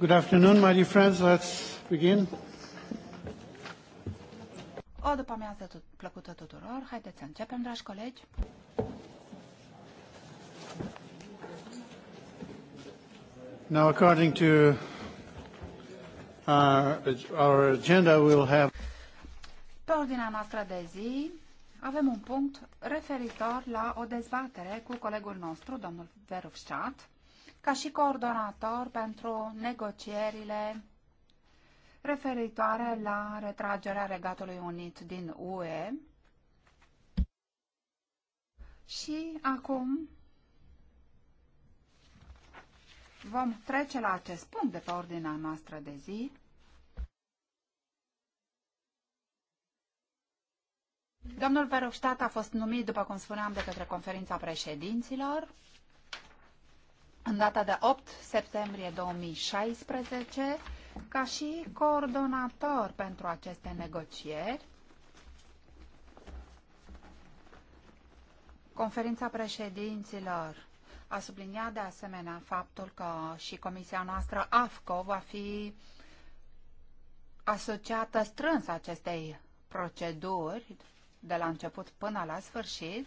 Good afternoon, my dear friends. Let's begin. O după amiază plăcută tuturor. Haideți să începem, dragi colegi. Now, according to our, uh, our agenda, we'll have... Pe ordinea noastră de zi avem un punct referitor la o dezbatere cu colegul nostru, domnul Verufșat ca și coordonator pentru negocierile referitoare la retragerea Regatului Unit din UE. Și acum vom trece la acest punct de pe ordinea noastră de zi. Domnul Verhofstadt a fost numit, după cum spuneam, de către conferința președinților în data de 8 septembrie 2016 ca și coordonator pentru aceste negocieri. Conferința președinților a subliniat de asemenea faptul că și comisia noastră AFCO va fi asociată strâns acestei proceduri de la început până la sfârșit,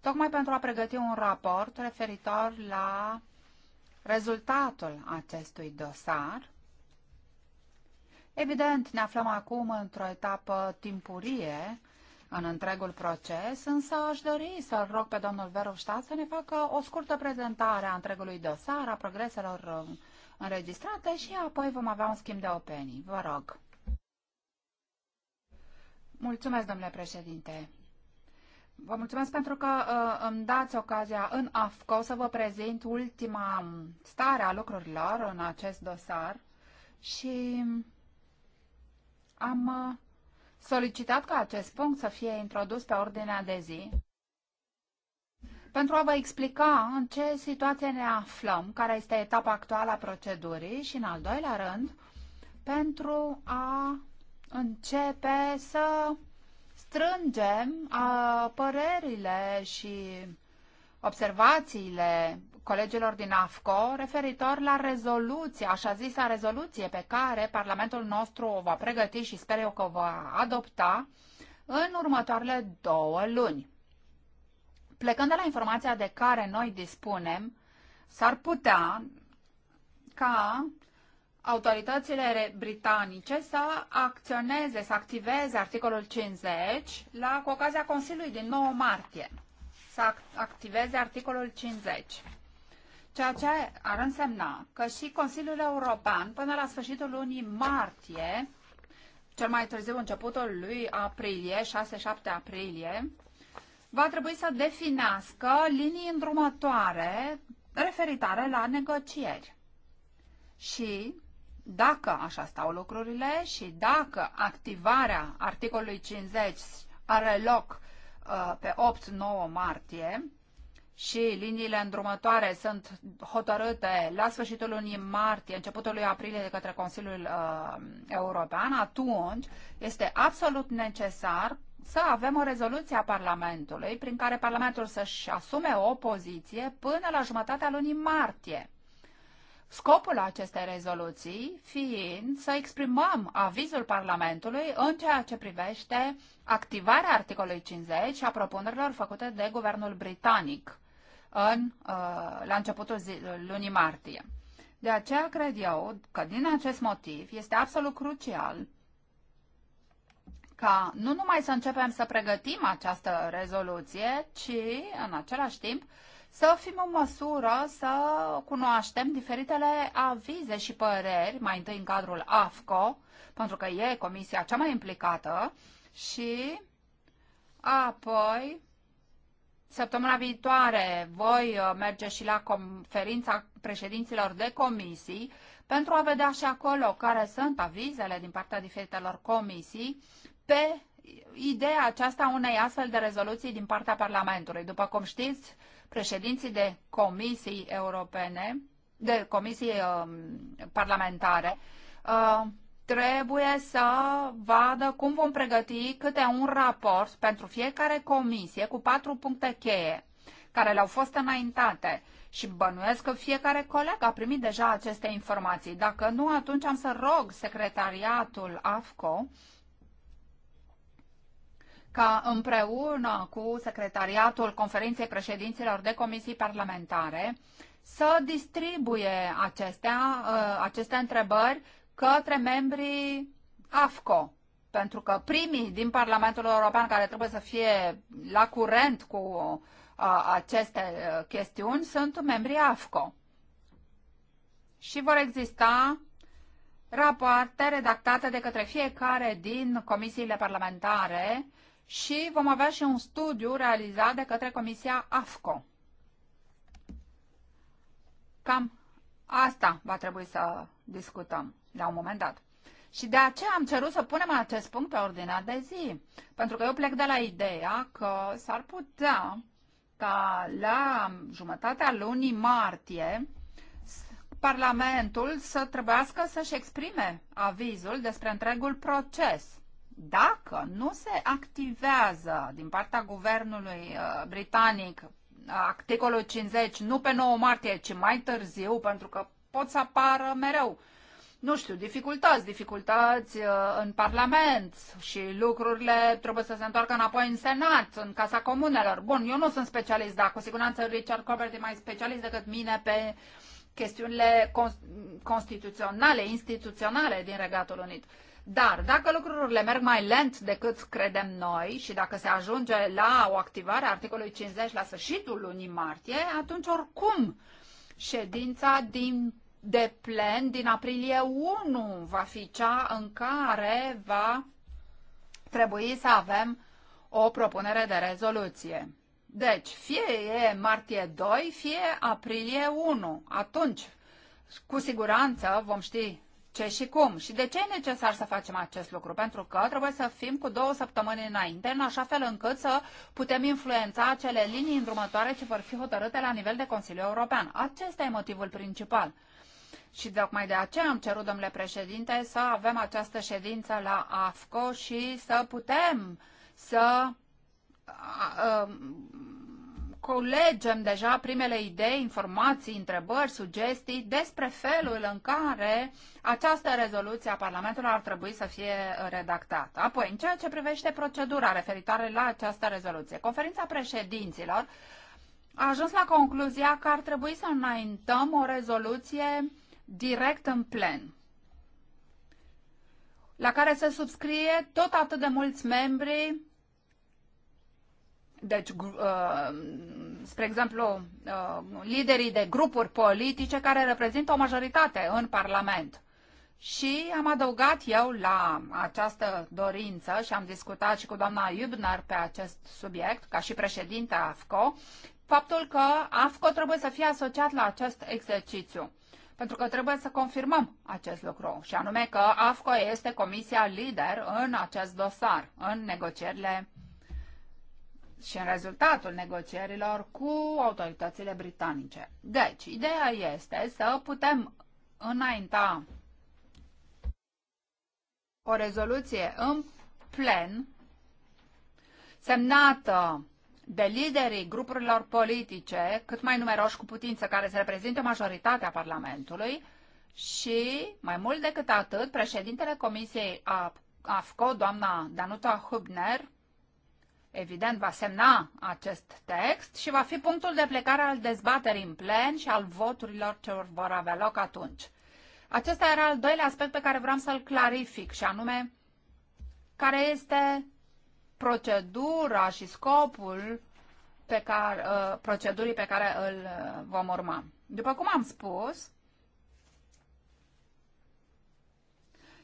tocmai pentru a pregăti un raport referitor la rezultatul acestui dosar. Evident, ne aflăm acum într-o etapă timpurie în întregul proces, însă aș dori să-l rog pe domnul Verhofstadt să ne facă o scurtă prezentare a întregului dosar, a progreselor înregistrate și apoi vom avea un schimb de opinii. Vă rog. Mulțumesc, domnule președinte. Vă mulțumesc pentru că uh, îmi dați ocazia în AFCO să vă prezint ultima stare a lucrurilor în acest dosar și am uh, solicitat ca acest punct să fie introdus pe ordinea de zi pentru a vă explica în ce situație ne aflăm, care este etapa actuală a procedurii și, în al doilea rând, pentru a începe să strângem a, părerile și observațiile colegilor din AFCO referitor la rezoluție, așa zisa rezoluție pe care Parlamentul nostru o va pregăti și sper eu că o va adopta în următoarele două luni. Plecând de la informația de care noi dispunem, s-ar putea ca autoritățile britanice să acționeze, să activeze articolul 50 la, cu ocazia Consiliului din 9 martie. Să activeze articolul 50. Ceea ce ar însemna că și Consiliul European, până la sfârșitul lunii martie, cel mai târziu începutul lui aprilie, 6-7 aprilie, va trebui să definească linii îndrumătoare referitoare la negocieri. Și dacă așa stau lucrurile și dacă activarea articolului 50 are loc uh, pe 8-9 martie și liniile îndrumătoare sunt hotărâte la sfârșitul lunii martie, începutul lui aprilie de către Consiliul uh, European, atunci este absolut necesar să avem o rezoluție a Parlamentului prin care Parlamentul să-și asume o poziție până la jumătatea lunii martie. Scopul acestei rezoluții fiind să exprimăm avizul Parlamentului în ceea ce privește activarea articolului 50 și a propunerilor făcute de guvernul britanic în, uh, la începutul zi, lunii martie. De aceea cred eu că din acest motiv este absolut crucial ca nu numai să începem să pregătim această rezoluție, ci în același timp să fim în măsură să cunoaștem diferitele avize și păreri, mai întâi în cadrul AFCO, pentru că e comisia cea mai implicată, și apoi Săptămâna viitoare voi uh, merge și la conferința președinților de comisii pentru a vedea și acolo care sunt avizele din partea diferitelor comisii pe ideea aceasta unei astfel de rezoluții din partea Parlamentului. După cum știți, președinții de comisii europene, de comisii uh, parlamentare, uh, trebuie să vadă cum vom pregăti câte un raport pentru fiecare comisie cu patru puncte cheie care le-au fost înaintate și bănuiesc că fiecare coleg a primit deja aceste informații. Dacă nu, atunci am să rog secretariatul AFCO ca împreună cu secretariatul conferinței președinților de comisii parlamentare să distribuie acestea, uh, aceste întrebări către membrii AFCO. Pentru că primii din Parlamentul European care trebuie să fie la curent cu uh, aceste uh, chestiuni sunt membrii AFCO. Și vor exista rapoarte redactate de către fiecare din comisiile parlamentare și vom avea și un studiu realizat de către Comisia AFCO. Cam asta va trebui să discutăm la un moment dat. Și de aceea am cerut să punem acest punct pe ordinea de zi. Pentru că eu plec de la ideea că s-ar putea ca la jumătatea lunii martie Parlamentul să trebuiască să-și exprime avizul despre întregul proces. Dacă nu se activează din partea guvernului uh, britanic uh, articolul 50, nu pe 9 martie, ci mai târziu, pentru că pot să apară mereu, nu știu, dificultăți, dificultăți uh, în Parlament și lucrurile trebuie să se întoarcă înapoi în Senat, în Casa Comunelor. Bun, eu nu sunt specialist, dar cu siguranță Richard Corbett e mai specialist decât mine pe chestiunile constituționale, instituționale din Regatul Unit. Dar dacă lucrurile merg mai lent decât credem noi și dacă se ajunge la o activare a articolului 50 la sfârșitul lunii martie, atunci oricum ședința din de plen din aprilie 1 va fi cea în care va trebui să avem o propunere de rezoluție. Deci, fie e martie 2, fie aprilie 1. Atunci, cu siguranță vom ști ce și cum. Și de ce e necesar să facem acest lucru? Pentru că trebuie să fim cu două săptămâni înainte, în așa fel încât să putem influența acele linii îndrumătoare ce vor fi hotărâte la nivel de Consiliu European. Acesta e motivul principal. Și tocmai de aceea am cerut, domnule președinte, să avem această ședință la AFCO și să putem să colegem deja primele idei, informații, întrebări, sugestii despre felul în care această rezoluție a Parlamentului ar trebui să fie redactată. Apoi, în ceea ce privește procedura referitoare la această rezoluție, conferința președinților a ajuns la concluzia că ar trebui să înaintăm o rezoluție direct în plen la care se subscrie tot atât de mulți membri deci, uh, spre exemplu, uh, liderii de grupuri politice care reprezintă o majoritate în Parlament. Și am adăugat eu la această dorință și am discutat și cu doamna Iubner pe acest subiect, ca și președinte AFCO, faptul că AFCO trebuie să fie asociat la acest exercițiu. Pentru că trebuie să confirmăm acest lucru, și anume că AFCO este comisia lider în acest dosar, în negocierile și în rezultatul negocierilor cu autoritățile britanice. Deci, ideea este să putem înainta o rezoluție în plen semnată de liderii grupurilor politice, cât mai numeroși cu putință, care se reprezinte majoritatea Parlamentului și, mai mult decât atât, președintele Comisiei AFCO, doamna Danuta Hübner, evident, va semna acest text și va fi punctul de plecare al dezbaterii în plen și al voturilor ce vor avea loc atunci. Acesta era al doilea aspect pe care vreau să-l clarific și anume care este procedura și scopul pe care, uh, procedurii pe care îl uh, vom urma. După cum am spus,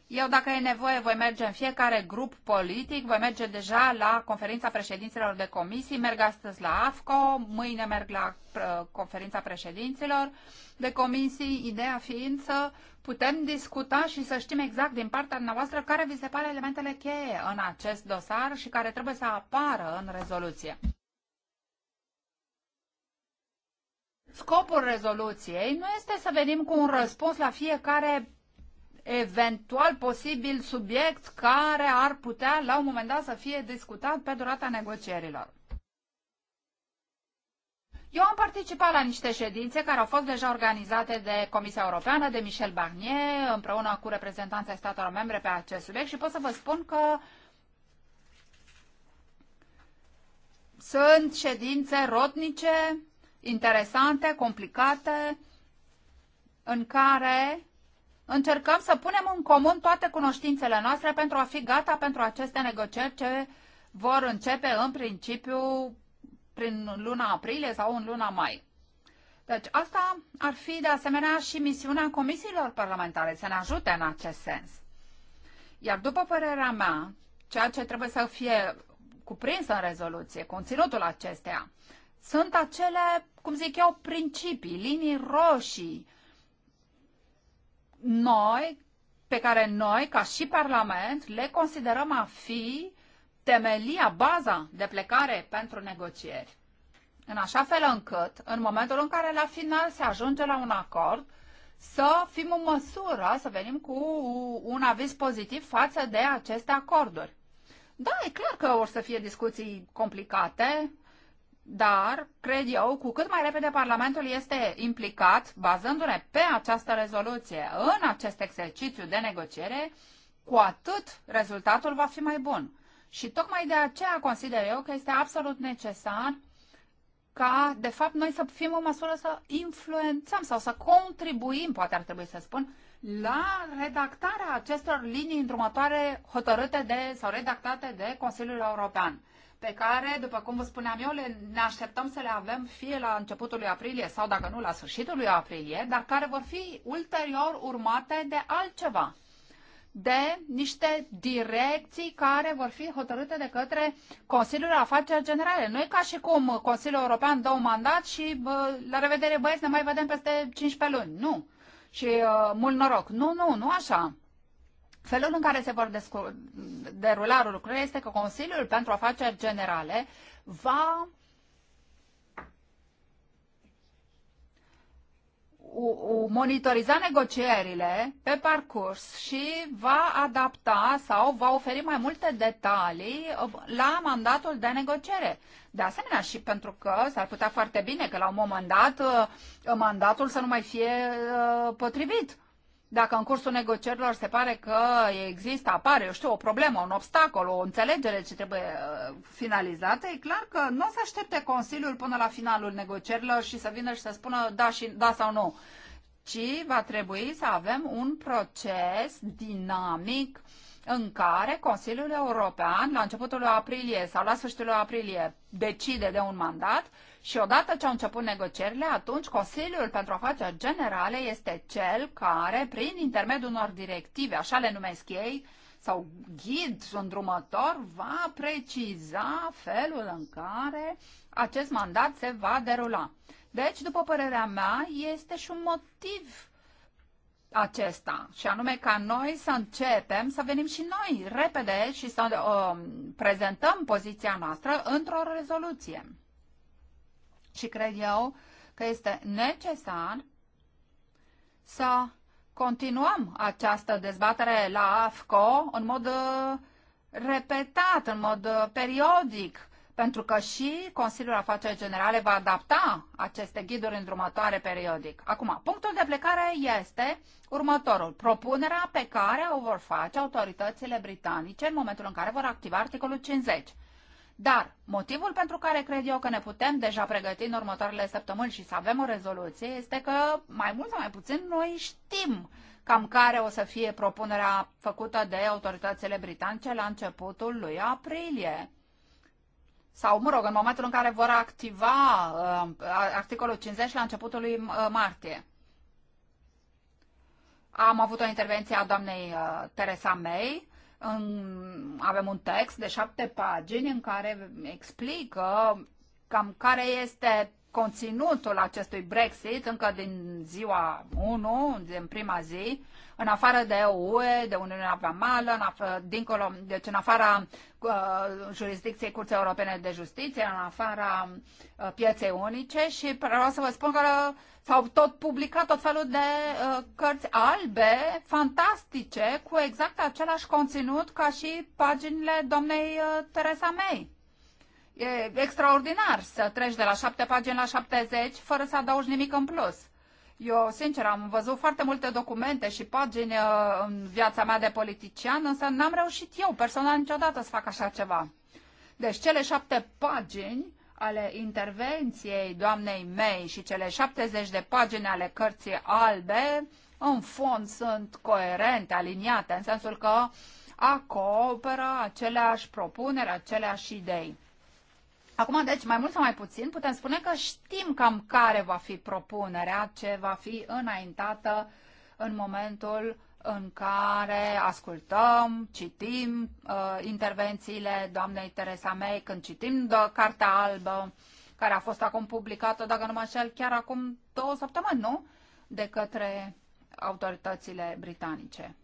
Eu, dacă e nevoie, voi merge în fiecare grup politic, voi merge deja la conferința președinților de comisii, merg astăzi la AFCO, mâine merg la uh, conferința președinților de comisii, ideea fiind să putem discuta și să știm exact din partea noastră care vi se pare elementele cheie în acest dosar și care trebuie să apară în rezoluție. Scopul rezoluției nu este să venim cu un răspuns la fiecare eventual posibil subiect care ar putea la un moment dat să fie discutat pe durata negocierilor. Eu am participat la niște ședințe care au fost deja organizate de Comisia Europeană, de Michel Barnier, împreună cu reprezentanța statelor membre pe acest subiect și pot să vă spun că sunt ședințe rotnice, interesante, complicate, în care încercăm să punem în comun toate cunoștințele noastre pentru a fi gata pentru aceste negocieri ce vor începe în principiu prin luna aprilie sau în luna mai. Deci asta ar fi de asemenea și misiunea comisiilor parlamentare, să ne ajute în acest sens. Iar după părerea mea, ceea ce trebuie să fie cuprins în rezoluție, conținutul acesteia, sunt acele, cum zic eu, principii, linii roșii, noi, pe care noi, ca și Parlament, le considerăm a fi temelia, baza de plecare pentru negocieri. În așa fel încât, în momentul în care la final se ajunge la un acord, să fim în măsură să venim cu un aviz pozitiv față de aceste acorduri. Da, e clar că vor să fie discuții complicate, dar cred eu, cu cât mai repede Parlamentul este implicat, bazându-ne pe această rezoluție, în acest exercițiu de negociere, cu atât rezultatul va fi mai bun. Și tocmai de aceea consider eu că este absolut necesar ca, de fapt, noi să fim în măsură să influențăm sau să contribuim, poate ar trebui să spun, la redactarea acestor linii îndrumătoare hotărâte de, sau redactate de Consiliul European pe care, după cum vă spuneam eu, ne așteptăm să le avem fie la începutul lui aprilie sau, dacă nu, la sfârșitul lui aprilie, dar care vor fi ulterior urmate de altceva de niște direcții care vor fi hotărâte de către Consiliul Afaceri Generale. Nu e ca și cum Consiliul European dă un mandat și bă, la revedere băieți, ne mai vedem peste 15 luni. Nu. Și uh, mult noroc. Nu, nu, nu așa. Felul în care se vor derula lucrurile este că Consiliul pentru Afaceri Generale va monitoriza negocierile pe parcurs și va adapta sau va oferi mai multe detalii la mandatul de negociere. De asemenea, și pentru că s-ar putea foarte bine că la un moment dat uh, mandatul să nu mai fie uh, potrivit dacă în cursul negocierilor se pare că există, apare, eu știu, o problemă, un obstacol, o înțelegere ce trebuie uh, finalizată, e clar că nu o să aștepte Consiliul până la finalul negocierilor și să vină și să spună da, și, da sau nu, ci va trebui să avem un proces dinamic în care Consiliul European, la începutul aprilie sau la sfârșitul aprilie, decide de un mandat și odată ce au început negocierile, atunci Consiliul pentru Afaceri Generale este cel care, prin intermediul unor directive, așa le numesc ei, sau ghid îndrumător, va preciza felul în care acest mandat se va derula. Deci, după părerea mea, este și un motiv acesta, și anume ca noi să începem să venim și noi repede și să uh, prezentăm poziția noastră într-o rezoluție și cred eu că este necesar să continuăm această dezbatere la AFCO în mod uh, repetat, în mod uh, periodic, pentru că și Consiliul Afaceri Generale va adapta aceste ghiduri în îndrumătoare periodic. Acum, punctul de plecare este următorul. Propunerea pe care o vor face autoritățile britanice în momentul în care vor activa articolul 50. Dar motivul pentru care cred eu că ne putem deja pregăti în următoarele săptămâni și să avem o rezoluție este că, mai mult sau mai puțin, noi știm cam care o să fie propunerea făcută de autoritățile britanice la începutul lui aprilie. Sau, mă rog, în momentul în care vor activa uh, articolul 50 la începutul lui uh, martie. Am avut o intervenție a doamnei uh, Teresa May, în, avem un text de șapte pagini în care explică cam care este conținutul acestui Brexit încă din ziua 1, din prima zi, în afară de UE, de Uniunea Vamală, în afară, dincolo, deci în afara uh, jurisdicției Curții Europene de Justiție, în afara uh, pieței unice și vreau să vă spun că s-au tot publicat tot felul de uh, cărți albe fantastice cu exact același conținut ca și paginile doamnei uh, Teresa May. E extraordinar să treci de la șapte pagini la șaptezeci fără să adaugi nimic în plus. Eu, sincer, am văzut foarte multe documente și pagini uh, în viața mea de politician, însă n-am reușit eu personal niciodată să fac așa ceva. Deci cele șapte pagini ale intervenției doamnei mei și cele 70 de pagini ale cărții albe, în fond, sunt coerente, aliniate, în sensul că acoperă aceleași propuneri, aceleași idei. Acum, deci, mai mult sau mai puțin, putem spune că știm cam care va fi propunerea ce va fi înaintată în momentul în care ascultăm, citim uh, intervențiile doamnei Teresa May, când citim de Cartea Albă, care a fost acum publicată, dacă nu mă înșel, chiar acum două săptămâni, nu? De către autoritățile britanice.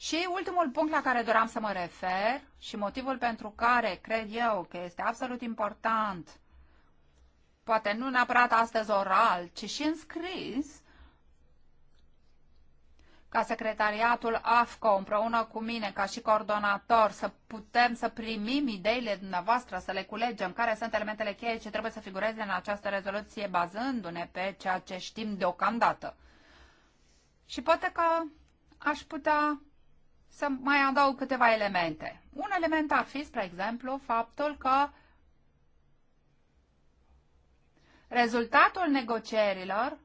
Și ultimul punct la care doream să mă refer și motivul pentru care cred eu că este absolut important, poate nu neapărat astăzi oral, ci și înscris, ca secretariatul AFCO împreună cu mine, ca și coordonator, să putem să primim ideile dumneavoastră, să le culegem, care sunt elementele cheie ce trebuie să figureze în această rezoluție, bazându-ne pe ceea ce știm deocamdată. Și poate că aș putea să mai adaug câteva elemente. Un element ar fi, spre exemplu, faptul că rezultatul negocierilor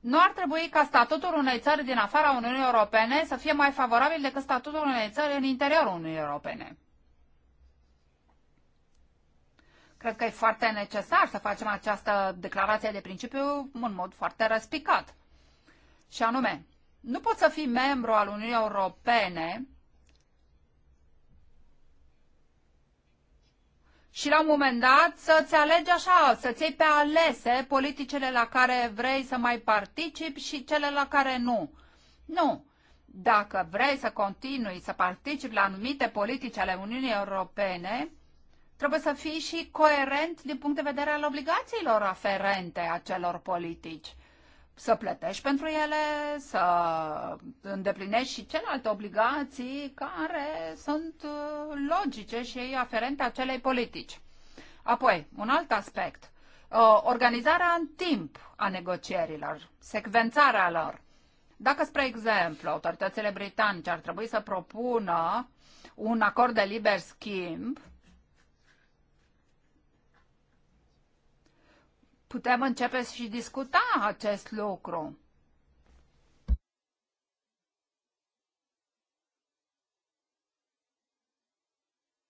nu ar trebui ca statutul unei țări din afara Uniunii Europene să fie mai favorabil decât statutul unei țări în interiorul Uniunii Europene. Cred că e foarte necesar să facem această declarație de principiu în mod foarte răspicat. Și anume, nu poți să fii membru al Uniunii Europene și la un moment dat să-ți alegi așa, să-ți iei pe alese politicele la care vrei să mai participi și cele la care nu. Nu. Dacă vrei să continui să participi la anumite politici ale Uniunii Europene, trebuie să fii și coerent din punct de vedere al obligațiilor aferente acelor politici să plătești pentru ele, să îndeplinești și celelalte obligații care sunt uh, logice și aferente acelei politici. Apoi, un alt aspect, uh, organizarea în timp a negocierilor, secvențarea lor. Dacă, spre exemplu, autoritățile britanice ar trebui să propună un acord de liber schimb, putem începe și discuta acest lucru.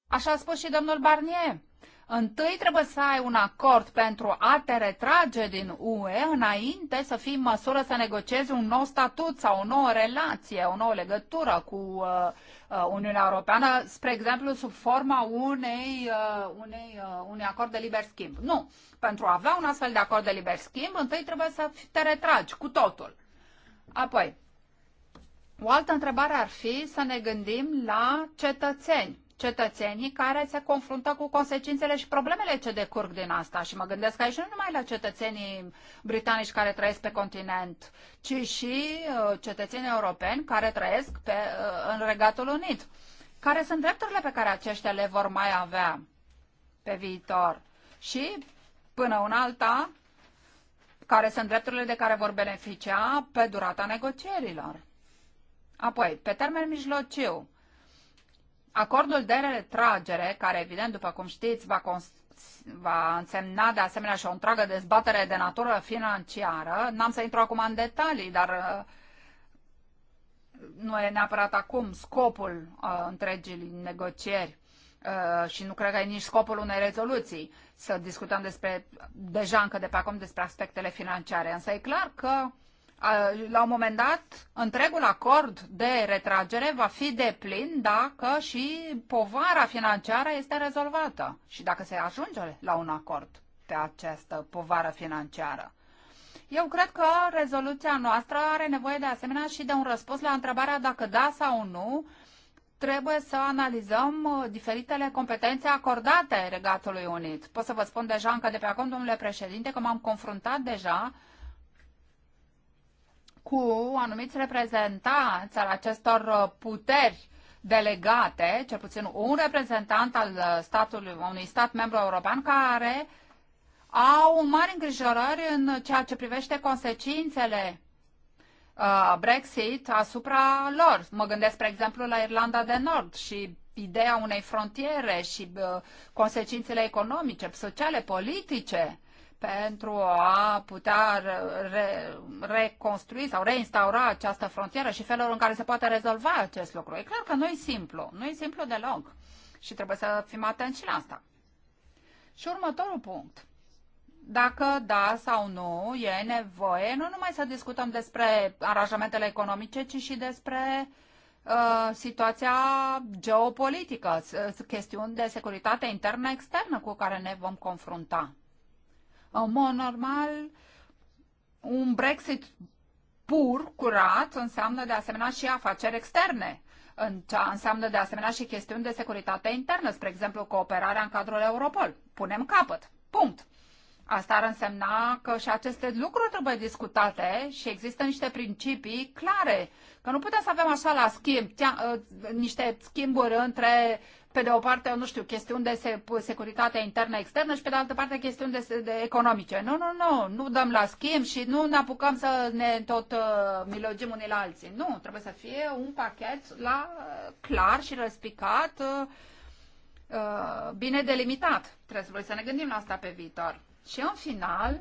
Așa a spus și domnul Barnier. Întâi trebuie să ai un acord pentru a te retrage din UE înainte să fii în măsură să negociezi un nou statut sau o nouă relație, o nouă legătură cu uh, uh, Uniunea Europeană, spre exemplu, sub forma unei, uh, unei, uh, unui acord de liber schimb. Nu. Pentru a avea un astfel de acord de liber schimb, întâi trebuie să te retragi cu totul. Apoi, o altă întrebare ar fi să ne gândim la cetățeni cetățenii care se confruntă cu consecințele și problemele ce decurg din asta. Și mă gândesc aici nu numai la cetățenii britanici care trăiesc pe continent, ci și uh, cetățenii europeni care trăiesc pe, uh, în Regatul Unit. Care sunt drepturile pe care aceștia le vor mai avea pe viitor? Și, până un alta, care sunt drepturile de care vor beneficia pe durata negocierilor. Apoi, pe termen mijlociu, Acordul de retragere, care evident, după cum știți, va, va însemna de asemenea și o întreagă dezbatere de natură financiară, n-am să intru acum în detalii, dar uh, nu e neapărat acum scopul uh, întregii negocieri uh, și nu cred că e nici scopul unei rezoluții să discutăm despre, deja încă de pe acum despre aspectele financiare. Însă e clar că la un moment dat, întregul acord de retragere va fi deplin dacă și povara financiară este rezolvată și dacă se ajunge la un acord pe această povară financiară. Eu cred că rezoluția noastră are nevoie de asemenea și de un răspuns la întrebarea dacă da sau nu trebuie să analizăm uh, diferitele competențe acordate Regatului Unit. Pot să vă spun deja încă de pe acum, domnule președinte, că m-am confruntat deja uh, cu anumiți reprezentanți al acestor uh, puteri delegate, cel puțin un reprezentant al uh, statului, unui stat membru european care au mari îngrijorări în ceea ce privește consecințele uh, Brexit asupra lor. Mă gândesc, spre exemplu, la Irlanda de Nord și ideea unei frontiere și consecințele economice, sociale, politice pentru a putea re- reconstrui sau reinstaura această frontieră și felul în care se poate rezolva acest lucru. E clar că nu e simplu, nu e simplu deloc și trebuie să fim atenți și la asta. Și următorul punct. Dacă da sau nu e nevoie nu numai să discutăm despre aranjamentele economice, ci și despre uh, situația geopolitică, chestiuni de securitate internă-externă cu care ne vom confrunta. În mod normal, un Brexit pur, curat, înseamnă de asemenea și afaceri externe. În cea înseamnă de asemenea și chestiuni de securitate internă, spre exemplu cooperarea în cadrul Europol. Punem capăt. Punct. Asta ar însemna că și aceste lucruri trebuie discutate și există niște principii clare, că nu putem să avem așa la schimb, tia, ă, niște schimburi între pe de o parte, nu știu, chestiuni de securitate internă, externă și pe de altă parte chestiuni de, de economice. Nu, nu, nu, nu dăm la schimb și nu ne apucăm să ne tot uh, milogim unii la alții. Nu, trebuie să fie un pachet la uh, clar și răspicat, uh, uh, bine delimitat. Trebuie să ne gândim la asta pe viitor. Și în final,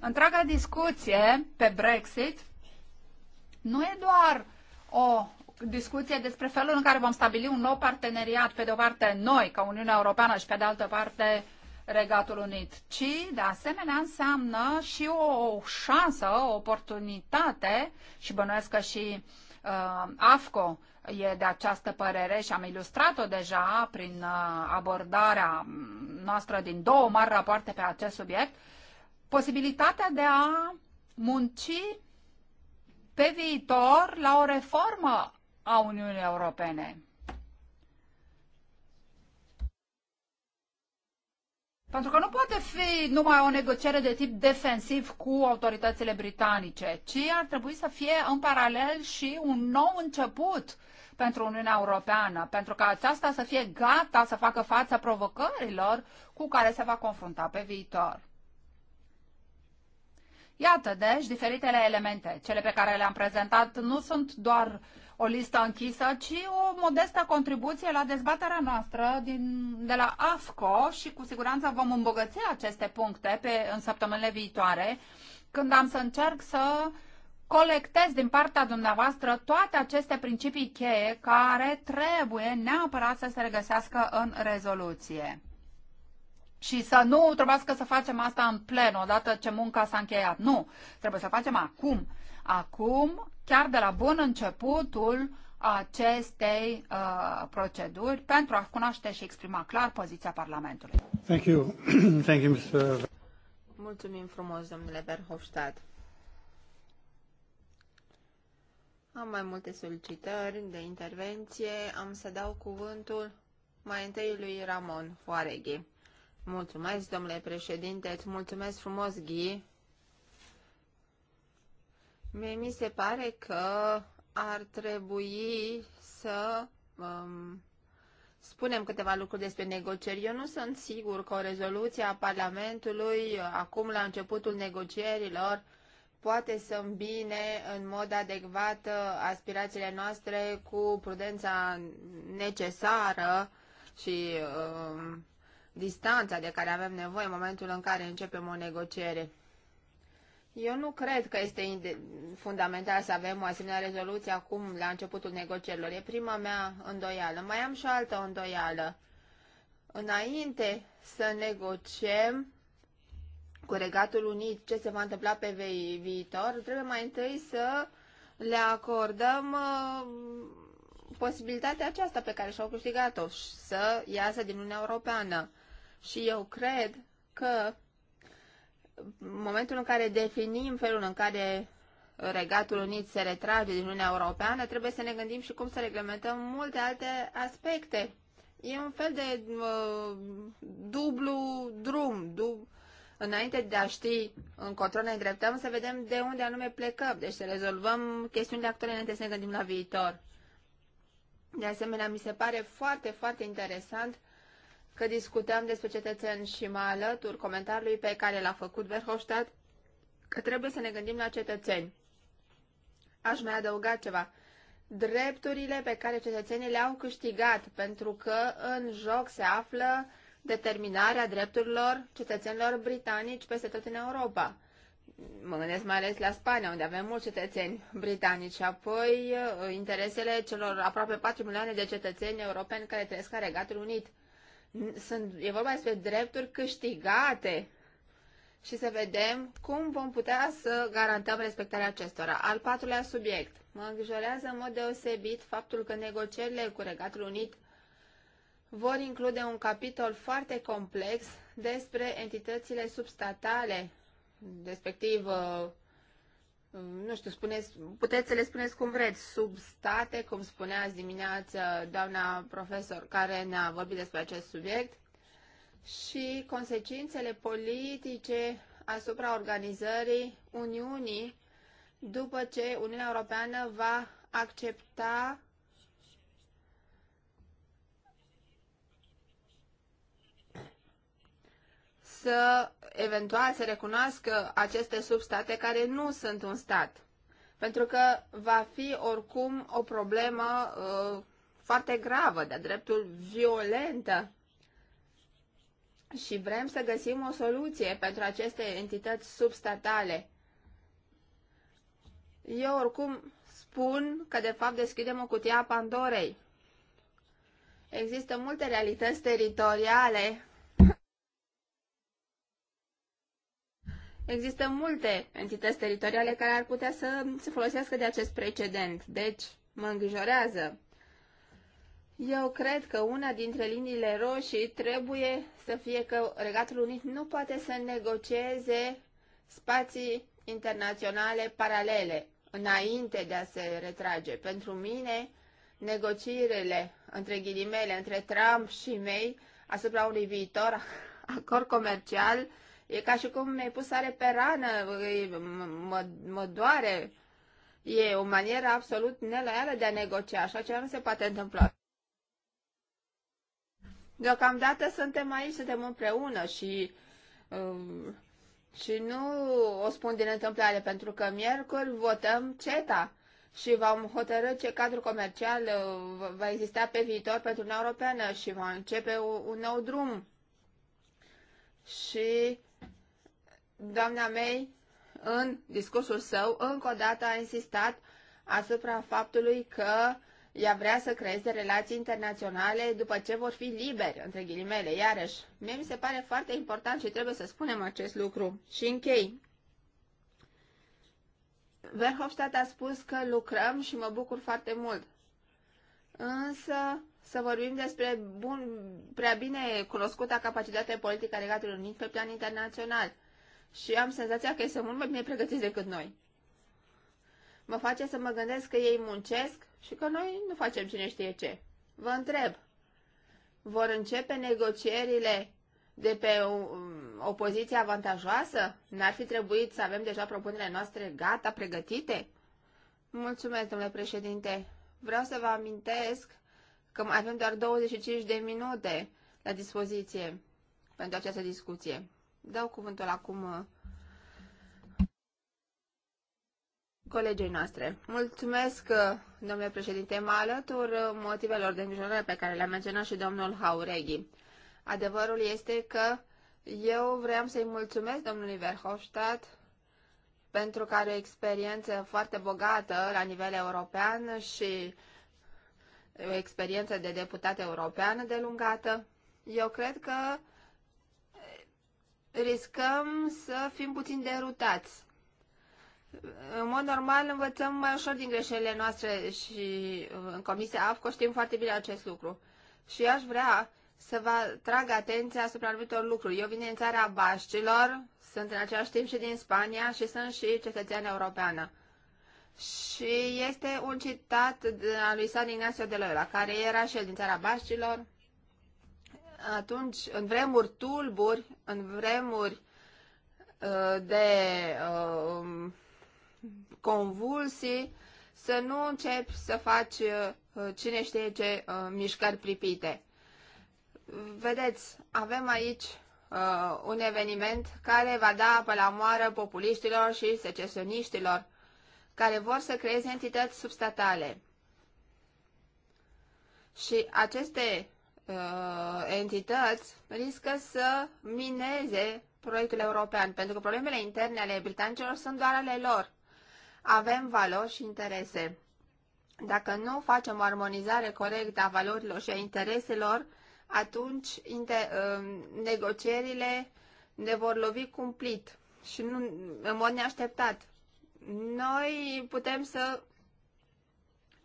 întreaga discuție pe Brexit nu e doar o discuție despre felul în care vom stabili un nou parteneriat, pe de o parte noi, ca Uniunea Europeană și pe de altă parte Regatul Unit, ci de asemenea înseamnă și o șansă, o oportunitate și bănuiesc că și uh, AFCO e de această părere și am ilustrat-o deja prin uh, abordarea noastră din două mari rapoarte pe acest subiect, posibilitatea de a munci pe viitor la o reformă a Uniunii Europene. Pentru că nu poate fi numai o negociere de tip defensiv cu autoritățile britanice, ci ar trebui să fie în paralel și un nou început pentru Uniunea Europeană, pentru că aceasta să fie gata să facă față provocărilor cu care se va confrunta pe viitor. Iată, deci, diferitele elemente. Cele pe care le-am prezentat nu sunt doar uh, o listă închisă, ci o modestă contribuție la dezbaterea noastră din, de la AFCO și cu siguranță vom îmbogăți aceste puncte pe, în săptămânile viitoare, când am să încerc să colectez din partea dumneavoastră toate aceste principii cheie care trebuie neapărat să se regăsească în rezoluție. Și să nu trebuiască să facem asta în plen odată ce munca s-a încheiat. Nu, trebuie să facem acum. Acum chiar de la bun începutul acestei uh, proceduri pentru a cunoaște și exprima clar poziția Parlamentului. Thank you. Thank you, Mr. Mulțumim frumos, domnule Berhofstadt. Am mai multe solicitări de intervenție. Am să dau cuvântul mai întâi lui Ramon Foareghi. Mulțumesc, domnule președinte, îți mulțumesc frumos, Ghi, Mie mi se pare că ar trebui să um, spunem câteva lucruri despre negocieri. Eu nu sunt sigur că o rezoluție a Parlamentului, acum la începutul negocierilor, poate să îmbine în mod adecvat aspirațiile noastre cu prudența necesară și um, distanța de care avem nevoie în momentul în care începem o negociere. Eu nu cred că este fundamental să avem o asemenea rezoluție acum, la începutul negocierilor. E prima mea îndoială. Mai am și o altă îndoială. Înainte să negociem cu Regatul Unit ce se va întâmpla pe viitor, trebuie mai întâi să le acordăm uh, posibilitatea aceasta pe care și-au câștigat-o, să iasă din Uniunea Europeană. Și eu cred că în momentul în care definim felul în care Regatul Unit se retrage din Uniunea Europeană, trebuie să ne gândim și cum să reglementăm multe alte aspecte. E un fel de uh, dublu drum. Dub... Înainte de a ști încotro ne îndreptăm, să vedem de unde anume plecăm. Deci să rezolvăm chestiunile actuale înainte să ne gândim la viitor. De asemenea, mi se pare foarte, foarte interesant că discutăm despre cetățeni și mă alătur comentariului pe care l-a făcut Verhofstadt că trebuie să ne gândim la cetățeni. Aș mai adăuga ceva. Drepturile pe care cetățenii le-au câștigat, pentru că în joc se află determinarea drepturilor cetățenilor britanici peste tot în Europa. Mă gândesc mai ales la Spania, unde avem mulți cetățeni britanici, apoi uh, interesele celor aproape 4 milioane de cetățeni europeni care trăiesc în Regatul Unit sunt, e vorba despre drepturi câștigate și să vedem cum vom putea să garantăm respectarea acestora. Al patrulea subiect. Mă îngrijorează în mod deosebit faptul că negocierile cu Regatul Unit vor include un capitol foarte complex despre entitățile substatale, respectiv uh, Mm, nu știu, spuneți, puteți să le spuneți cum vreți, substate, cum spunea azi dimineață doamna profesor care ne-a vorbit despre acest subiect, și consecințele politice asupra organizării Uniunii după ce Uniunea Europeană va accepta să eventual se recunoască aceste substate care nu sunt un stat. Pentru că va fi oricum o problemă uh, foarte gravă, de dreptul violentă. Și vrem să găsim o soluție pentru aceste entități substatale. Eu oricum spun că de fapt deschidem o cutie a Pandorei. Există multe realități teritoriale Există multe entități teritoriale care ar putea să se folosească de acest precedent, deci mă îngrijorează. Eu cred că una dintre liniile roșii trebuie să fie că Regatul Unit nu poate să negocieze spații internaționale paralele înainte de a se retrage. Pentru mine, negocierile între ghilimele, între Trump și mei asupra unui viitor acord comercial E ca și cum mi-ai pus sare pe rană, mă, mă doare. E o manieră absolut neloială de a negocia. Așa ceva nu se poate întâmpla. Deocamdată suntem aici, suntem împreună și... Um, și nu o spun din întâmplare, pentru că miercuri votăm CETA și vom hotărâ ce cadru comercial uh, va exista pe viitor pentru Uniunea Europeană și va începe un nou drum. Și Doamna May, în discursul său, încă o dată a insistat asupra faptului că ea vrea să creeze relații internaționale după ce vor fi liberi, între ghilimele, iarăși. Mie mi se pare foarte important și trebuie să spunem acest lucru. Și închei. Verhofstadt a spus că lucrăm și mă bucur foarte mult. Însă, să vorbim despre bun, prea bine cunoscuta capacitate politică a Regatului Unit pe plan internațional – și am senzația că ei sunt mult mai bine pregătiți decât noi. Mă face să mă gândesc că ei muncesc și că noi nu facem cine știe ce. Vă întreb, vor începe negocierile de pe o, o poziție avantajoasă? N-ar fi trebuit să avem deja propunerile noastre gata, pregătite? Mulțumesc, domnule președinte. Vreau să vă amintesc că mai avem doar 25 de minute la dispoziție pentru această discuție. Dau cuvântul acum uh, colegii noastre. Mulțumesc, uh, domnule președinte, mă alătur uh, motivelor de îngrijorare pe care le-a menționat și domnul Haureghi. Adevărul este că eu vreau să-i mulțumesc domnului Verhofstadt pentru că are o experiență foarte bogată la nivel european și o experiență de deputat european delungată. Eu cred că riscăm să fim puțin derutați. În mod normal învățăm mai ușor din greșelile noastre și uh, în Comisia AFCO știm foarte bine acest lucru. Și aș vrea să vă trag atenția asupra anumitor lucruri. Eu vin din țara Baștilor, sunt în același timp și din Spania și sunt și cetățean europeană. Și este un citat al lui San Ignacio de Loyola, care era și el din țara Baștilor, atunci, în vremuri tulburi, în vremuri uh, de uh, um, convulsii, să nu începi să faci uh, cine știe ce mișcări pripite. Vedeți, avem aici un eveniment care va da apă la moară populiștilor și secesioniștilor care vor să creeze entități substatale. Și aceste uh, entități riscă să mineze proiectul european, pentru că problemele interne ale britanicilor sunt doar ale lor. Avem valori și interese. Dacă nu facem o armonizare corectă a valorilor și a intereselor, atunci inter, uh, negocierile ne vor lovi cumplit și nu, în mod neașteptat. Noi putem să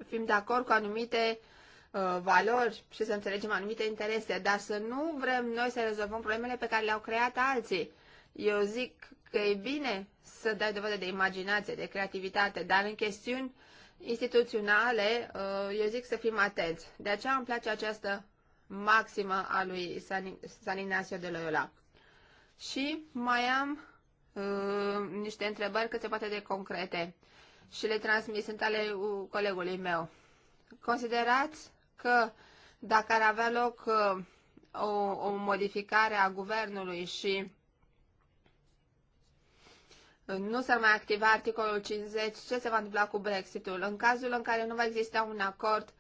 fim de acord cu anumite uh, Uh, valori și să înțelegem anumite interese, dar să nu vrem noi să rezolvăm problemele pe care le-au creat alții. Eu zic că e bine să dai dovadă de imaginație, de creativitate, dar în chestiuni instituționale, uh, eu zic să fim atenți. De aceea îmi place această maximă a lui San, San Ignacio de Loyola. Și mai am uh, niște întrebări cât se poate de concrete și le transmit, sunt ale uh, colegului meu. Considerați că dacă ar avea loc uh, o, o modificare a guvernului și nu s-ar mai activa articolul 50, ce se va întâmpla cu Brexitul? În cazul în care nu va exista un acord,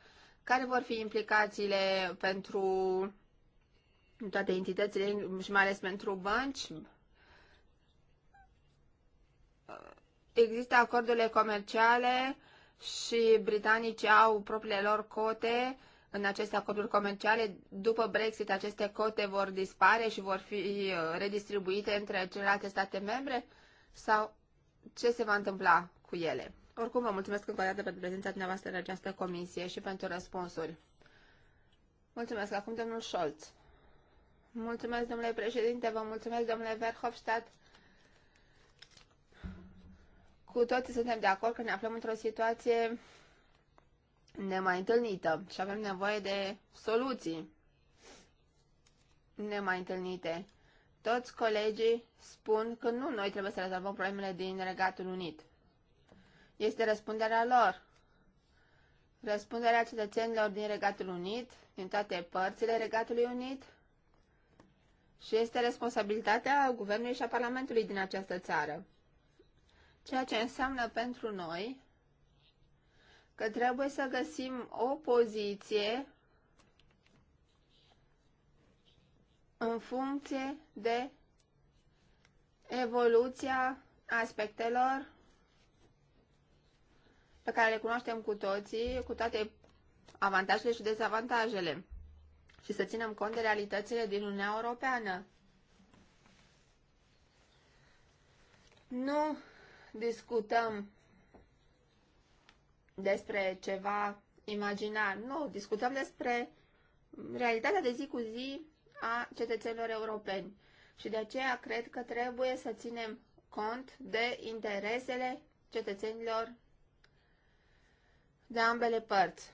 care vor fi implicațiile pentru toate entitățile și mai ales pentru bănci? Există acordurile comerciale și britanicii au propriile lor cote în aceste acorduri comerciale, după Brexit, aceste cote vor dispare și vor fi uh, redistribuite între celelalte state membre? Sau ce se va întâmpla cu ele? Oricum, vă mulțumesc încă o dată pentru prezența dumneavoastră în această comisie și pentru răspunsuri. Mulțumesc. Acum, domnul Scholz. Mulțumesc, domnule președinte, vă mulțumesc, domnule Verhofstadt. Cu toții suntem de acord că ne aflăm într-o situație nemai întâlnită și avem nevoie de soluții nemai întâlnite. Toți colegii spun că nu noi trebuie să rezolvăm problemele din Regatul Unit. Este răspunderea lor. Răspunderea cetățenilor din Regatul Unit, din toate părțile Regatului Unit și este responsabilitatea Guvernului și a Parlamentului din această țară. Ceea ce înseamnă pentru noi că trebuie să găsim o poziție în funcție de evoluția aspectelor pe care le cunoaștem cu toții, cu toate avantajele și dezavantajele și să ținem cont de realitățile din Uniunea Europeană. Nu discutăm despre ceva imaginar. Nu, discutăm despre realitatea de zi cu zi a cetățenilor europeni. Și de aceea cred că trebuie să ținem cont de interesele cetățenilor de ambele părți.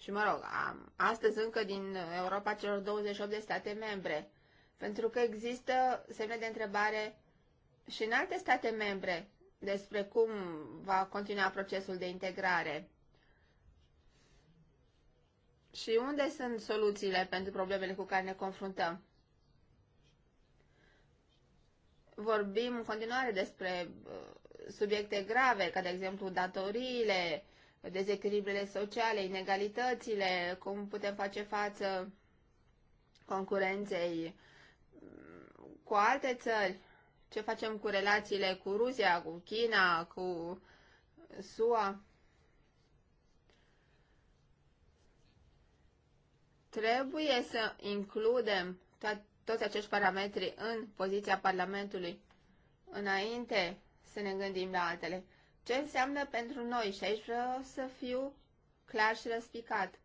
Și mă rog, am, astăzi încă din Europa celor 28 de state membre, pentru că există semne de întrebare și în alte state membre despre cum va continua procesul de integrare și unde sunt soluțiile pentru problemele cu care ne confruntăm. Vorbim în continuare despre uh, subiecte grave, ca de exemplu datoriile, dezechilibrele sociale, inegalitățile, cum putem face față concurenței mm, cu alte țări ce facem cu relațiile cu Rusia, cu China, cu SUA. Trebuie să includem toți acești parametri în poziția Parlamentului înainte să ne gândim la altele. Ce înseamnă pentru noi? Și aici vreau să fiu clar și răspicat.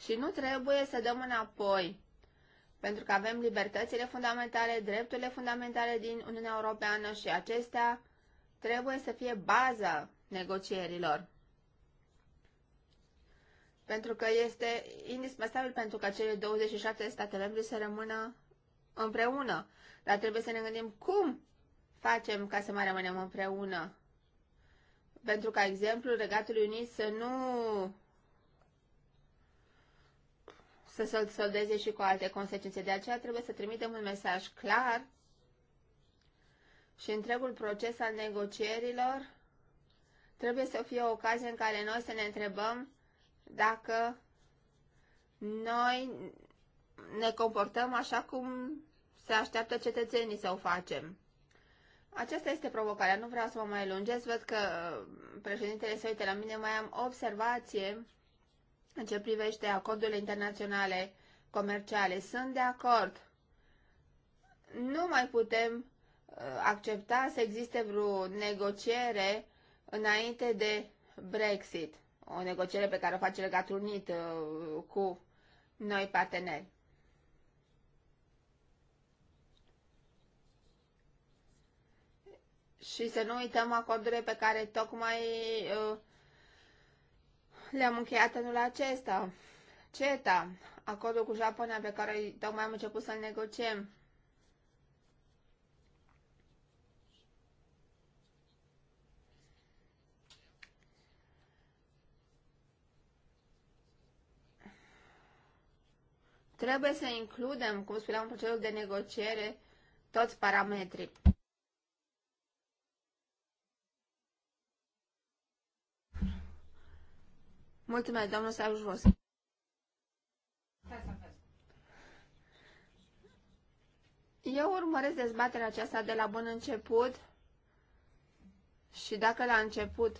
Și nu trebuie să dăm înapoi pentru că avem libertățile fundamentale, drepturile fundamentale din Uniunea Europeană și acestea trebuie să fie baza negocierilor. Pentru că este indispensabil pentru ca cele 27 state membre să rămână împreună. Dar trebuie să ne gândim cum facem ca să mai rămânem împreună. Pentru ca exemplul Regatului Unit să nu să se soldeze și cu alte consecințe. De aceea trebuie să trimitem un mesaj clar și întregul proces al negocierilor trebuie să fie o ocazie în care noi să ne întrebăm dacă noi ne comportăm așa cum se așteaptă cetățenii să o facem. Aceasta este provocarea. Nu vreau să mă mai lungesc. Văd că uh, președintele se uită la mine. Mai am observație în ce privește acordurile internaționale comerciale, sunt de acord. Nu mai putem uh, accepta să existe vreo negociere înainte de Brexit, o negociere pe care o face Legatul Unit uh, cu noi parteneri. Și să nu uităm acordurile pe care tocmai uh, le-am încheiat anul acesta. CETA, acordul cu Japonia pe care tocmai am început să-l negociem. Trebuie să includem, cum spuneam, în procesul de negociere toți parametrii. Mulțumesc, domnul Sarujvos. Eu urmăresc dezbaterea aceasta de la bun început și dacă la început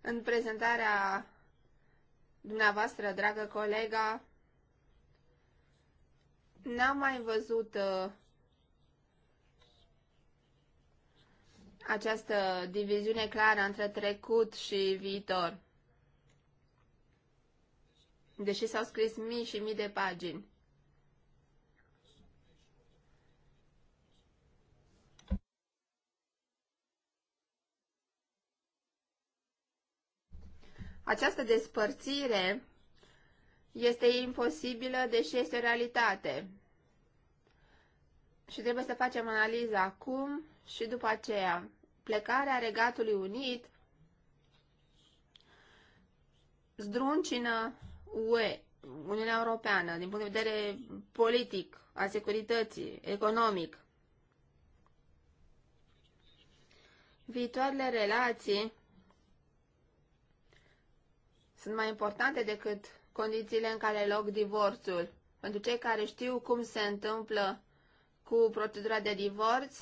în prezentarea dumneavoastră, dragă colega, n-am mai văzut uh, această diviziune clară între trecut și viitor. Deși s-au scris mii și mii de pagini. Această despărțire este imposibilă, deși este o realitate. Și trebuie să facem analiza acum și după aceea plecarea Regatului Unit zdruncină UE, Uniunea Europeană, din punct de vedere politic, a securității, economic. Viitoarele relații sunt mai importante decât condițiile în care loc divorțul. Pentru cei care știu cum se întâmplă cu procedura de divorț,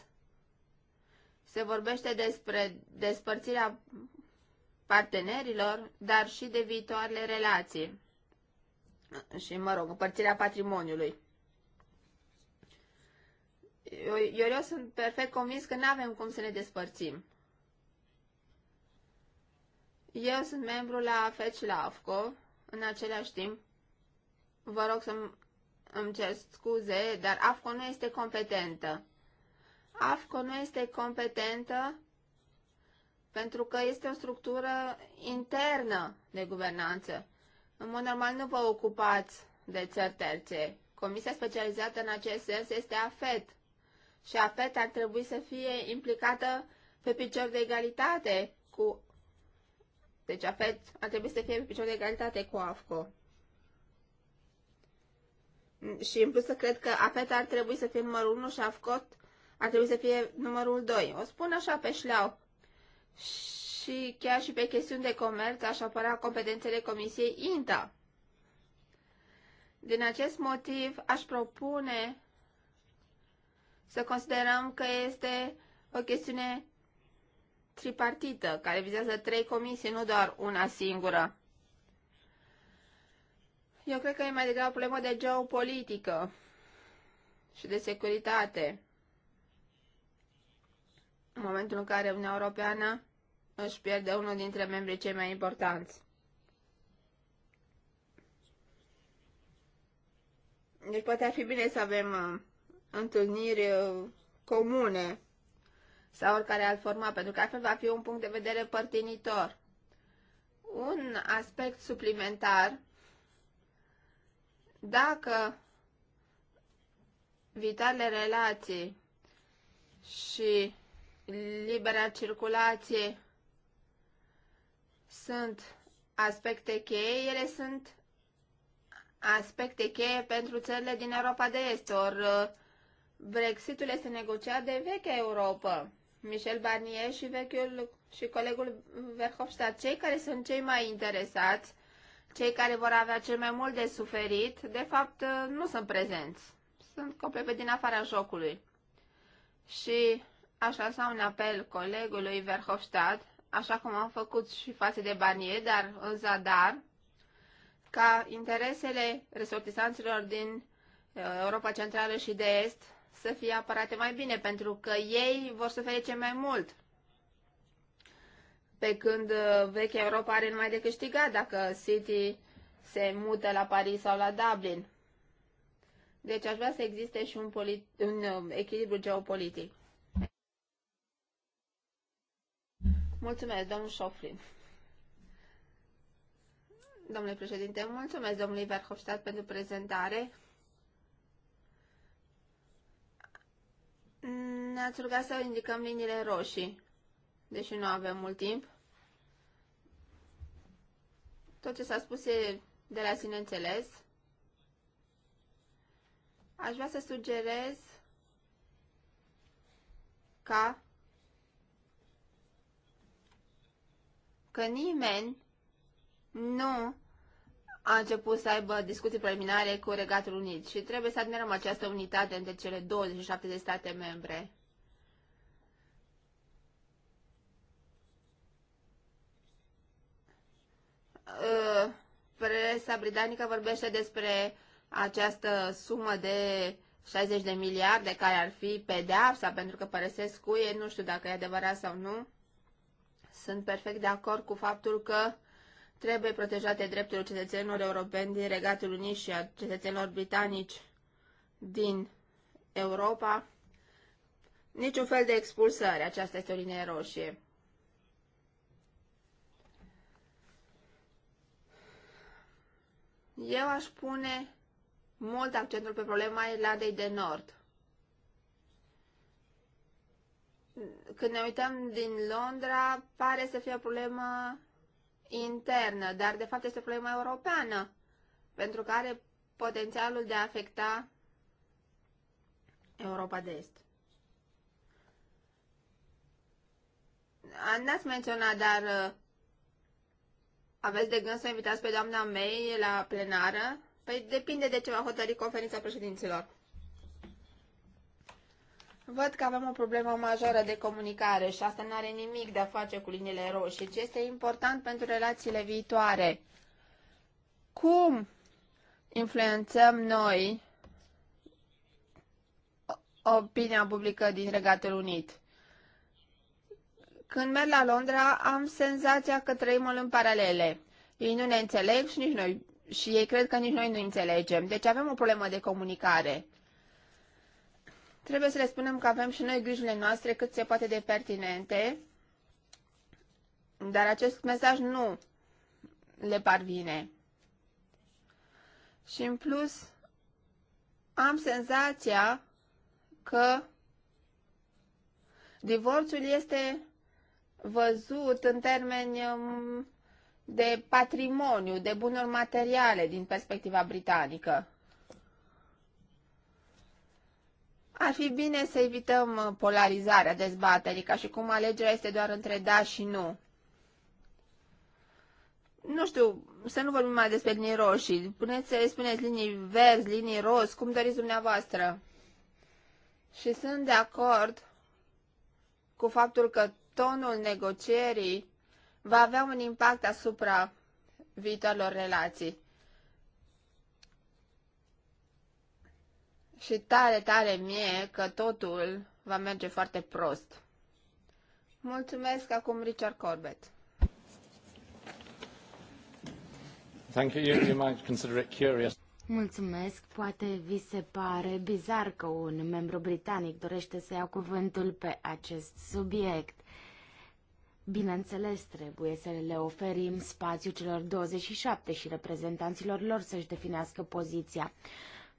se vorbește despre despărțirea partenerilor, dar și de viitoarele relații și, mă rog, împărțirea patrimoniului. Eu, eu, sunt perfect convins că nu avem cum să ne despărțim. Eu sunt membru la FECI la AFCO, în același timp. Vă rog să îmi cer scuze, dar AFCO nu este competentă. AFCO nu este competentă pentru că este o structură internă de guvernanță. În mod normal nu vă ocupați de țări terțe. Comisia specializată în acest sens este AFET și AFET ar trebui să fie implicată pe picior de egalitate cu... Deci AFET ar trebui să fie pe picior de egalitate cu AFCO. Și în plus să cred că AFET ar trebui să fie numărul 1 și AFCOT ar trebui să fie numărul 2. O spun așa pe șleau. Și chiar și pe chestiuni de comerț aș apăra competențele Comisiei INTA. Din acest motiv aș propune să considerăm că este o chestiune tripartită, care vizează trei comisii, nu doar una singură. Eu cred că e mai degrabă o problemă de geopolitică și de securitate în momentul în care Uniunea Europeană își pierde unul dintre membrii cei mai importanți. Deci poate ar fi bine să avem uh, întâlniri uh, comune sau oricare alt format, pentru că altfel va fi un punct de vedere părtinitor. Un aspect suplimentar, dacă viitoarele relații și libera circulație sunt aspecte cheie, ele sunt aspecte cheie pentru țările din Europa de Est, or Brexitul este negociat de vechea Europa. Michel Barnier și vechiul și colegul Verhofstadt, cei care sunt cei mai interesați, cei care vor avea cel mai mult de suferit, de fapt nu sunt prezenți. Sunt complet din afara jocului. Și Aș lansa un apel colegului Verhofstadt, așa cum am făcut și față de Barnier, dar în zadar, ca interesele resortisanților din uh, Europa Centrală și de Est să fie apărate mai bine, pentru că ei vor să ce mai mult. Pe când uh, vechea Europa are numai de câștigat dacă City se mută la Paris sau la Dublin. Deci aș vrea să existe și un, un uh, echilibru geopolitic. Mulțumesc, domnul Șoflin. Domnule președinte, mulțumesc domnului Verhofstadt pentru prezentare. Ne-ați rugat să indicăm liniile roșii, deși nu avem mult timp. Tot ce s-a spus e de la sine înțeles. Aș vrea să sugerez ca că nimeni nu a început să aibă discuții preliminare cu Regatul Unit și trebuie să admirăm această unitate între cele 27 de state membre. Uh, presa britanică vorbește despre această sumă de 60 de miliarde care ar fi pedeapsa pentru că părăsesc cuie, nu știu dacă e adevărat sau nu. Sunt perfect de acord cu faptul că trebuie protejate drepturile cetățenilor europeni din Regatul Unii și a cetățenilor britanici din Europa. Niciun fel de expulsări, aceasta este o linie roșie. Eu aș pune mult accentul pe problema Irlandei de Nord. când ne uităm din Londra, pare să fie o problemă internă, dar de fapt este o problemă europeană, pentru că are potențialul de a afecta Europa de Est. N-ați menționat, dar uh, aveți de gând să invitați pe doamna May la plenară? Păi depinde de ce va hotări conferința președinților. Văd că avem o problemă majoră de comunicare și asta nu are nimic de a face cu liniile roșii, ci este important pentru relațiile viitoare. Cum influențăm noi opinia publică din Regatul Unit? Când merg la Londra, am senzația că trăim o lume paralele. Ei nu ne înțeleg și nici noi și ei cred că nici noi nu înțelegem. Deci avem o problemă de comunicare. Trebuie să le spunem că avem și noi grijile noastre cât se poate de pertinente, dar acest mesaj nu le parvine. Și în plus, am senzația că divorțul este văzut în termeni um, de patrimoniu, de bunuri materiale din perspectiva britanică. Ar fi bine să evităm uh, polarizarea dezbaterii, ca și cum alegerea este doar între da și nu. Nu știu, să nu vorbim mai despre linii roșii. Puneți să spuneți linii verzi, linii roz, cum doriți dumneavoastră. Și sunt de acord cu faptul că tonul negocierii va avea un impact asupra viitorilor relații. și tare, tare mie că totul va merge foarte prost. Mulțumesc acum Richard Corbett. Thank you. You, might consider it curious. Mulțumesc. Poate vi se pare bizar că un membru britanic dorește să ia cuvântul pe acest subiect. Bineînțeles, trebuie să le oferim spațiu celor 27 și reprezentanților lor să-și definească poziția.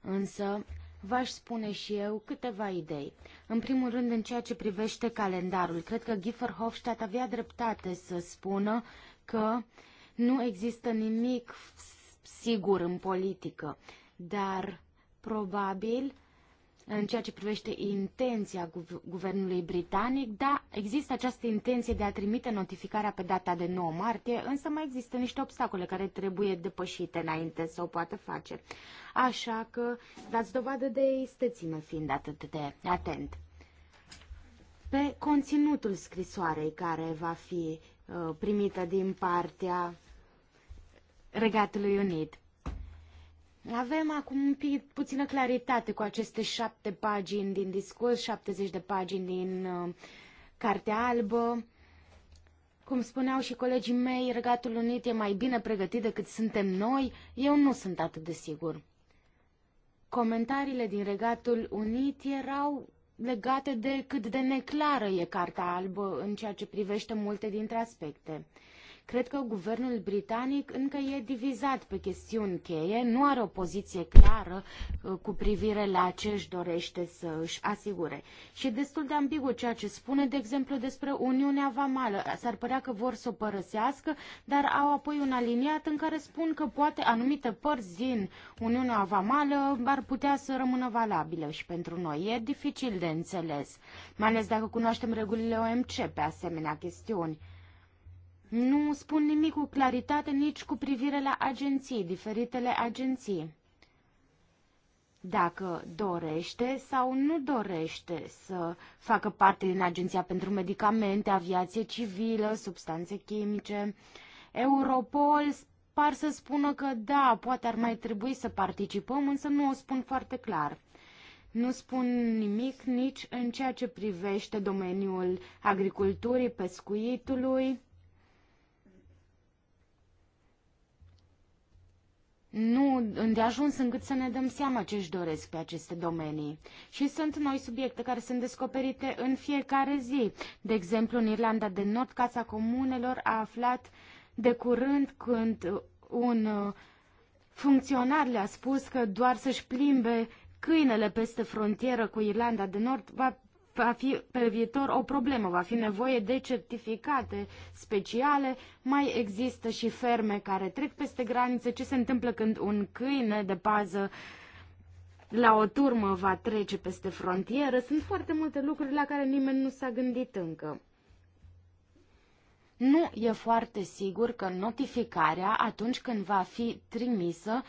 Însă, v-aș spune și eu câteva idei. În primul rând, în ceea ce privește calendarul, cred că Giffer Hofstadt avea dreptate să spună că nu există nimic sigur în politică, dar probabil în ceea ce privește intenția guvernului britanic. Da, există această intenție de a trimite notificarea pe data de 9 martie, însă mai există niște obstacole care trebuie depășite înainte să o poată face. Așa că dați dovadă de istețime fiind atât de atent. Pe conținutul scrisoarei care va fi uh, primită din partea Regatului Unit. Avem acum pic, puțină claritate cu aceste șapte pagini din discurs, 70 de pagini din uh, Cartea Albă. Cum spuneau și colegii mei, Regatul Unit e mai bine pregătit decât suntem noi. Eu nu sunt atât de sigur. Comentariile din Regatul Unit erau legate de cât de neclară e Cartea Albă în ceea ce privește multe dintre aspecte. Cred că guvernul britanic încă e divizat pe chestiuni cheie, nu are o poziție clară uh, cu privire la ce își dorește să își asigure. Și e destul de ambigu ceea ce spune, de exemplu, despre Uniunea Vamală. S-ar părea că vor să o părăsească, dar au apoi un aliniat în care spun că poate anumite părți din Uniunea Vamală ar putea să rămână valabile și pentru noi. E dificil de înțeles, mai ales dacă cunoaștem regulile OMC pe asemenea chestiuni. Nu spun nimic cu claritate nici cu privire la agenții, diferitele agenții. Dacă dorește sau nu dorește să facă parte din Agenția pentru Medicamente, Aviație Civilă, Substanțe Chimice, Europol, par să spună că da, poate ar mai trebui să participăm, însă nu o spun foarte clar. Nu spun nimic nici în ceea ce privește domeniul agriculturii, pescuitului, nu îndeajuns încât să ne dăm seama ce își doresc pe aceste domenii. Și sunt noi subiecte care sunt descoperite în fiecare zi. De exemplu, în Irlanda de Nord, Casa Comunelor a aflat de curând când un uh, funcționar le-a spus că doar să-și plimbe câinele peste frontieră cu Irlanda de Nord va va fi pe viitor o problemă, va fi nevoie de certificate speciale, mai există și ferme care trec peste granițe, ce se întâmplă când un câine de pază la o turmă va trece peste frontieră, sunt foarte multe lucruri la care nimeni nu s-a gândit încă. Nu e foarte sigur că notificarea, atunci când va fi trimisă,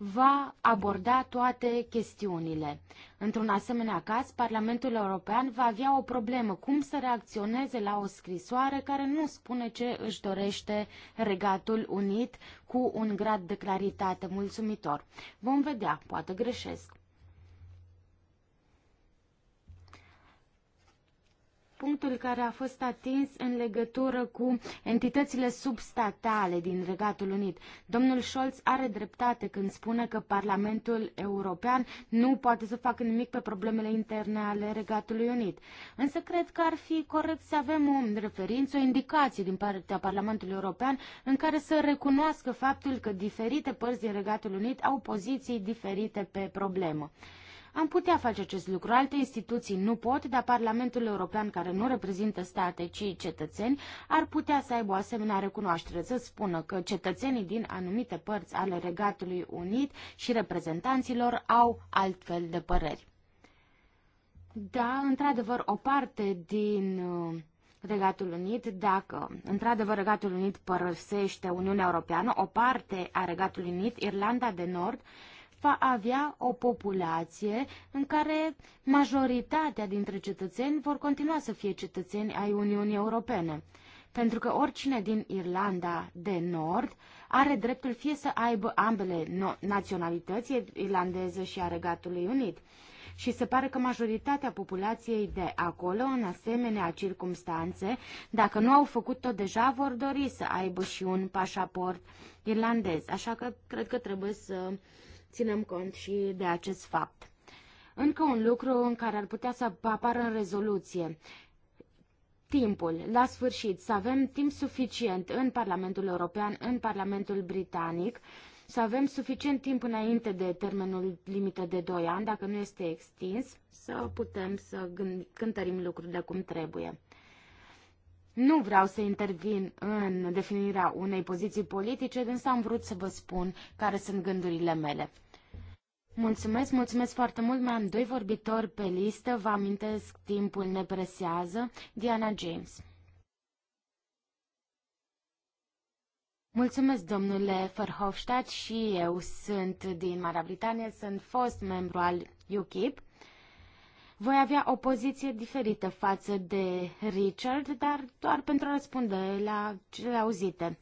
va aborda toate chestiunile. Într-un asemenea caz, Parlamentul European va avea o problemă cum să reacționeze la o scrisoare care nu spune ce își dorește Regatul Unit cu un grad de claritate mulțumitor. Vom vedea, poate greșesc. punctul care a fost atins în legătură cu entitățile substatale din Regatul Unit. Domnul Scholz are dreptate când spune că Parlamentul European nu poate să facă nimic pe problemele interne ale Regatului Unit. Însă cred că ar fi corect să avem o referință, o indicație din partea Parlamentului European în care să recunoască faptul că diferite părți din Regatul Unit au poziții diferite pe problemă. Am putea face acest lucru. Alte instituții nu pot, dar Parlamentul European, care nu reprezintă state, ci cetățeni, ar putea să aibă o asemenea recunoaștere, să spună că cetățenii din anumite părți ale Regatului Unit și reprezentanților au altfel de păreri. Da, într-adevăr, o parte din uh, Regatul Unit, dacă într-adevăr Regatul Unit părăsește Uniunea Europeană, o parte a Regatului Unit, Irlanda de Nord, va avea o populație în care majoritatea dintre cetățeni vor continua să fie cetățeni ai Uniunii Europene. Pentru că oricine din Irlanda de Nord are dreptul fie să aibă ambele naționalități, irlandeze și a Regatului Unit. Și se pare că majoritatea populației de acolo, în asemenea circumstanțe, dacă nu au făcut-o deja, vor dori să aibă și un pașaport irlandez. Așa că cred că trebuie să ținem cont și de acest fapt. Încă un lucru în care ar putea să apară în rezoluție timpul, la sfârșit, să avem timp suficient în Parlamentul European, în Parlamentul Britanic, să avem suficient timp înainte de termenul limită de 2 ani, dacă nu este extins, să putem să gând- cântărim lucrurile cum trebuie. Nu vreau să intervin în definirea unei poziții politice, însă am vrut să vă spun care sunt gândurile mele. Mulțumesc, mulțumesc foarte mult. Mai am doi vorbitori pe listă. Vă amintesc, timpul ne presează. Diana James. Mulțumesc, domnule Verhofstadt, și eu sunt din Marea Britanie, sunt fost membru al UKIP voi avea o poziție diferită față de Richard, dar doar pentru a răspunde la cele auzite.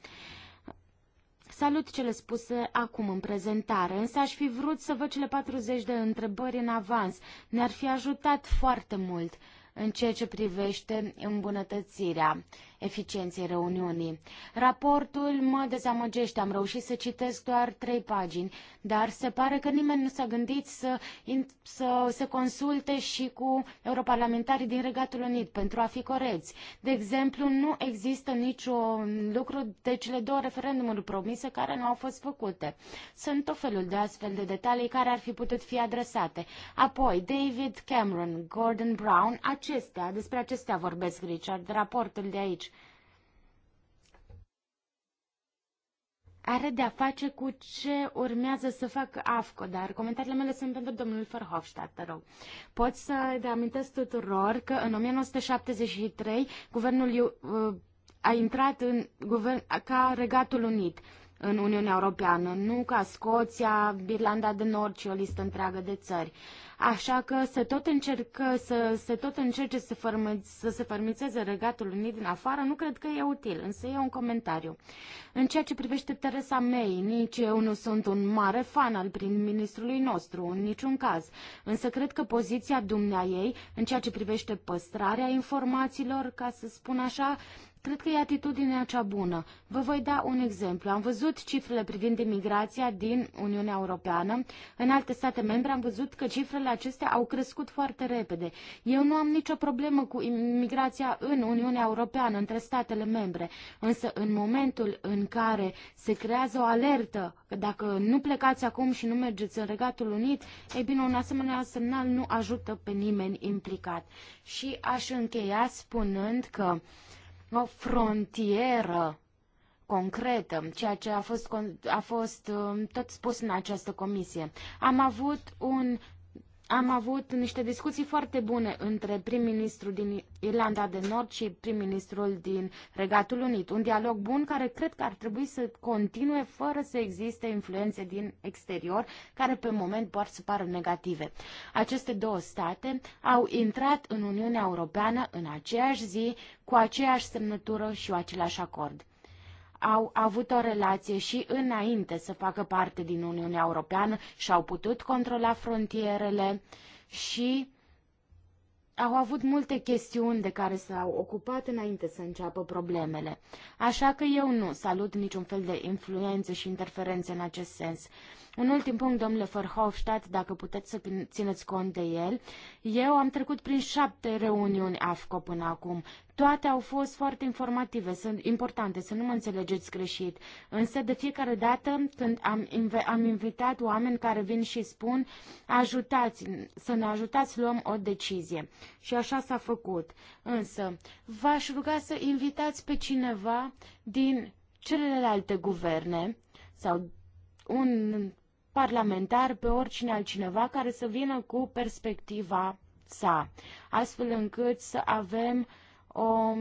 Salut cele spuse acum în prezentare, însă aș fi vrut să văd cele 40 de întrebări în avans. Ne-ar fi ajutat foarte mult în ceea ce privește îmbunătățirea eficienței reuniunii. Raportul mă dezamăgește, am reușit să citesc doar trei pagini, dar se pare că nimeni nu s-a gândit să, să se consulte și cu europarlamentarii din Regatul Unit pentru a fi coreți. De exemplu, nu există niciun lucru de cele două referendumuri promise care nu au fost făcute. Sunt tot felul de astfel de detalii care ar fi putut fi adresate. Apoi, David Cameron, Gordon Brown, acestea, despre acestea vorbesc, Richard, raportul de aici. are de-a face cu ce urmează să fac AFCO, dar comentariile mele sunt pentru domnul Verhofstadt, te rog. Pot să amintesc tuturor că în 1973 guvernul uh, a intrat în guvern, ca Regatul Unit în Uniunea Europeană, nu ca Scoția, Irlanda de Nord și o listă întreagă de țări. Așa că se tot încercă să se tot încerce să, fărmă, să se fărmițeze regatul unit din afară, nu cred că e util, însă e un comentariu. În ceea ce privește Teresa May, nici eu nu sunt un mare fan al prim-ministrului nostru, în niciun caz, însă cred că poziția dumnea ei, în ceea ce privește păstrarea informațiilor, ca să spun așa, Cred că e atitudinea cea bună. Vă voi da un exemplu. Am văzut cifrele privind imigrația din Uniunea Europeană. În alte state membre am văzut că cifrele acestea au crescut foarte repede. Eu nu am nicio problemă cu imigrația în Uniunea Europeană, între statele membre. Însă în momentul în care se creează o alertă că dacă nu plecați acum și nu mergeți în Regatul Unit, ei bine, un asemenea semnal nu ajută pe nimeni implicat. Și aș încheia spunând că o frontieră concretă, ceea ce a fost, a fost um, tot spus în această comisie. Am avut un am avut niște discuții foarte bune între prim-ministrul din Irlanda de Nord și prim-ministrul din Regatul Unit. Un dialog bun care cred că ar trebui să continue fără să existe influențe din exterior, care pe moment pot să pară negative. Aceste două state au intrat în Uniunea Europeană în aceeași zi, cu aceeași semnătură și cu același acord au avut o relație și înainte să facă parte din Uniunea Europeană și au putut controla frontierele și au avut multe chestiuni de care s-au ocupat înainte să înceapă problemele. Așa că eu nu salut niciun fel de influențe și interferențe în acest sens. Un ultim punct, domnule Verhofstadt, dacă puteți să țineți cont de el. Eu am trecut prin șapte reuniuni AFCO până acum toate au fost foarte informative, sunt importante, să nu mă înțelegeți greșit. Însă de fiecare dată când am, inv- am invitat oameni care vin și spun ajutați, să ne ajutați să luăm o decizie. Și așa s-a făcut. Însă v-aș ruga să invitați pe cineva din celelalte guverne sau un parlamentar, pe oricine altcineva care să vină cu perspectiva sa, astfel încât să avem uh, o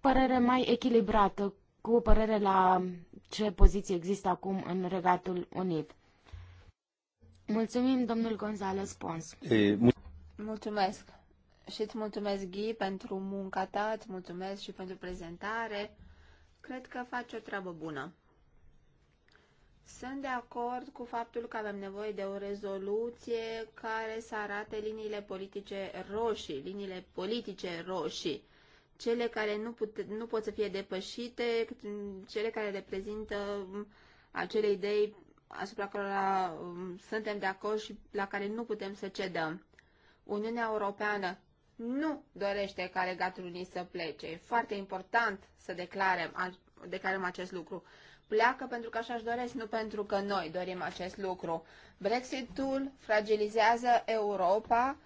părere mai echilibrată cu părere la ce poziție există acum în Regatul Unit. Mulțumim, domnul González Pons. Mulțumesc. Și îți mulțumesc, Ghi, pentru munca ta, îți mulțumesc și pentru prezentare. Cred că faci o treabă bună. Sunt de acord cu faptul că avem nevoie de o rezoluție care să arate liniile politice roșii, liniile politice roșii cele care nu, put, nu pot să fie depășite, cele care reprezintă um, acele idei asupra cărora um, suntem de acord și la care nu putem să cedăm. Uniunea Europeană nu dorește ca Regatul unii să plece. E foarte important să declarăm, declarăm acest lucru. Pleacă pentru că așa-și doresc, nu pentru că noi dorim acest lucru. Brexitul fragilizează Europa,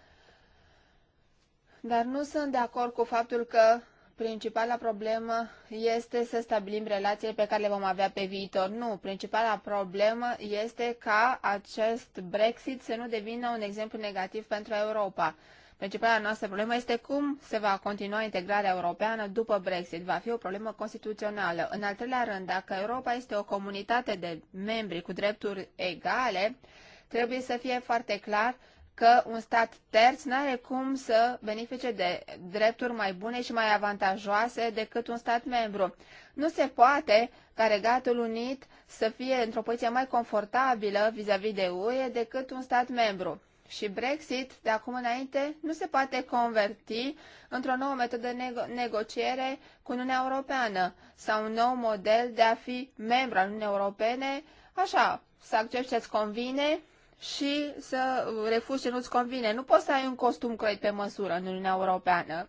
dar nu sunt de acord cu faptul că principala problemă este să stabilim relațiile pe care le vom avea pe viitor. Nu, principala problemă este ca acest Brexit să nu devină un exemplu negativ pentru Europa. Principala noastră problemă este cum se va continua integrarea europeană după Brexit. Va fi o problemă constituțională. În al treilea rând, dacă Europa este o comunitate de membri cu drepturi egale, trebuie să fie foarte clar că un stat terț nu are cum să benefice de drepturi mai bune și mai avantajoase decât un stat membru. Nu se poate ca Regatul Unit să fie într-o poziție mai confortabilă vis-a-vis -vis de UE decât un stat membru. Și Brexit, de acum înainte, nu se poate converti într-o nouă metodă de nego- negociere cu Uniunea Europeană sau un nou model de a fi membru al Uniunii Europene, așa, să accepteți convine, și să refuzi ce nu-ți convine. Nu poți să ai un costum croit pe măsură în Uniunea Europeană.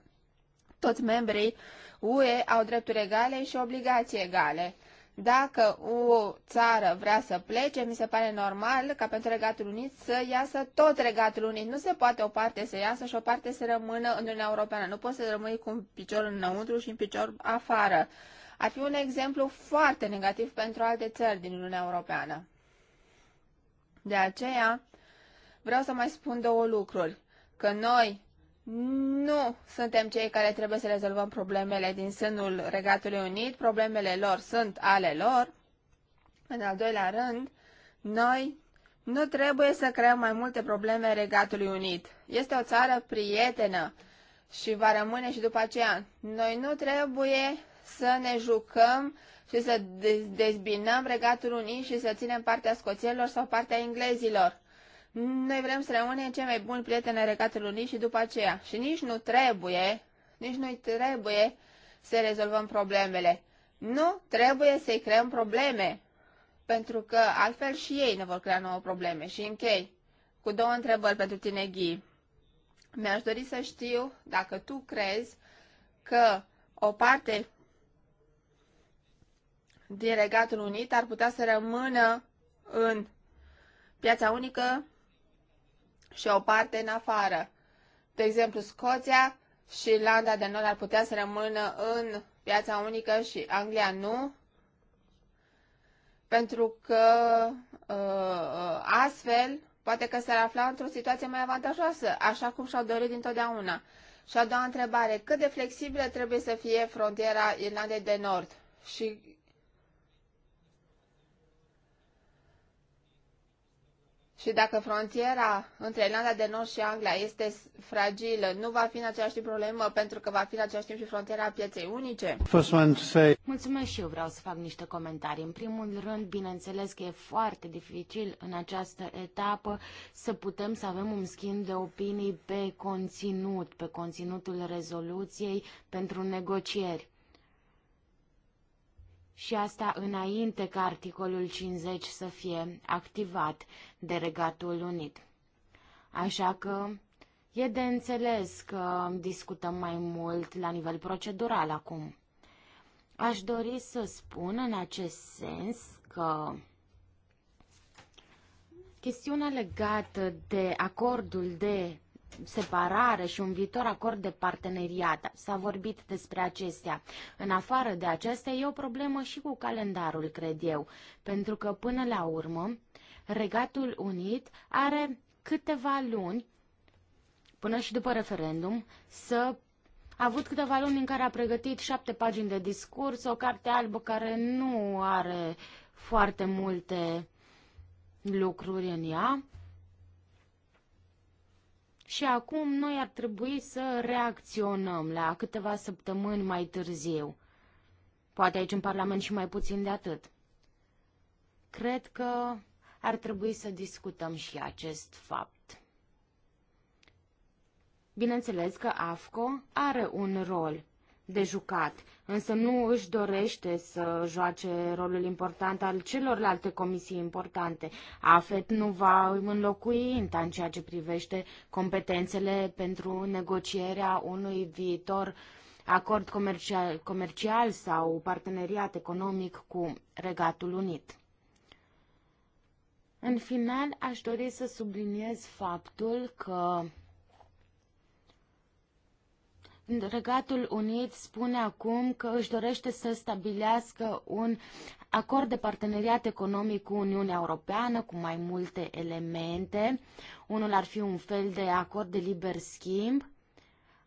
Toți membrii UE au drepturi egale și obligații egale. Dacă o țară vrea să plece, mi se pare normal ca pentru Regatul Unit să iasă tot Regatul Unit. Nu se poate o parte să iasă și o parte să rămână în Uniunea Europeană. Nu poți să rămâi cu un picior înăuntru și un picior afară. Ar fi un exemplu foarte negativ pentru alte țări din Uniunea Europeană. De aceea, vreau să mai spun două lucruri. Că noi nu suntem cei care trebuie să rezolvăm problemele din sânul Regatului Unit, problemele lor sunt ale lor. În al doilea rând, noi nu trebuie să creăm mai multe probleme Regatului Unit. Este o țară prietenă și va rămâne și după aceea. Noi nu trebuie să ne jucăm și să dezbinăm Regatul Unii și să ținem partea scoțienilor sau partea englezilor. Noi vrem să rămânem cei mai buni prieteni ai Regatului Unii și după aceea. Și nici nu trebuie, nici nu trebuie să rezolvăm problemele. Nu trebuie să-i creăm probleme, pentru că altfel și ei ne vor crea nouă probleme. Și închei cu două întrebări pentru tine, Ghi. Mi-aș dori să știu dacă tu crezi că o parte din Regatul Unit ar putea să rămână în piața unică și o parte în afară. De exemplu, Scoția și Irlanda de Nord ar putea să rămână în piața unică și Anglia nu, pentru că uh, astfel poate că s-ar afla într-o situație mai avantajoasă, așa cum și-au dorit dintotdeauna. Și a doua întrebare, cât de flexibilă trebuie să fie frontiera Irlandei de Nord? Și Și dacă frontiera între Irlanda de Nord și Anglia este fragilă, nu va fi în același timp problemă pentru că va fi în același timp și frontiera pieței unice? Mulțumesc și eu vreau să fac niște comentarii. În primul rând, bineînțeles că e foarte dificil în această etapă să putem să avem un schimb de opinii pe conținut, pe conținutul rezoluției pentru negocieri și asta înainte ca articolul 50 să fie activat de Regatul Unit. Așa că e de înțeles că discutăm mai mult la nivel procedural acum. Aș dori să spun în acest sens că chestiunea legată de acordul de separare și un viitor acord de parteneriat. S-a vorbit despre acestea. În afară de acestea e o problemă și cu calendarul, cred eu, pentru că până la urmă Regatul Unit are câteva luni până și după referendum să a avut câteva luni în care a pregătit șapte pagini de discurs, o carte albă care nu are foarte multe lucruri în ea și acum noi ar trebui să reacționăm la câteva săptămâni mai târziu. Poate aici în Parlament și mai puțin de atât. Cred că ar trebui să discutăm și acest fapt. Bineînțeles că AFCO are un rol de jucat, însă nu își dorește să joace rolul important al celorlalte comisii importante. AFET nu va înlocui INTA în ceea ce privește competențele pentru negocierea unui viitor acord comercial, comercial sau parteneriat economic cu Regatul Unit. În final, aș dori să subliniez faptul că Regatul Unit spune acum că își dorește să stabilească un acord de parteneriat economic cu Uniunea Europeană cu mai multe elemente. Unul ar fi un fel de acord de liber schimb,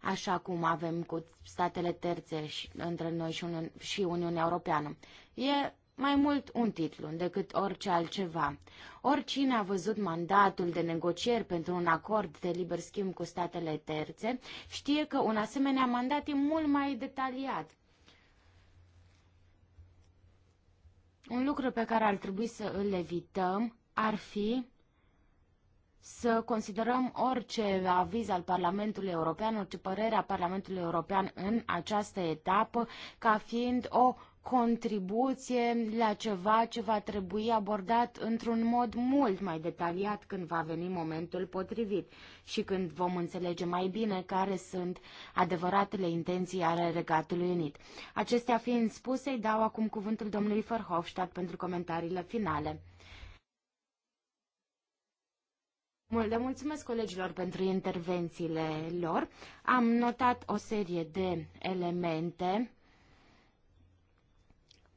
așa cum avem cu statele terțe și, între noi și, Uni- și Uniunea Europeană. E mai mult un titlu decât orice altceva. Oricine a văzut mandatul de negocieri pentru un acord de liber schimb cu statele terțe știe că un asemenea mandat e mult mai detaliat. Un lucru pe care ar trebui să îl evităm ar fi să considerăm orice aviz al Parlamentului European, orice părere a Parlamentului European în această etapă ca fiind o contribuție la ceva ce va trebui abordat într-un mod mult mai detaliat când va veni momentul potrivit și când vom înțelege mai bine care sunt adevăratele intenții ale Regatului Unit. Acestea fiind spuse, îi dau acum cuvântul domnului Verhofstadt pentru comentariile finale. Le mulțumesc colegilor pentru intervențiile lor. Am notat o serie de elemente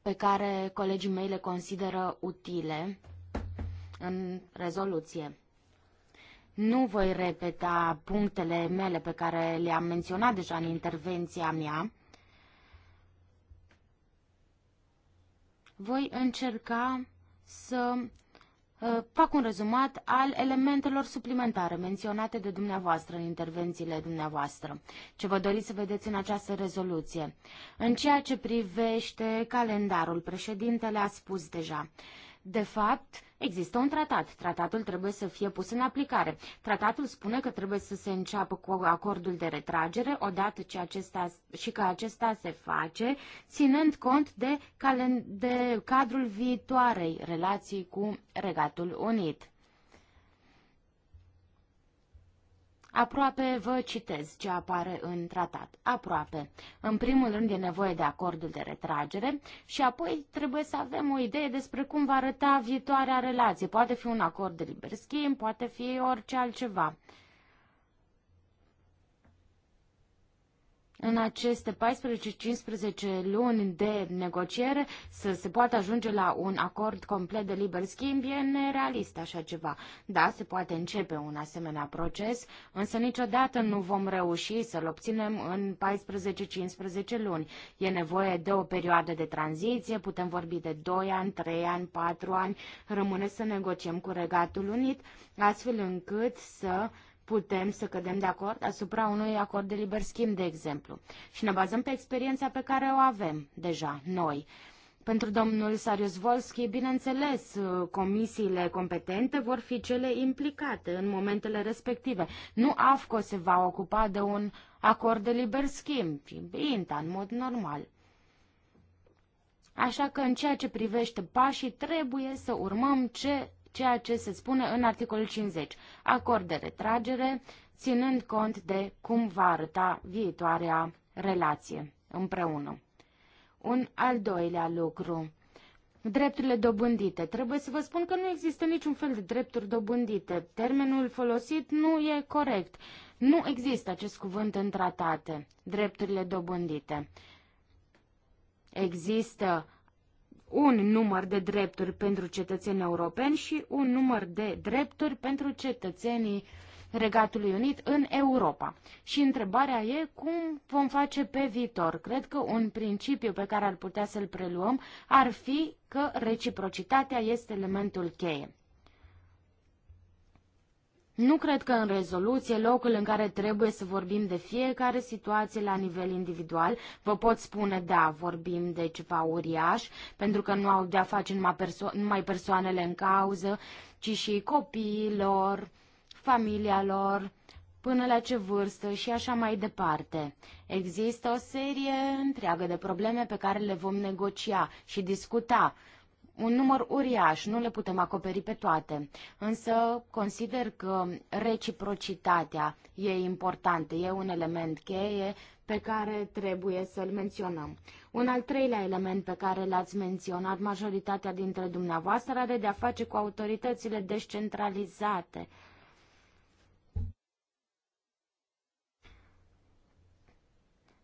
pe care colegii mei le consideră utile în rezoluție. Nu voi repeta punctele mele pe care le-am menționat deja în intervenția mea. Voi încerca să Uh, fac un rezumat al elementelor suplimentare menționate de dumneavoastră în intervențiile dumneavoastră, ce vă doriți să vedeți în această rezoluție. În ceea ce privește calendarul, președintele a spus deja. De fapt, există un tratat. Tratatul trebuie să fie pus în aplicare. Tratatul spune că trebuie să se înceapă cu acordul de retragere odată ce acesta, și că acesta se face, ținând cont de, calen, de cadrul viitoarei relații cu Regatul Unit. Aproape vă citez ce apare în tratat. Aproape. În primul rând e nevoie de acordul de retragere și apoi trebuie să avem o idee despre cum va arăta viitoarea relație. Poate fi un acord de liber schimb, poate fi orice altceva. în aceste 14-15 luni de negociere să se poată ajunge la un acord complet de liber schimb e nerealist așa ceva. Da, se poate începe un asemenea proces, însă niciodată nu vom reuși să-l obținem în 14-15 luni. E nevoie de o perioadă de tranziție, putem vorbi de 2 ani, 3 ani, 4 ani, rămâne să negociem cu Regatul Unit, astfel încât să uh, putem să cădem de acord asupra unui acord de liber schimb, de exemplu. Și ne bazăm pe experiența pe care o avem deja noi. Pentru domnul Sarius Volski, bineînțeles, uh, comisiile competente vor fi cele implicate în momentele respective. Nu AFCO se va ocupa de un acord de liber schimb, ci INTA, în mod normal. Așa că în ceea ce privește pașii, trebuie să urmăm ce ceea ce se spune în articolul 50, acord de retragere, ținând cont de cum va arăta viitoarea relație împreună. Un al doilea lucru. Drepturile dobândite. Trebuie să vă spun că nu există niciun fel de drepturi dobândite. Termenul folosit nu e corect. Nu există acest cuvânt în tratate. Drepturile dobândite. Există un număr de drepturi pentru cetățenii europeni și un număr de drepturi pentru cetățenii Regatului Unit în Europa. Și întrebarea e cum vom face pe viitor. Cred că un principiu pe care ar putea să-l preluăm ar fi că reciprocitatea este elementul cheie. Nu cred că în rezoluție, locul în care trebuie să vorbim de fiecare situație la nivel individual, vă pot spune, da, vorbim de ceva uriaș, pentru că nu au de-a face numai, perso- numai persoanele în cauză, ci și copiilor, familia lor, până la ce vârstă și așa mai departe. Există o serie întreagă de probleme pe care le vom negocia și discuta un număr uriaș, nu le putem acoperi pe toate, însă consider că reciprocitatea e importantă, e un element cheie pe care trebuie să-l menționăm. Un al treilea element pe care l-ați menționat majoritatea dintre dumneavoastră are de-a face cu autoritățile descentralizate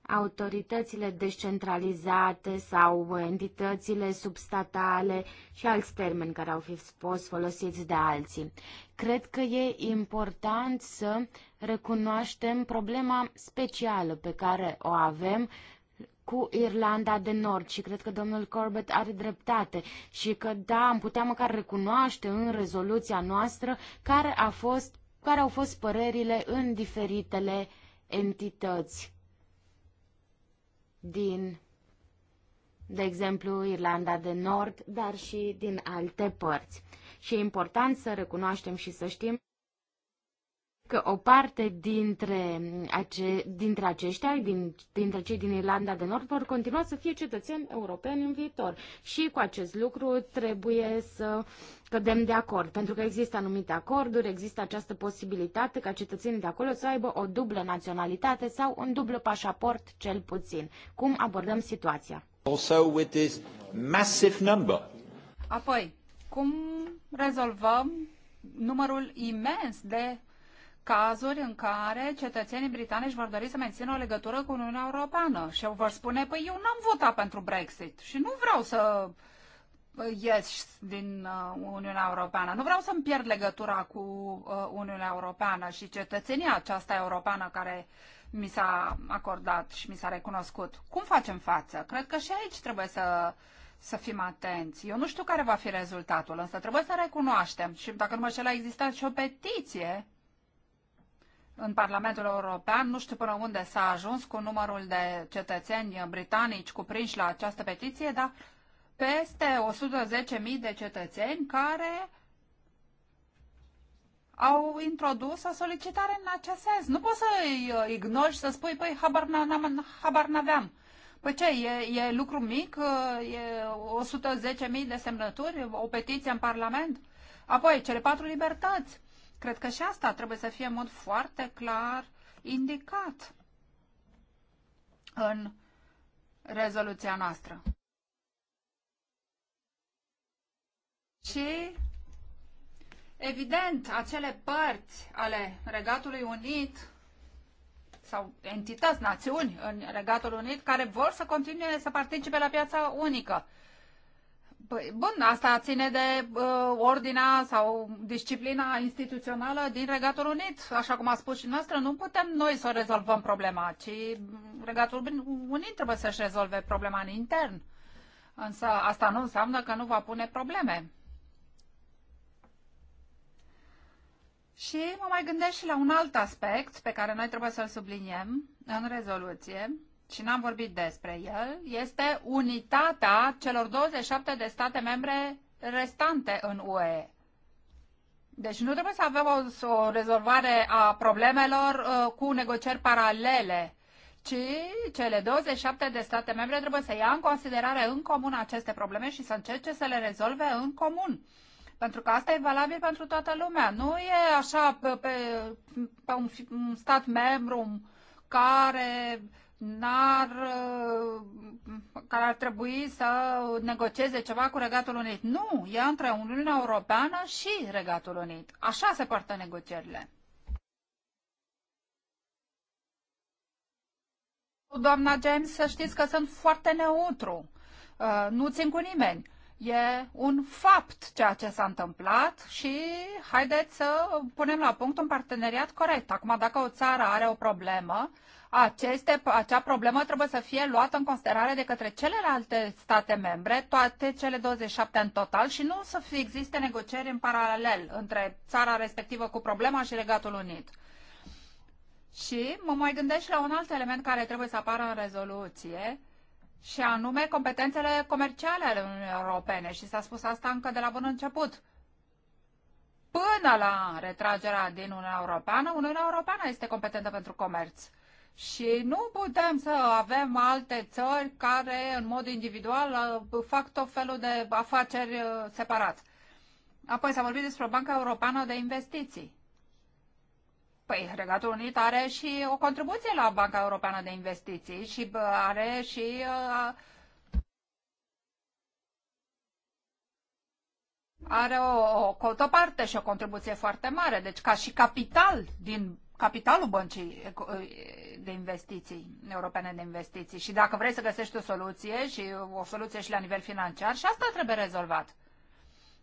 autoritățile descentralizate sau entitățile substatale și alți termeni care au fi fost folosiți de alții. Cred că e important să recunoaștem problema specială pe care o avem cu Irlanda de Nord și cred că domnul Corbett are dreptate și că da, am putea măcar recunoaște în rezoluția noastră care, a fost, care au fost părerile în diferitele entități din, de exemplu, Irlanda de Nord, dar și din alte părți. Și e important să recunoaștem și să știm că o parte dintre, ace, dintre aceștia, din, dintre cei din Irlanda de Nord, vor continua să fie cetățeni europeni în viitor. Și cu acest lucru trebuie să cădem de acord, pentru că există anumite acorduri, există această posibilitate ca cetățenii de acolo să aibă o dublă naționalitate sau un dublu pașaport cel puțin. Cum abordăm situația? Also with this massive number. Apoi, cum rezolvăm numărul imens de cazuri în care cetățenii britanici vor dori să mențină o legătură cu Uniunea Europeană și vor spune, păi eu n-am votat pentru Brexit și nu vreau să uh, ies din uh, Uniunea Europeană. Nu vreau să-mi pierd legătura cu uh, Uniunea Europeană și cetățenia aceasta europeană care mi s-a acordat și mi s-a recunoscut. Cum facem față? Cred că și aici trebuie să, să fim atenți. Eu nu știu care va fi rezultatul, însă trebuie să recunoaștem. Și dacă nu mă știu, a existat și o petiție în Parlamentul European. Nu știu până unde s-a ajuns cu numărul de cetățeni britanici cuprinși la această petiție, dar peste 110.000 de cetățeni care au introdus o solicitare în acest sens. Nu poți să îi uh, ignori și să spui, păi, habar, n-am, habar n-aveam. Păi ce, e, e lucru mic? Uh, e 110.000 de semnături? O petiție în Parlament? Apoi, cele patru libertăți. Cred că și asta trebuie să fie în mod foarte clar indicat în rezoluția noastră. Și, evident, acele părți ale Regatului Unit sau entități, națiuni în Regatul Unit care vor să continue să participe la piața unică. Păi, bun, asta ține de uh, ordinea sau disciplina instituțională din Regatul Unit. Așa cum a spus și noastră, nu putem noi să rezolvăm problema, ci Regatul Unit trebuie să-și rezolve problema în intern. Însă asta nu înseamnă că nu va pune probleme. Și mă mai gândesc și la un alt aspect pe care noi trebuie să-l subliniem în rezoluție, și n-am vorbit despre el, este unitatea celor 27 de state membre restante în UE. Deci nu trebuie să avem o, o rezolvare a problemelor uh, cu negocieri paralele, ci cele 27 de state membre trebuie să ia în considerare în comun aceste probleme și să încerce să le rezolve în comun. Pentru că asta e valabil pentru toată lumea. Nu e așa pe, pe, pe un, un stat membru care n-ar, uh, care ar trebui să negocieze ceva cu Regatul Unit. Nu, e între Uniunea Europeană și Regatul Unit. Așa se poartă negocierile. Doamna James, să știți că sunt foarte neutru. Uh, nu țin cu nimeni. E un fapt ceea ce s-a întâmplat și haideți să punem la punct un parteneriat corect. Acum, dacă o țară are o problemă, aceste, acea problemă trebuie să fie luată în considerare de către celelalte state membre, toate cele 27 în total, și nu să existe negocieri în paralel între țara respectivă cu problema și Regatul Unit. Și mă mai gândesc și la un alt element care trebuie să apară în rezoluție, și anume competențele comerciale ale Uniunii Europene. Și s-a spus asta încă de la bun început. Până la retragerea din Uniunea Europeană, Uniunea Europeană este competentă pentru comerț. Și nu putem să avem alte țări care, în mod individual, uh, fac tot felul de afaceri uh, separat. Apoi s-a vorbit despre Banca Europeană de Investiții. Păi, Regatul Unit are și o contribuție la Banca Europeană de Investiții și are și uh, are o, o, o parte și o contribuție foarte mare. Deci, ca și capital din capitalul băncii ă, de investiții, europene de investiții. Și dacă vrei să găsești o soluție și o soluție și la nivel financiar, și asta trebuie rezolvat.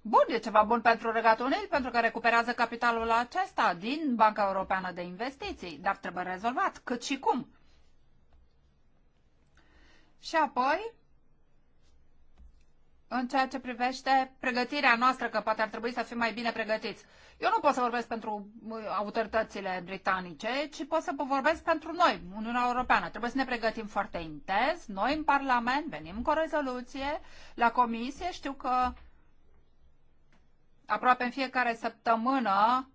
Bun, e ceva bun pentru Regatul Unit, pentru că recuperează capitalul acesta din Banca Europeană de Investiții, dar trebuie rezolvat cât și cum. Și apoi, în ceea ce privește pregătirea noastră, că poate ar trebui să fim mai bine pregătiți. Eu nu pot să vorbesc pentru autoritățile britanice, ci pot să vorbesc pentru noi, Uniunea Europeană. Trebuie să ne pregătim foarte intens. Noi în Parlament venim cu o rezoluție la comisie. Știu că aproape în fiecare săptămână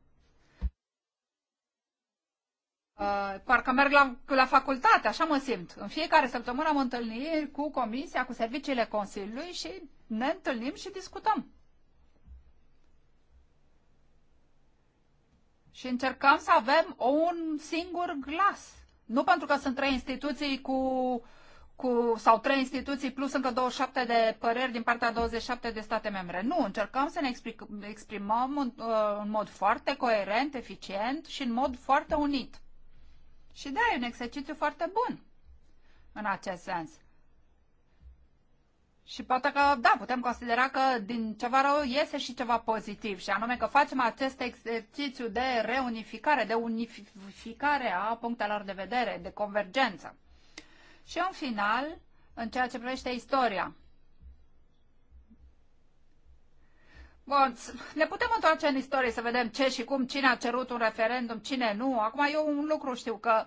Uh, parcă merg la, la facultate, așa mă simt. În fiecare săptămână am întâlniri cu comisia, cu serviciile Consiliului și ne întâlnim și discutăm. Și încercăm să avem un singur glas. Nu pentru că sunt trei instituții cu cu, sau trei instituții plus încă 27 de păreri din partea 27 de state membre. Nu, încercăm să ne exprimăm în, uh, în mod foarte coerent, eficient și în mod foarte unit. Și da, e un exercițiu foarte bun în acest sens. Și poate că, da, putem considera că din ceva rău iese și ceva pozitiv, și anume că facem acest exercițiu de reunificare, de unificare a punctelor de vedere, de convergență. Și în final, în ceea ce privește istoria. Bun, ne putem întoarce în istorie să vedem ce și cum, cine a cerut un referendum, cine nu. Acum eu un lucru știu că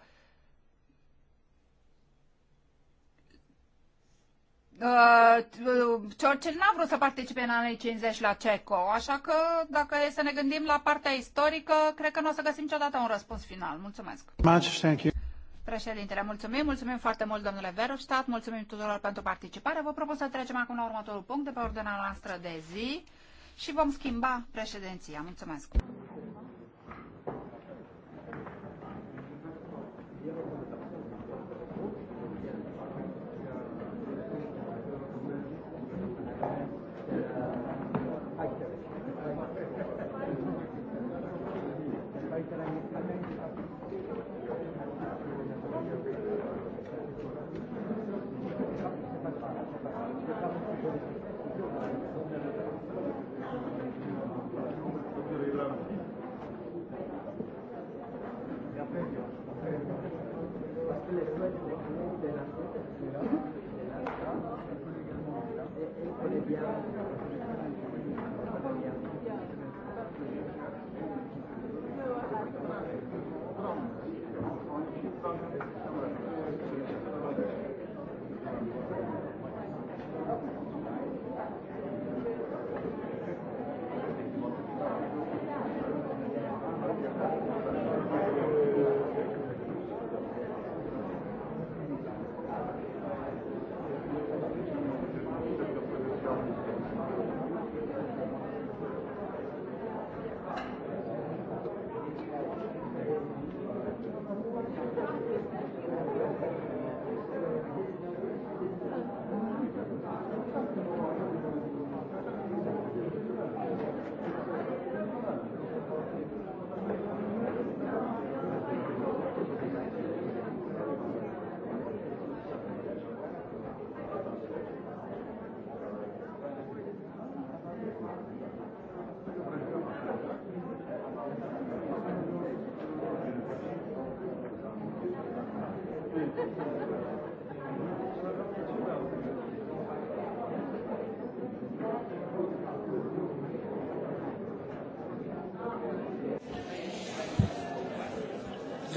Churchill uh, n-a vrut să participe în anii 50 la CECO, așa că dacă e să ne gândim la partea istorică, cred că nu o să găsim niciodată un răspuns final. Mulțumesc! Much, thank you. Președintele, mulțumim, mulțumim foarte mult, domnule Verhofstadt, mulțumim tuturor pentru participare. Vă propun să trecem acum la următorul punct de pe ordinea noastră de zi și vom schimba președinția. Mulțumesc!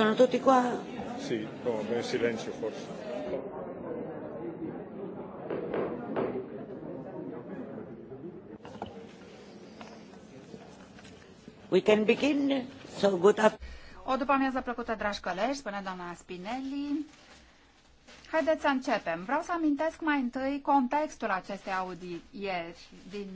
Sono tutti qua? Sì, no, come silenzio forse. We can begin. So good O după amiază plăcută, dragi colegi, spune doamna Spinelli. Haideți să începem. Vreau să amintesc mai întâi contextul acestei audieri din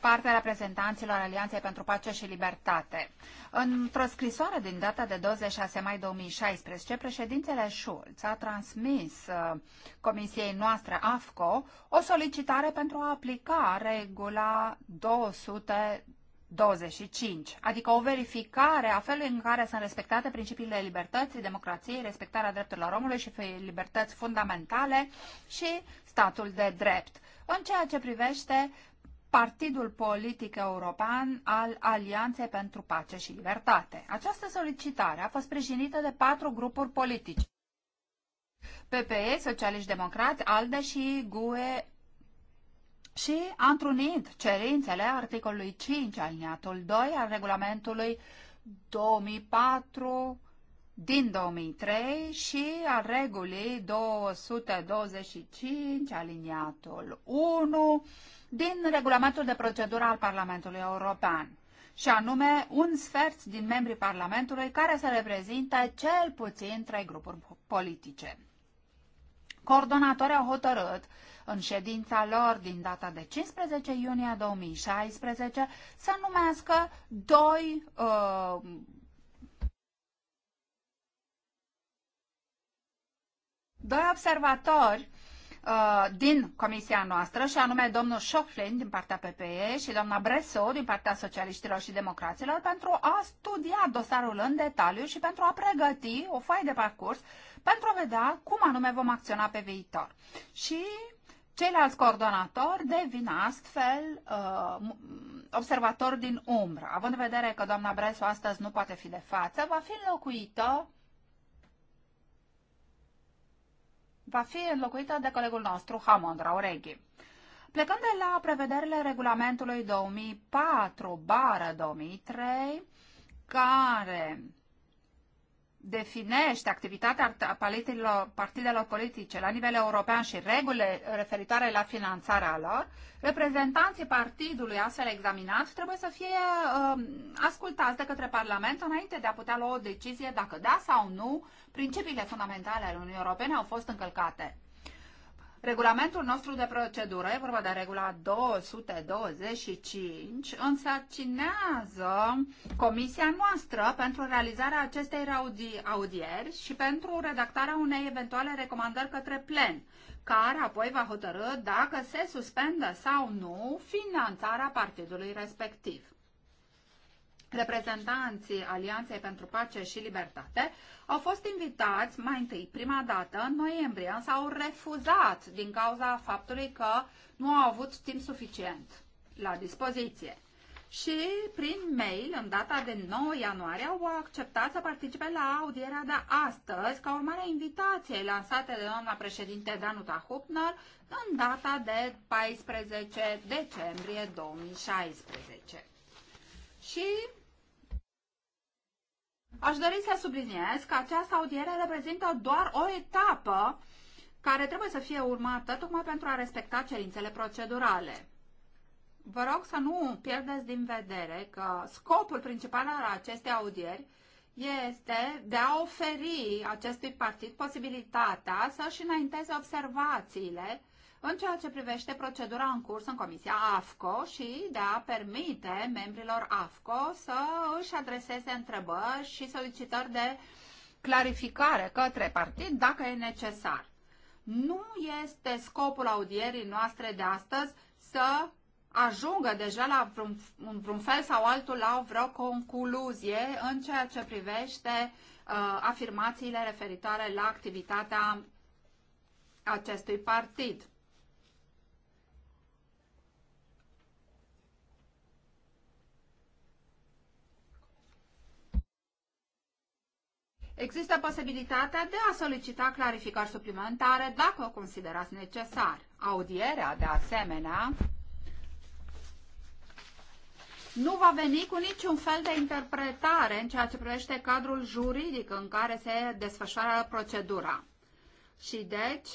partea reprezentanților Alianței pentru Pace și Libertate. Într-o scrisoare din data de 26 mai 2016, președintele Schulz a transmis uh, comisiei noastre AFCO o solicitare pentru a aplica regula 200 25, adică o verificare a felului în care sunt respectate principiile libertății, democrației, respectarea drepturilor omului și libertăți fundamentale și statul de drept. În ceea ce privește Partidul Politic European al Alianței pentru Pace și Libertate. Această solicitare a fost sprijinită de patru grupuri politice. PPE, Socialiști Democrați, ALDE și GUE și a întrunit cerințele articolului 5 aliniatul 2 al regulamentului 2004 din 2003 și al regulii 225 aliniatul 1 din regulamentul de procedură al Parlamentului European și anume un sfert din membrii Parlamentului care să reprezintă cel puțin trei grupuri politice. Coordonatorii au hotărât în ședința lor din data de 15 iunie 2016 să numească doi uh, doi observatori Uh, din comisia noastră, și anume domnul Șoflin din partea PPE și doamna Breso din partea socialiștilor și democraților, pentru a studia dosarul în detaliu și pentru a pregăti o foaie de parcurs pentru a vedea cum anume vom acționa pe viitor. Și ceilalți coordonatori devin astfel uh, observatori din umbră. Având în vedere că doamna Bresu astăzi nu poate fi de față, va fi înlocuită va fi înlocuită de colegul nostru, Hamond Raureghi. Plecând de la prevederile regulamentului 2004-2003, care definește activitatea partidelor politice la nivel european și regulile referitoare la finanțarea lor, reprezentanții partidului astfel examinat trebuie să fie uh, ascultați de către Parlament înainte de a putea lua o decizie dacă da sau nu principiile fundamentale ale Uniunii Europene au fost încălcate. Regulamentul nostru de procedură, e vorba de regula 225, însărcinează comisia noastră pentru realizarea acestei audieri și pentru redactarea unei eventuale recomandări către plen, care apoi va hotărâ dacă se suspendă sau nu finanțarea partidului respectiv reprezentanții Alianței pentru Pace și Libertate au fost invitați mai întâi, prima dată, în noiembrie, însă au refuzat din cauza faptului că nu au avut timp suficient la dispoziție. Și prin mail, în data de 9 ianuarie, au acceptat să participe la audierea de astăzi, ca urmare a invitației lansate de doamna președinte Danuta Hupner în data de 14 decembrie 2016. Și Aș dori să subliniez că această audiere reprezintă doar o etapă care trebuie să fie urmată tocmai pentru a respecta cerințele procedurale. Vă rog să nu pierdeți din vedere că scopul principal al acestei audieri este de a oferi acestui partid posibilitatea să-și înainteze observațiile în ceea ce privește procedura în curs în Comisia AFCO și de a permite membrilor AFCO să își adreseze întrebări și solicitări de clarificare către partid dacă e necesar. Nu este scopul audierii noastre de astăzi să ajungă deja la vreun, vreun fel sau altul la vreo concluzie în ceea ce privește uh, afirmațiile referitoare la activitatea acestui partid. Există posibilitatea de a solicita clarificări suplimentare dacă o considerați necesar. Audierea, de asemenea, nu va veni cu niciun fel de interpretare în ceea ce privește cadrul juridic în care se desfășoară procedura. Și deci,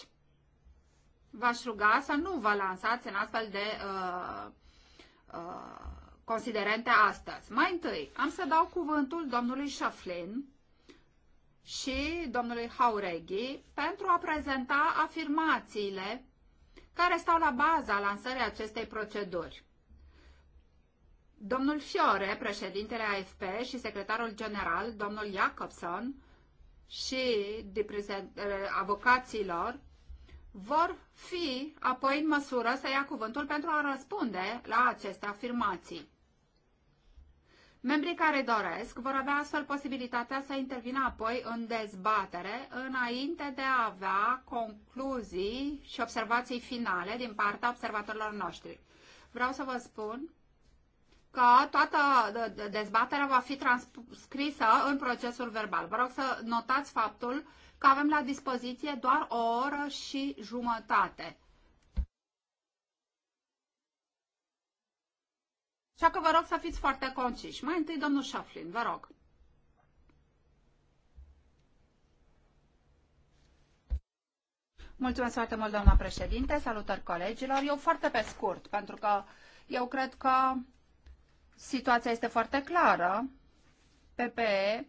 v-aș ruga să nu vă lansați în astfel de uh, uh, considerente astăzi. Mai întâi, am să dau cuvântul domnului Șaflin, și domnului Haureghi pentru a prezenta afirmațiile care stau la baza lansării acestei proceduri. Domnul Fiore, președintele AFP și secretarul general, domnul Jacobson și eh, avocaților vor fi apoi în măsură să ia cuvântul pentru a răspunde la aceste afirmații. Membrii care doresc vor avea astfel posibilitatea să intervină apoi în dezbatere înainte de a avea concluzii și observații finale din partea observatorilor noștri. Vreau să vă spun că toată dezbaterea va fi transcrisă în procesul verbal. Vă rog să notați faptul că avem la dispoziție doar o oră și jumătate Așa că vă rog să fiți foarte conciși. Mai întâi, domnul Șaflin, vă rog. Mulțumesc foarte mult, doamna președinte. Salutări colegilor. Eu foarte pe scurt, pentru că eu cred că situația este foarte clară. PPE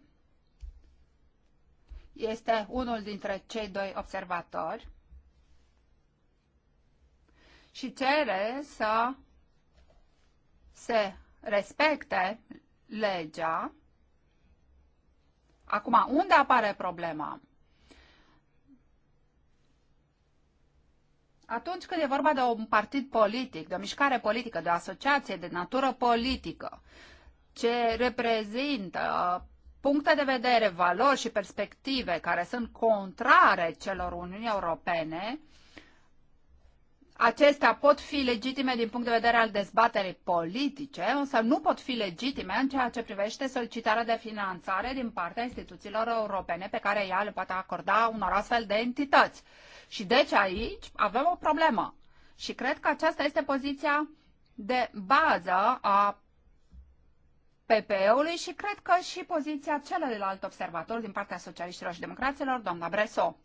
este unul dintre cei doi observatori și cere să se respecte legea. Acum, unde apare problema? Atunci când e vorba de un partid politic, de o mișcare politică, de o asociație de natură politică, ce reprezintă puncte de vedere, valori și perspective care sunt contrare celor Uniunii Europene, acestea pot fi legitime din punct de vedere al dezbaterii politice, însă nu pot fi legitime în ceea ce privește solicitarea de finanțare din partea instituțiilor europene pe care ea le poate acorda unor astfel de entități. Și deci aici avem o problemă. Și cred că aceasta este poziția de bază a PPE-ului și cred că și poziția celălalt observator din partea socialiștilor și democraților, doamna Breso.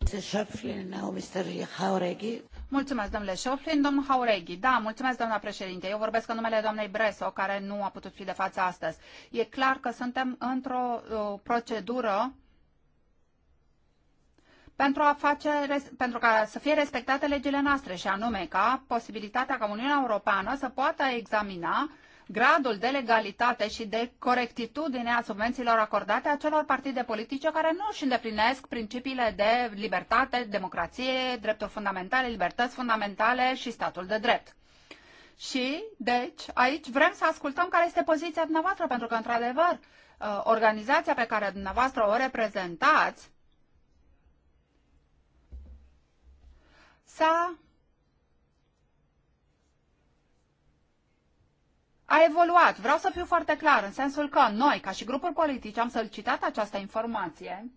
Mulțumesc, domnule Șoflin, domnul Haureghi. Da, mulțumesc, doamna președinte. Eu vorbesc în numele doamnei Breso, care nu a putut fi de față astăzi. E clar că suntem într-o uh, procedură pentru, a face, pentru ca să fie respectate legile noastre și anume ca posibilitatea ca Uniunea Europeană să poată examina uh, gradul de legalitate și de corectitudine a subvențiilor acordate acelor partide politice care nu își îndeplinesc principiile de libertate, democrație, drepturi fundamentale, libertăți fundamentale și statul de drept. Și, deci, aici vrem să ascultăm care este poziția dumneavoastră, pentru că, într-adevăr, uh, organizația pe care dumneavoastră o reprezentați s-a a evoluat. Vreau să fiu foarte clar în sensul că noi, ca și grupuri politice, am solicitat această informație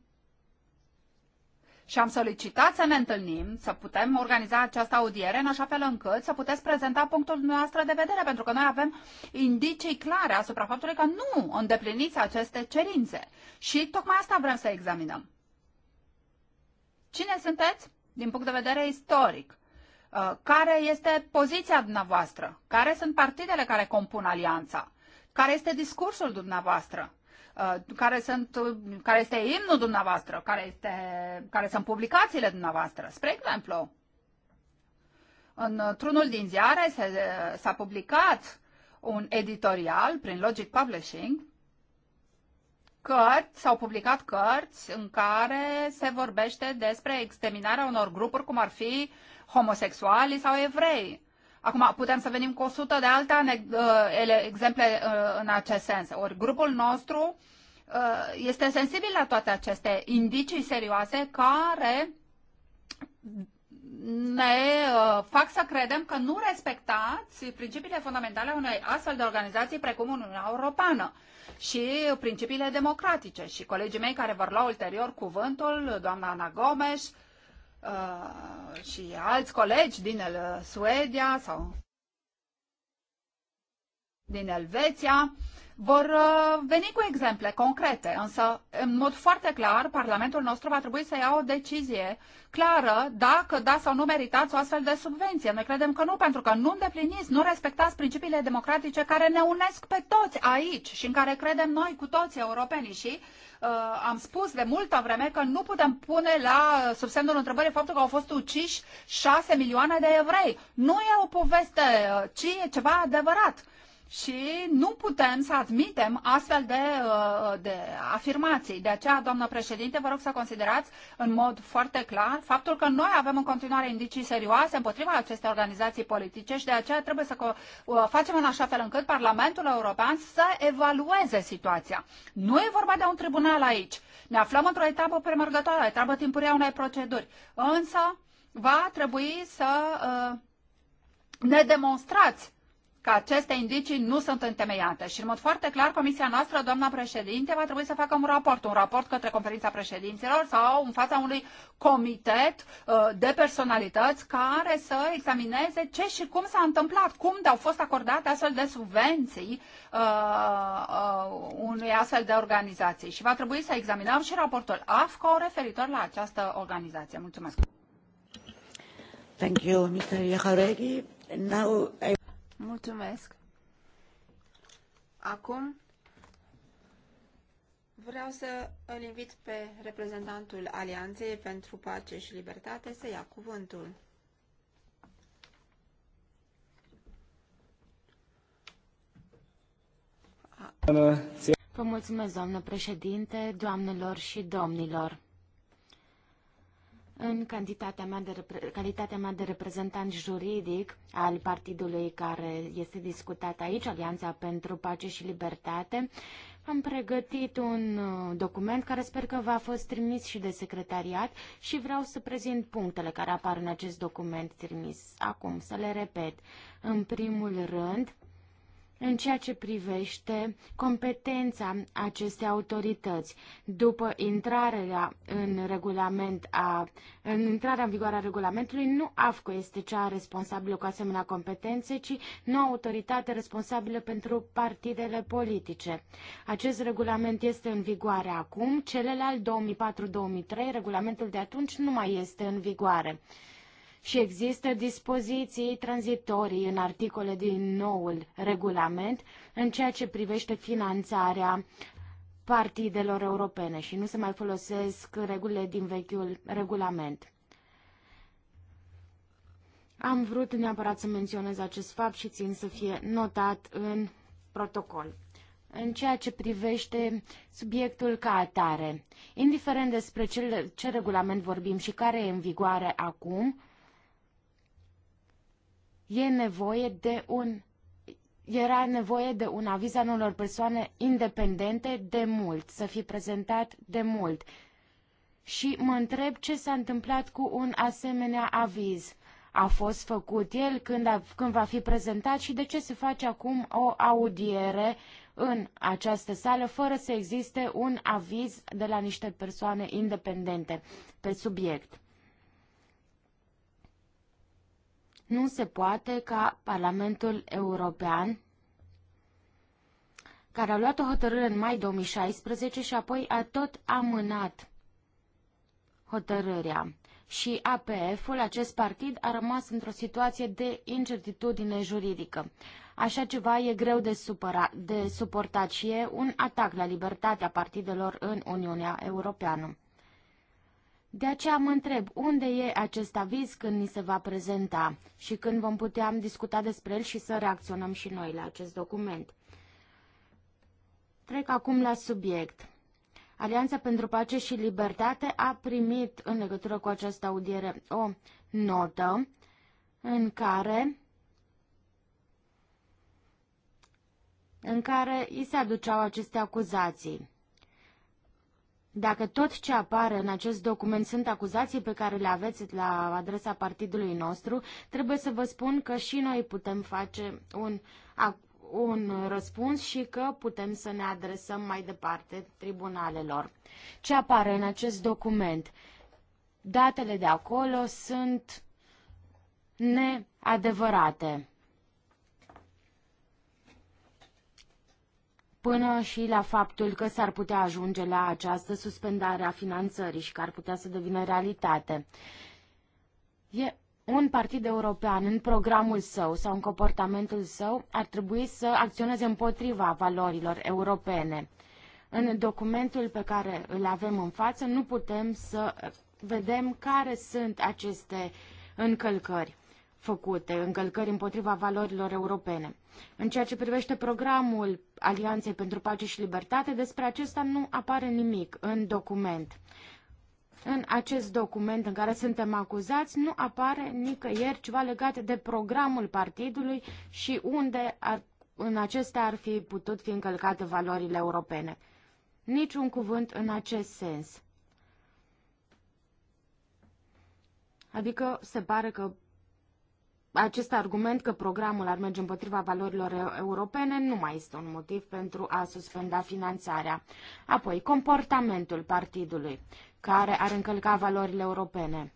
și am solicitat să ne întâlnim, să putem organiza această audiere în așa fel încât să puteți prezenta punctul noastră de vedere, pentru că noi avem indicii clare asupra faptului că nu îndepliniți aceste cerințe. Și tocmai asta vrem să examinăm. Cine sunteți din punct de vedere istoric? Uh, care este poziția dumneavoastră, care sunt partidele care compun alianța, care este discursul dumneavoastră, uh, care, sunt, uh, care este imnul dumneavoastră, care, este, care sunt publicațiile dumneavoastră. Spre exemplu, în trunul din ziare s-a publicat un editorial prin Logic Publishing, cărți, s-au publicat cărți în care se vorbește despre exterminarea unor grupuri, cum ar fi homosexuali sau evrei. Acum, putem să venim cu o sută de alte uh, exemple uh, în acest sens. Ori grupul nostru uh, este sensibil la toate aceste indicii serioase care ne fac să credem că nu respectați principiile fundamentale a unei astfel de organizații precum Uniunea Europeană și principiile democratice. Și colegii mei care vor lua ulterior cuvântul, doamna Ana Gomes, Uh, și alți colegi din uh, Suedia sau din Elveția, vor uh, veni cu exemple concrete, însă, în mod foarte clar, Parlamentul nostru va trebui să ia o decizie clară dacă da sau nu meritați o astfel de subvenție. Noi credem că nu, pentru că nu îndepliniți, nu respectați principiile democratice care ne unesc pe toți aici și în care credem noi cu toți europenii și uh, am spus de multă vreme că nu putem pune la uh, sub semnul întrebării faptul că au fost uciși șase milioane de evrei. Nu e o poveste, uh, ci e ceva adevărat și nu putem să admitem astfel de, uh, de afirmații. De aceea, doamnă președinte, vă rog să considerați în mod foarte clar faptul că noi avem în continuare indicii serioase împotriva acestei organizații politice și de aceea trebuie să uh, facem în așa fel încât Parlamentul European să evalueze situația. Nu e vorba de un tribunal aici. Ne aflăm într-o etapă premergătoare, o etapă timpurie a unei proceduri. Însă, va trebui să uh, ne demonstrați că aceste indicii nu sunt întemeiate. Și în mod foarte clar, comisia noastră, doamna președinte, va trebui să facă un raport, un raport către conferința președinților sau în fața unui comitet uh, de personalități care să examineze ce și cum s-a întâmplat, cum au fost acordate astfel de subvenții uh, uh, unui astfel de organizații. Și va trebui să examinăm și raportul AFCO referitor la această organizație. Mulțumesc! Thank you, Mr. Iahareghi. Now I... Mulțumesc. Acum vreau să îl invit pe reprezentantul Alianței pentru Pace și Libertate să ia cuvântul. Vă mulțumesc, doamnă președinte, doamnelor și domnilor. În cantitatea mea de, calitatea mea de reprezentant juridic al partidului care este discutat aici, Alianța pentru Pace și Libertate, am pregătit un uh, document care sper că va fost trimis și de secretariat și vreau să prezint punctele care apar în acest document trimis. Acum, să le repet. În primul rând, în ceea ce privește competența acestei autorități. După intrarea în regulament a, în intrarea în vigoare a regulamentului, nu AFCO este cea responsabilă cu asemenea competențe, ci nu autoritate responsabilă pentru partidele politice. Acest regulament este în vigoare acum, celălalt 2004-2003, regulamentul de atunci nu mai este în vigoare și există dispoziții tranzitorii în articole din noul regulament în ceea ce privește finanțarea partidelor europene și nu se mai folosesc regulile din vechiul regulament. Am vrut neapărat să menționez acest fapt și țin să fie notat în protocol. În ceea ce privește subiectul ca atare, indiferent despre ce, ce regulament vorbim și care e în vigoare acum, e nevoie de un era nevoie de un aviz al unor persoane independente de mult, să fi prezentat de mult. Și mă întreb ce s-a întâmplat cu un asemenea aviz. A fost făcut el când, a, când va fi prezentat și de ce se face acum o audiere în această sală fără să existe un aviz de la niște persoane independente pe subiect. Nu se poate ca Parlamentul European care a luat o hotărâre în mai 2016 și apoi a tot amânat hotărârea. Și APF-ul, acest partid, a rămas într-o situație de incertitudine juridică. Așa ceva e greu de, supăra, de suportat și e un atac la libertatea partidelor în Uniunea Europeană. De aceea mă întreb, unde e acest aviz când ni se va prezenta și când vom putea discuta despre el și să reacționăm și noi la acest document. Trec acum la subiect. Alianța pentru Pace și Libertate a primit în legătură cu această audiere o notă în care în care îi se aduceau aceste acuzații. Dacă tot ce apare în acest document sunt acuzații pe care le aveți la adresa partidului nostru, trebuie să vă spun că și noi putem face un, un răspuns și că putem să ne adresăm mai departe tribunalelor. Ce apare în acest document? Datele de acolo sunt neadevărate. până și la faptul că s-ar putea ajunge la această suspendare a finanțării și că ar putea să devină realitate. E un partid european în programul său sau în comportamentul său ar trebui să acționeze împotriva valorilor europene. În documentul pe care îl avem în față nu putem să vedem care sunt aceste încălcări făcute, încălcări împotriva valorilor europene. În ceea ce privește programul Alianței pentru Pace și Libertate, despre acesta nu apare nimic în document. În acest document în care suntem acuzați nu apare nicăieri ceva legat de programul partidului și unde ar, în acestea ar fi putut fi încălcate valorile europene. Niciun cuvânt în acest sens. Adică se pare că acest argument că programul ar merge împotriva valorilor europene nu mai este un motiv pentru a suspenda finanțarea. Apoi, comportamentul partidului, care ar încălca valorile europene.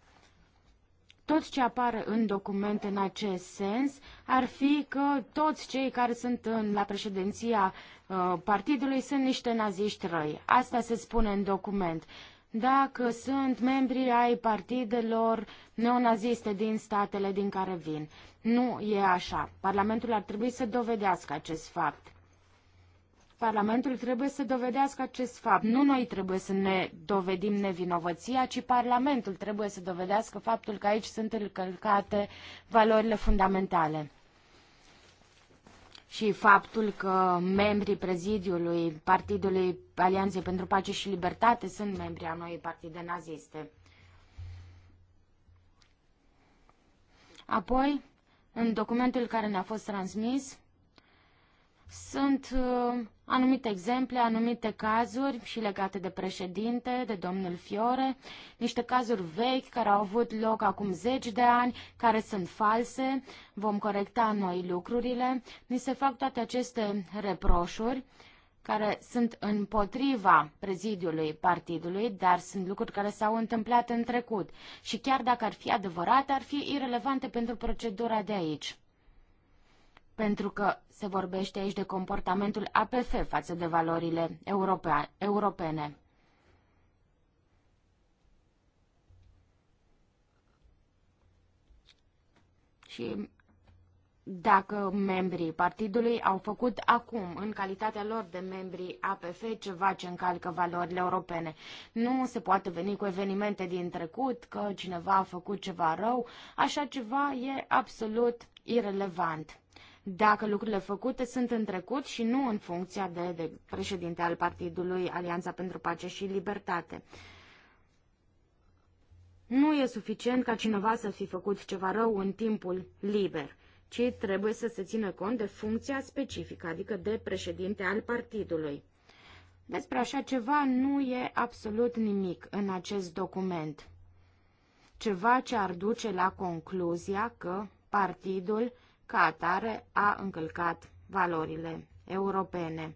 Tot ce apare în document în acest sens ar fi că toți cei care sunt în, la președinția uh, partidului sunt niște naziști răi. Asta se spune în document. Uh, dacă sunt membri ai partidelor neonaziste din statele din care vin. Nu e așa. Parlamentul ar trebui să dovedească acest fapt. Parlamentul trebuie să dovedească acest fapt. Nu noi trebuie să ne dovedim nevinovăția, ci Parlamentul trebuie să dovedească faptul că aici sunt încălcate valorile fundamentale și faptul că membrii prezidiului Partidului Alianței pentru Pace și Libertate sunt membri a noii partide naziste. Apoi, în documentul care ne-a fost transmis, sunt uh, anumite exemple, anumite cazuri și legate de președinte, de domnul Fiore, niște cazuri vechi care au avut loc acum zeci de ani, care sunt false, vom corecta noi lucrurile. Ni se fac toate aceste reproșuri care sunt împotriva prezidiului partidului, dar sunt lucruri care s-au întâmplat în trecut și chiar dacă ar fi adevărate, ar fi irelevante pentru procedura de aici. Pentru că se vorbește aici de comportamentul APF față de valorile europene. Și dacă membrii partidului au făcut acum, în calitatea lor de membrii APF, ceva ce încalcă valorile europene. Nu se poate veni cu evenimente din trecut, că cineva a făcut ceva rău, așa ceva e absolut irelevant dacă lucrurile făcute sunt în trecut și nu în funcția de, de președinte al partidului Alianța pentru Pace și Libertate. Nu e suficient ca cineva să fi făcut ceva rău în timpul liber, ci trebuie să se țină cont de funcția specifică, adică de președinte al partidului. Despre așa ceva nu e absolut nimic în acest document. Ceva ce ar duce la concluzia că partidul ca atare a încălcat valorile europene.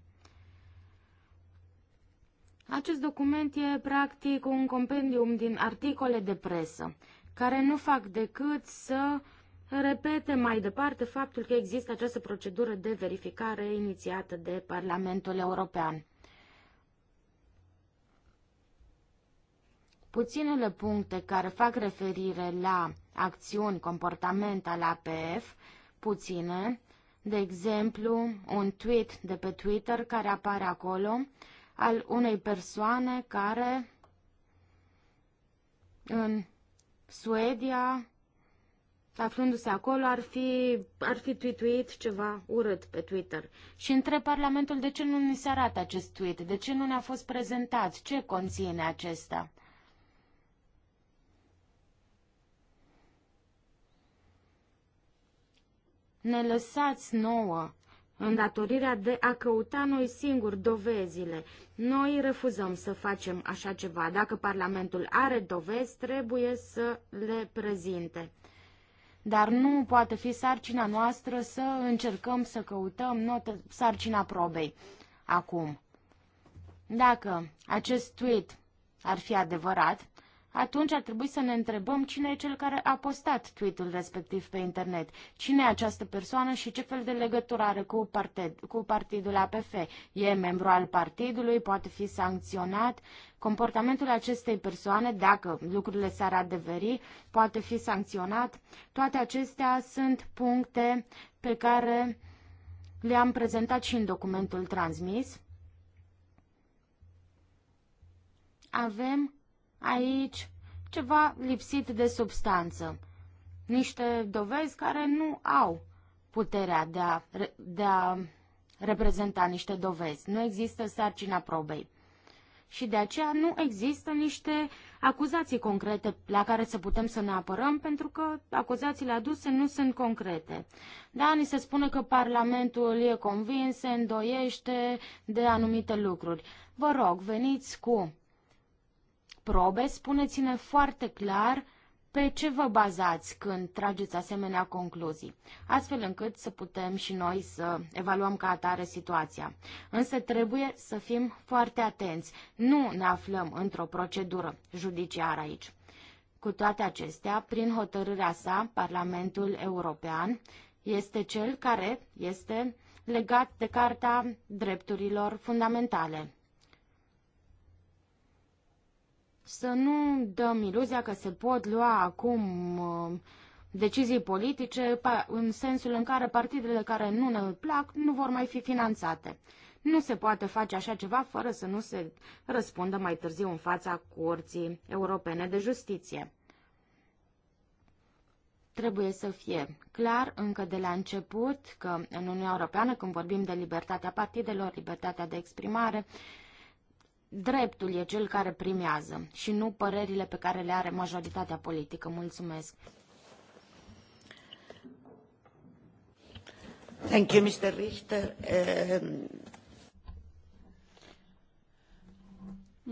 Acest document e practic un compendium din articole de presă, care nu fac decât să repete mai departe faptul că există această procedură de verificare inițiată de Parlamentul European. Puținele puncte care fac referire la acțiuni, comportament al APF puține. De exemplu, un tweet de pe Twitter care apare acolo al unei persoane care în Suedia, aflându-se acolo, ar fi, ar fi tweetuit ceva urât pe Twitter. Și între Parlamentul de ce nu ni se arată acest tweet, de ce nu ne-a fost prezentat, ce conține acesta. ne lăsați nouă îndatorirea de a căuta noi singuri dovezile. Noi refuzăm să facem așa ceva. Dacă Parlamentul are dovezi, trebuie să le prezinte. Dar nu poate fi sarcina noastră să încercăm să căutăm notă, sarcina probei. Acum, dacă acest tweet ar fi adevărat, atunci ar trebui să ne întrebăm cine e cel care a postat tweet-ul respectiv pe internet, cine e această persoană și ce fel de legătură are cu, parted, cu partidul APF. E membru al partidului, poate fi sancționat. Comportamentul acestei persoane, dacă lucrurile s-ar adeveri, poate fi sancționat. Toate acestea sunt puncte pe care le-am prezentat și în documentul transmis. Avem aici ceva lipsit de substanță, niște dovezi care nu au puterea de a, de a reprezenta niște dovezi. Nu există sarcina probei. Și de aceea nu există niște acuzații concrete la care să putem să ne apărăm, pentru că acuzațiile aduse nu sunt concrete. Da, ni se spune că Parlamentul e convins, se îndoiește de anumite lucruri. Vă rog, veniți cu probe, spuneți-ne foarte clar pe ce vă bazați când trageți asemenea concluzii, astfel încât să putem și noi să evaluăm ca atare situația. Însă trebuie să fim foarte atenți. Nu ne aflăm într-o procedură judiciară aici. Cu toate acestea, prin hotărârea sa, Parlamentul European este cel care este legat de Carta Drepturilor Fundamentale. să nu dăm iluzia că se pot lua acum uh, decizii politice în sensul în care partidele care nu ne plac nu vor mai fi finanțate. Nu se poate face așa ceva fără să nu se răspundă mai târziu în fața Curții Europene de Justiție. Trebuie să fie clar încă de la început că în Uniunea Europeană, când vorbim de libertatea partidelor, libertatea de exprimare, dreptul e cel care primează și nu părerile pe care le are majoritatea politică. Mulțumesc! Thank you, Mr. Richter. Um,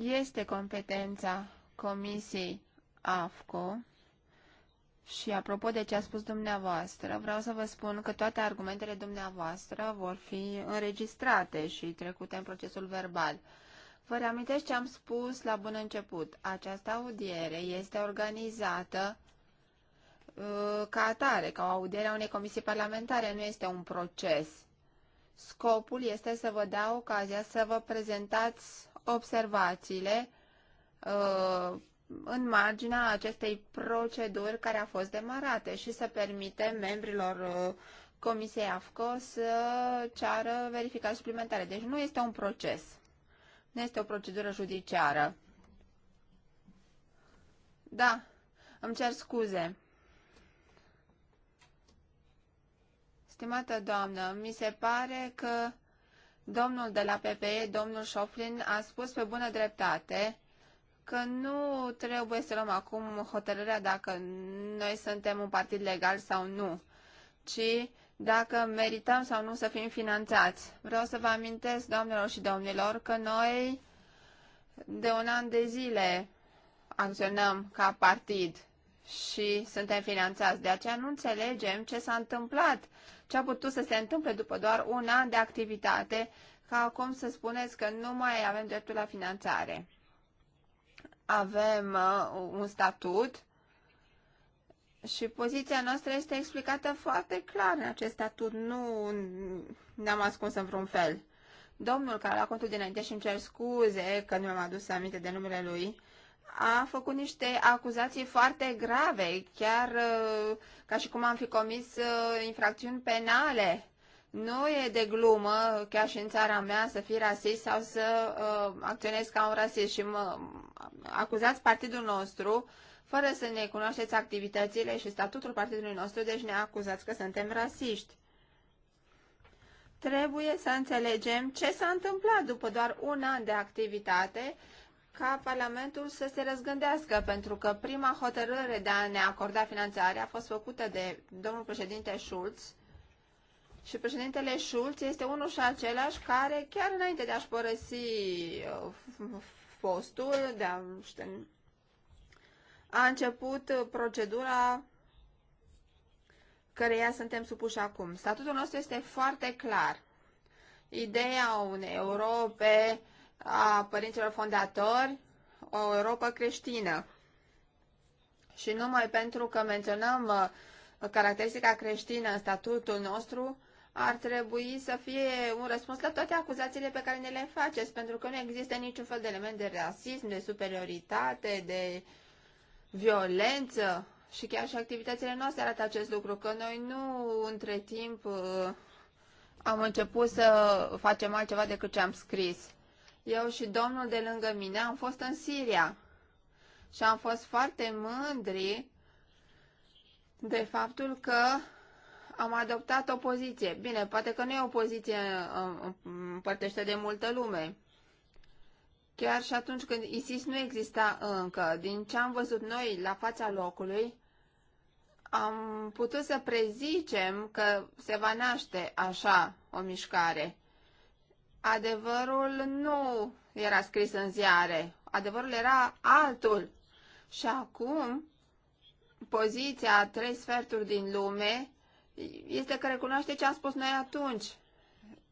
este competența Comisiei AFCO și apropo de ce a spus dumneavoastră, vreau să vă spun că toate argumentele dumneavoastră vor fi înregistrate și trecute în procesul verbal. Vă reamintesc ce am spus la bun început. Această audiere este organizată uh, ca atare, ca o audiere a unei comisii parlamentare, nu este un proces. Scopul este să vă dea ocazia să vă prezentați observațiile uh, în marginea acestei proceduri care a fost demarate și să permite membrilor uh, Comisiei AFCO să ceară verificări suplimentare. Deci nu este un proces. Nu este o procedură judiciară. Da, îmi cer scuze. Stimată doamnă, mi se pare că domnul de la PPE, domnul Șoflin, a spus pe bună dreptate că nu trebuie să luăm acum hotărârea dacă noi suntem un partid legal sau nu, ci dacă merităm sau nu să fim finanțați. Vreau să vă amintesc, doamnelor și domnilor, că noi de un an de zile acționăm ca partid și suntem finanțați. De aceea nu înțelegem ce s-a întâmplat, ce a putut să se întâmple după doar un an de activitate, ca acum să spuneți că nu mai avem dreptul la finanțare. Avem uh, un statut și poziția noastră este explicată foarte clar în acest statut. Nu ne-am ascuns în vreun fel. Domnul care a luat contul dinainte și îmi cer scuze că nu mi-am adus aminte de numele lui, a făcut niște acuzații foarte grave, chiar uh, ca și cum am fi comis uh, infracțiuni penale. Nu e de glumă, chiar și în țara mea, să fii rasist sau să uh, acționezi ca un rasist. Și mă acuzați partidul nostru fără să ne cunoașteți activitățile și statutul partidului nostru, deci ne acuzați că suntem rasiști. Trebuie să înțelegem ce s-a întâmplat după doar un an de activitate ca Parlamentul să se răzgândească, pentru că prima hotărâre de a ne acorda finanțare a fost făcută de domnul președinte Schulz și președintele Schulz este unul și același care, chiar înainte de a-și părăsi postul, uh, de a a început uh, procedura căreia suntem supuși acum. Statutul nostru este foarte clar. Ideea unei Europe a părinților fondatori, o Europa creștină. Și numai pentru că menționăm uh, caracteristica creștină în statutul nostru, ar trebui să fie un răspuns la toate acuzațiile pe care ne le faceți, pentru că nu există niciun fel de element de rasism, de superioritate, de uh, violență și chiar și activitățile noastre arată acest lucru, că noi nu între timp uh, am început să facem altceva decât ce am scris. Eu și domnul de lângă mine am fost în Siria și am fost foarte mândri de faptul că am adoptat o poziție. Bine, poate că nu e o poziție uh, împărtește de multă lume, Chiar și atunci când ISIS nu exista uh, încă, din ce am văzut noi la fața locului, am putut să prezicem că se va naște așa o mișcare. Adevărul nu era scris în ziare, adevărul era altul. Și acum, poziția a trei sferturi din lume este că recunoaște ce am spus noi atunci.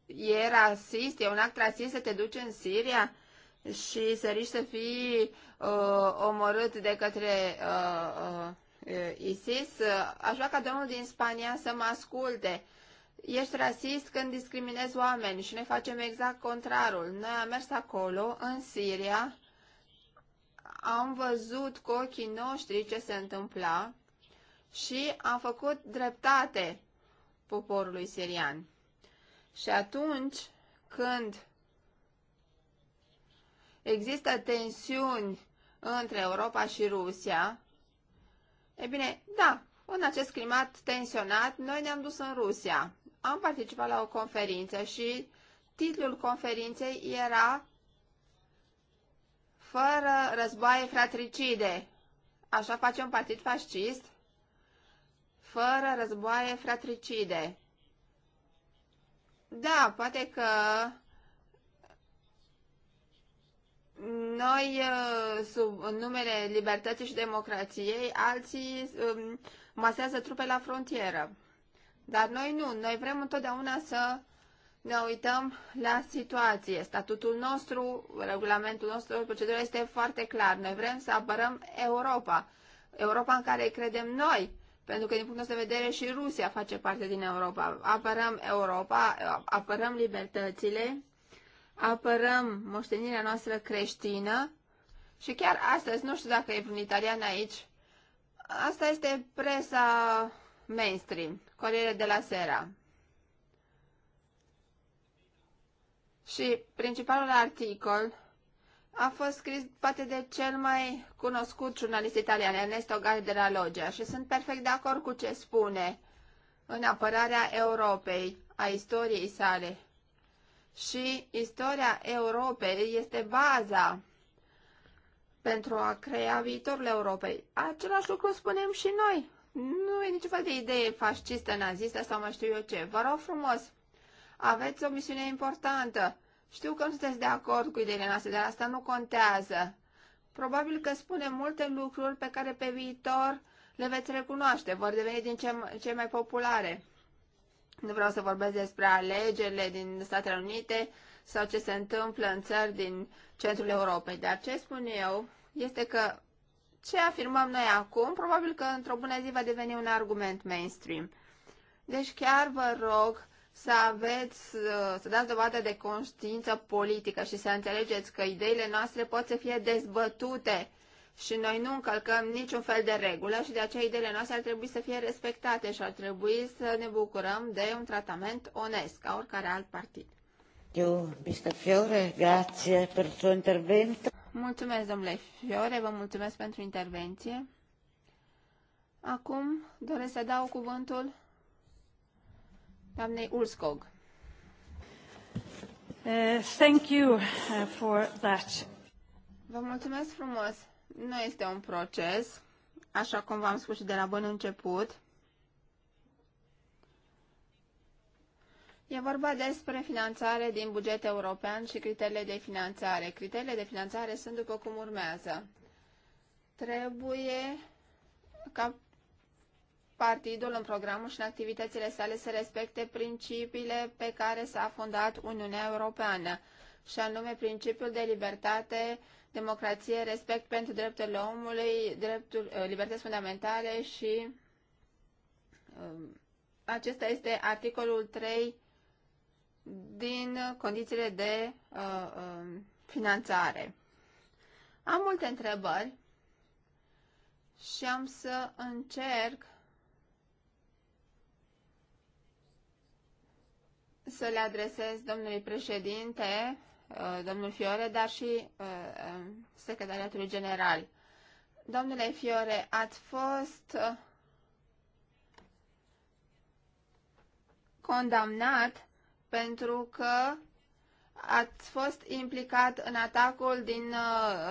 E rasist, e un act rasist să te duci în Siria? și să riști să fii uh, omorât de către uh, uh, ISIS, uh, aș vrea ca domnul din Spania să mă asculte. Ești rasist când discriminezi oameni și noi facem exact contrarul. Noi am mers acolo, în Siria, am văzut cu ochii noștri ce se întâmpla și am făcut dreptate poporului sirian. Și atunci când există tensiuni între Europa și Rusia, e bine, da, în acest climat tensionat, noi ne-am dus în Rusia. Am participat la o conferință și titlul conferinței era Fără războaie fratricide. Așa face un partid fascist? Fără războaie fratricide. Da, poate că noi, uh, sub numele libertății și democrației, alții um, masează trupe la frontieră. Dar noi nu. Noi vrem întotdeauna să ne uităm la situație. Statutul nostru, regulamentul nostru, procedura este foarte clar. Noi vrem să apărăm Europa. Europa în care credem noi, pentru că din punctul nostru de vedere și Rusia face parte din Europa. Apărăm Europa, uh, apărăm libertățile apărăm moștenirea noastră creștină și chiar astăzi, nu știu dacă e vreun italian aici, asta este presa mainstream, Corriere de la Sera. Și principalul articol a fost scris poate de cel mai cunoscut jurnalist italian, Ernesto Gale de la Logia și sunt perfect de acord cu ce spune în apărarea Europei, a istoriei sale și istoria Europei este baza pentru a crea viitorul Europei. Același lucru spunem și noi. Nu e niciun fel de idee fascistă, nazistă sau mai știu eu ce. Vă rog frumos, aveți o misiune importantă. Știu că nu sunteți de acord cu ideile noastre, dar asta nu contează. Probabil că spunem multe lucruri pe care pe viitor le veți recunoaște, vor deveni din ce mai populare. Nu vreau să vorbesc despre alegerile din Statele Unite sau ce se întâmplă în țări din centrul Europei, dar ce spun eu este că ce afirmăm noi acum, probabil că într-o bună zi va deveni un argument mainstream. Deci chiar vă rog să aveți, să dați dovadă de conștiință politică și să înțelegeți că ideile noastre pot să fie dezbătute și noi nu încălcăm niciun fel de regulă și de aceea ideile noastre ar trebui să fie respectate și ar trebui să ne bucurăm de un tratament onest, ca oricare alt partid. Eu, Mr. Fiore, grație pentru intervenție. Mulțumesc, domnule Fiore, vă mulțumesc pentru intervenție. Acum doresc să dau cuvântul doamnei Ulskog. Uh, thank you eh, for that. Vă mulțumesc frumos nu este un proces, așa cum v-am spus și de la bun început. E vorba despre finanțare din buget european și criteriile de finanțare. Criteriile de finanțare sunt după cum urmează. Trebuie ca partidul în programul și în activitățile sale să respecte principiile pe care s-a fondat Uniunea Europeană, și anume principiul de libertate, democrație, respect pentru drepturile omului, dreptul, uh, libertăți fundamentale și um, acesta este articolul 3 din condițiile de uh, uh, finanțare. Am multe întrebări și am să încerc să le adresez domnului președinte Uh, domnul Fiore, dar și uh, um, secretariatului general. Domnule Fiore, ați fost uh, condamnat pentru că ați fost implicat în atacul din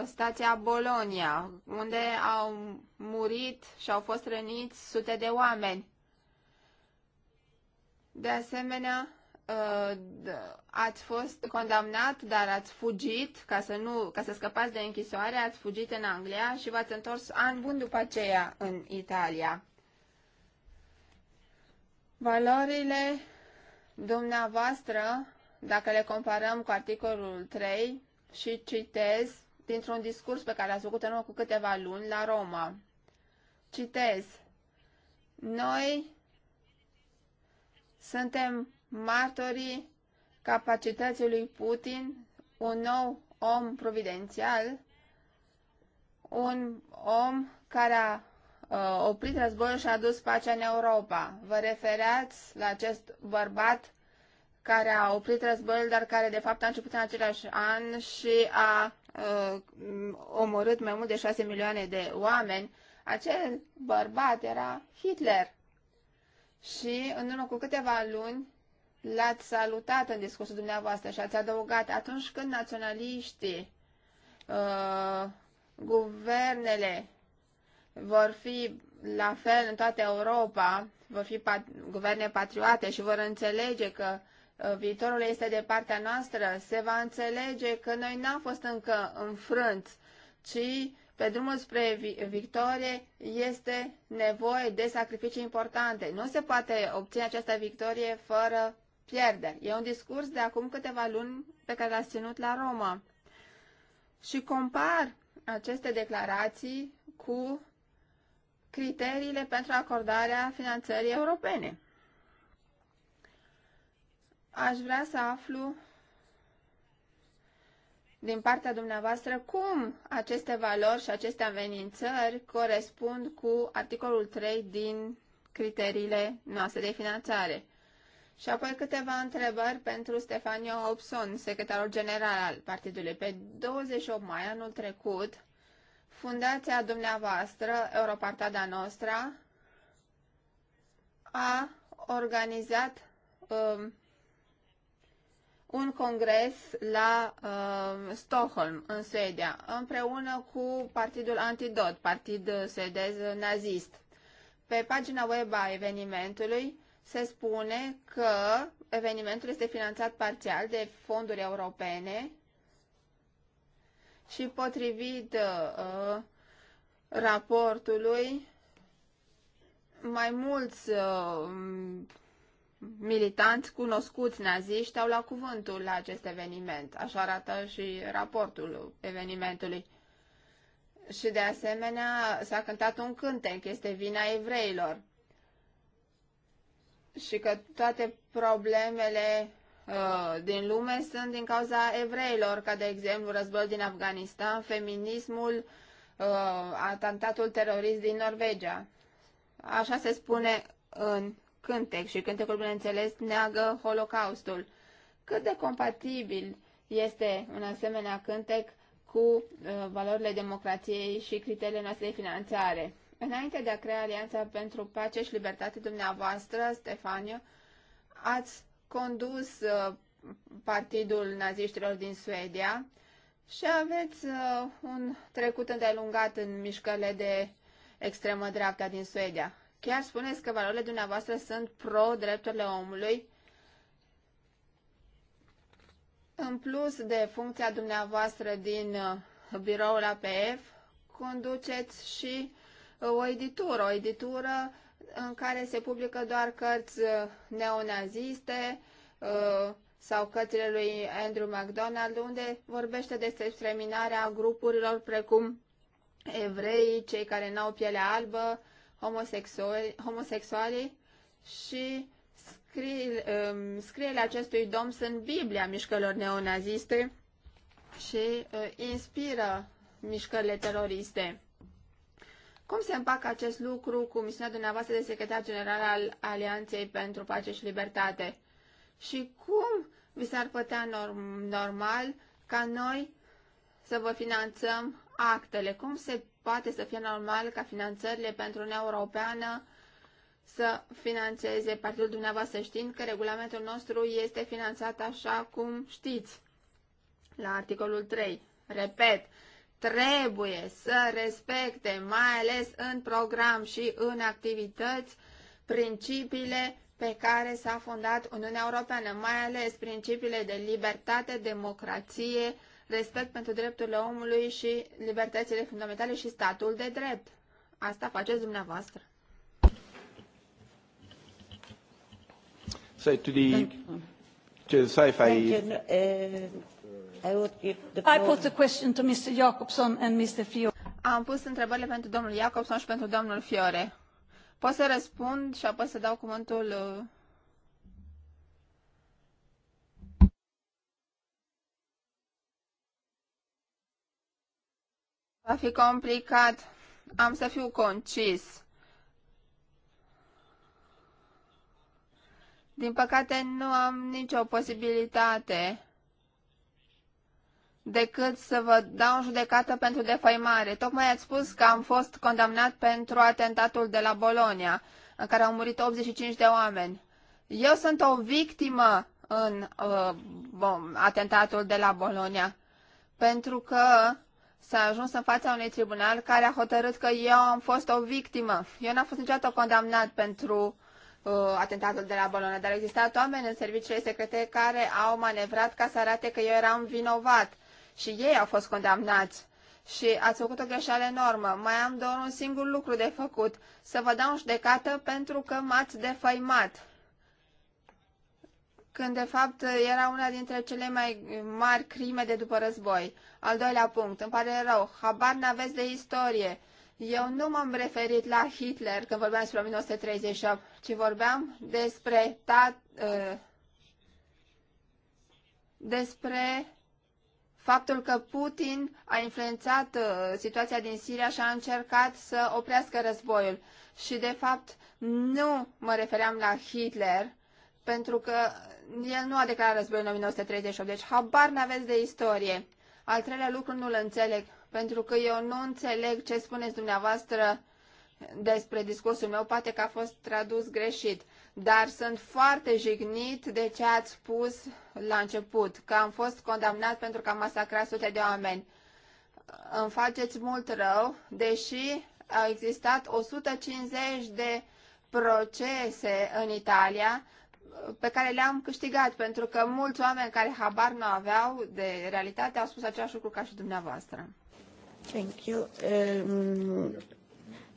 stația Bolonia, unde au murit și au fost răniți sute de oameni. De asemenea, Uh, ați fost condamnat, dar ați fugit ca să, nu, ca să scăpați de închisoare, ați fugit în Anglia și v-ați întors an bun după aceea în Italia. Valorile dumneavoastră, dacă le comparăm cu articolul 3 și citez dintr-un discurs pe care l-ați făcut în urmă cu câteva luni la Roma. Citez. Noi suntem martorii capacității lui Putin, un nou om providențial, un om care a uh, oprit războiul și a dus pacea în Europa. Vă referați la acest bărbat care a oprit războiul, dar care de fapt a început în același an și a uh, omorât mai mult de 6 milioane de oameni. Acel bărbat era Hitler. Și în urmă cu câteva luni l-ați salutat în discursul dumneavoastră și ați adăugat atunci când naționaliștii, uh, guvernele vor fi la fel în toată Europa, vor fi pat- guverne patriote și vor înțelege că uh, viitorul este de partea noastră, se va înțelege că noi n-am fost încă înfrânți, ci pe drumul spre victorie este nevoie de sacrificii importante. Nu se poate obține această victorie fără pierde. E un discurs de acum câteva luni pe care l-a ținut la Roma. Și compar aceste declarații cu criteriile pentru acordarea finanțării europene. Aș vrea să aflu din partea dumneavoastră cum aceste valori și aceste amenințări corespund cu articolul 3 din criteriile noastre de finanțare. Și apoi câteva întrebări pentru Stefanio Hobson, secretarul general al partidului. Pe 28 mai anul trecut, fundația dumneavoastră, Europartada Nostra, a organizat um, un congres la um, Stockholm, în Suedia, împreună cu partidul Antidot, partid uh, suedez uh, nazist. Pe pagina web a evenimentului se spune că evenimentul este finanțat parțial de fonduri europene și potrivit uh, raportului, mai mulți uh, militanți cunoscuți naziști au luat cuvântul la acest eveniment. Așa arată și raportul evenimentului. Și de asemenea s-a cântat un cântec, este vina evreilor și că toate problemele uh, din lume sunt din cauza evreilor, ca de exemplu războiul din Afganistan, feminismul, uh, atentatul terorist din Norvegia. Așa se spune în cântec și cântecul, bineînțeles, neagă Holocaustul. Cât de compatibil este un asemenea cântec cu uh, valorile democrației și criteriile noastre de finanțare? Înainte de a crea Alianța pentru Pace și Libertate dumneavoastră, Stefaniu, ați condus uh, Partidul Naziștilor din Suedia și aveți uh, un trecut îndelungat în mișcările de extremă dreapta din Suedia. Chiar spuneți că valorile dumneavoastră sunt pro-drepturile omului. În plus de funcția dumneavoastră din uh, biroul APF, conduceți și uh, o editură, o editură în care se publică doar cărți uh, neonaziste uh, sau cărțile lui Andrew MacDonald, unde vorbește despre exterminarea grupurilor precum evrei, cei care n-au piele albă, homosexuali, homosexualii și scrie, um, scrierile acestui domn sunt Biblia mișcărilor neonaziste și uh, inspiră mișcările teroriste. Cum se împacă acest lucru cu misiunea dumneavoastră de secretar general al Alianței pentru Pace și Libertate? Și cum vi s-ar putea norm- normal ca noi să vă finanțăm actele? Cum se poate să fie normal ca finanțările pentru Uniunea Europeană să financeze partidul dumneavoastră știind că regulamentul nostru este finanțat așa cum știți la articolul 3. Repet, trebuie să respecte, mai ales în program și în activități, principiile pe care s-a fondat Uniunea Europeană, mai ales principiile de libertate, democrație, respect pentru drepturile omului și libertățile fundamentale și statul de drept. Asta faceți dumneavoastră. So to the, to the sci-fi... Eh, am pus întrebările pentru domnul Jacobson și pentru domnul Fiore. Pot să răspund și apoi să dau cuvântul uh, Va fi complicat. Am să fiu concis. Din păcate, nu am nicio posibilitate decât să vă dau în judecată pentru defăimare. Tocmai ați spus că am fost condamnat pentru atentatul de la Bolonia, în care au murit 85 de oameni. Eu sunt o victimă în uh, bom, atentatul de la Bolonia, pentru că s-a ajuns în fața unui tribunal care a hotărât că eu am fost o victimă. Eu n-am fost niciodată condamnat pentru uh, atentatul de la Bolonia, dar existau oameni în serviciile secrete care au manevrat ca să arate că eu eram vinovat și ei au fost condamnați. Și ați făcut o greșeală enormă. Mai am doar un singur lucru de făcut. Să vă dau în judecată pentru că m-ați defăimat. Când, de fapt, era una dintre cele mai mari crime de după război. Al doilea punct. Îmi pare rău. Habar n-aveți de istorie. Eu nu m-am referit la Hitler când vorbeam despre 1938, ci vorbeam despre, ta, uh, ă, despre faptul că Putin a influențat uh, situația din Siria și a încercat să oprească războiul. Și, de fapt, nu mă refeream la Hitler, pentru că el nu a declarat războiul în 1938, deci habar n-aveți de istorie. Al treilea lucru nu-l înțeleg, pentru că eu nu înțeleg ce spuneți dumneavoastră despre discursul meu, poate că a fost tradus greșit dar sunt foarte jignit de ce ați spus la început, că am fost condamnat pentru că am masacrat sute de oameni. Îmi faceți mult rău, deși au existat 150 de procese în Italia pe care le-am câștigat, pentru că mulți oameni care habar nu aveau de realitate au spus același lucru ca și dumneavoastră. Thank you. Um,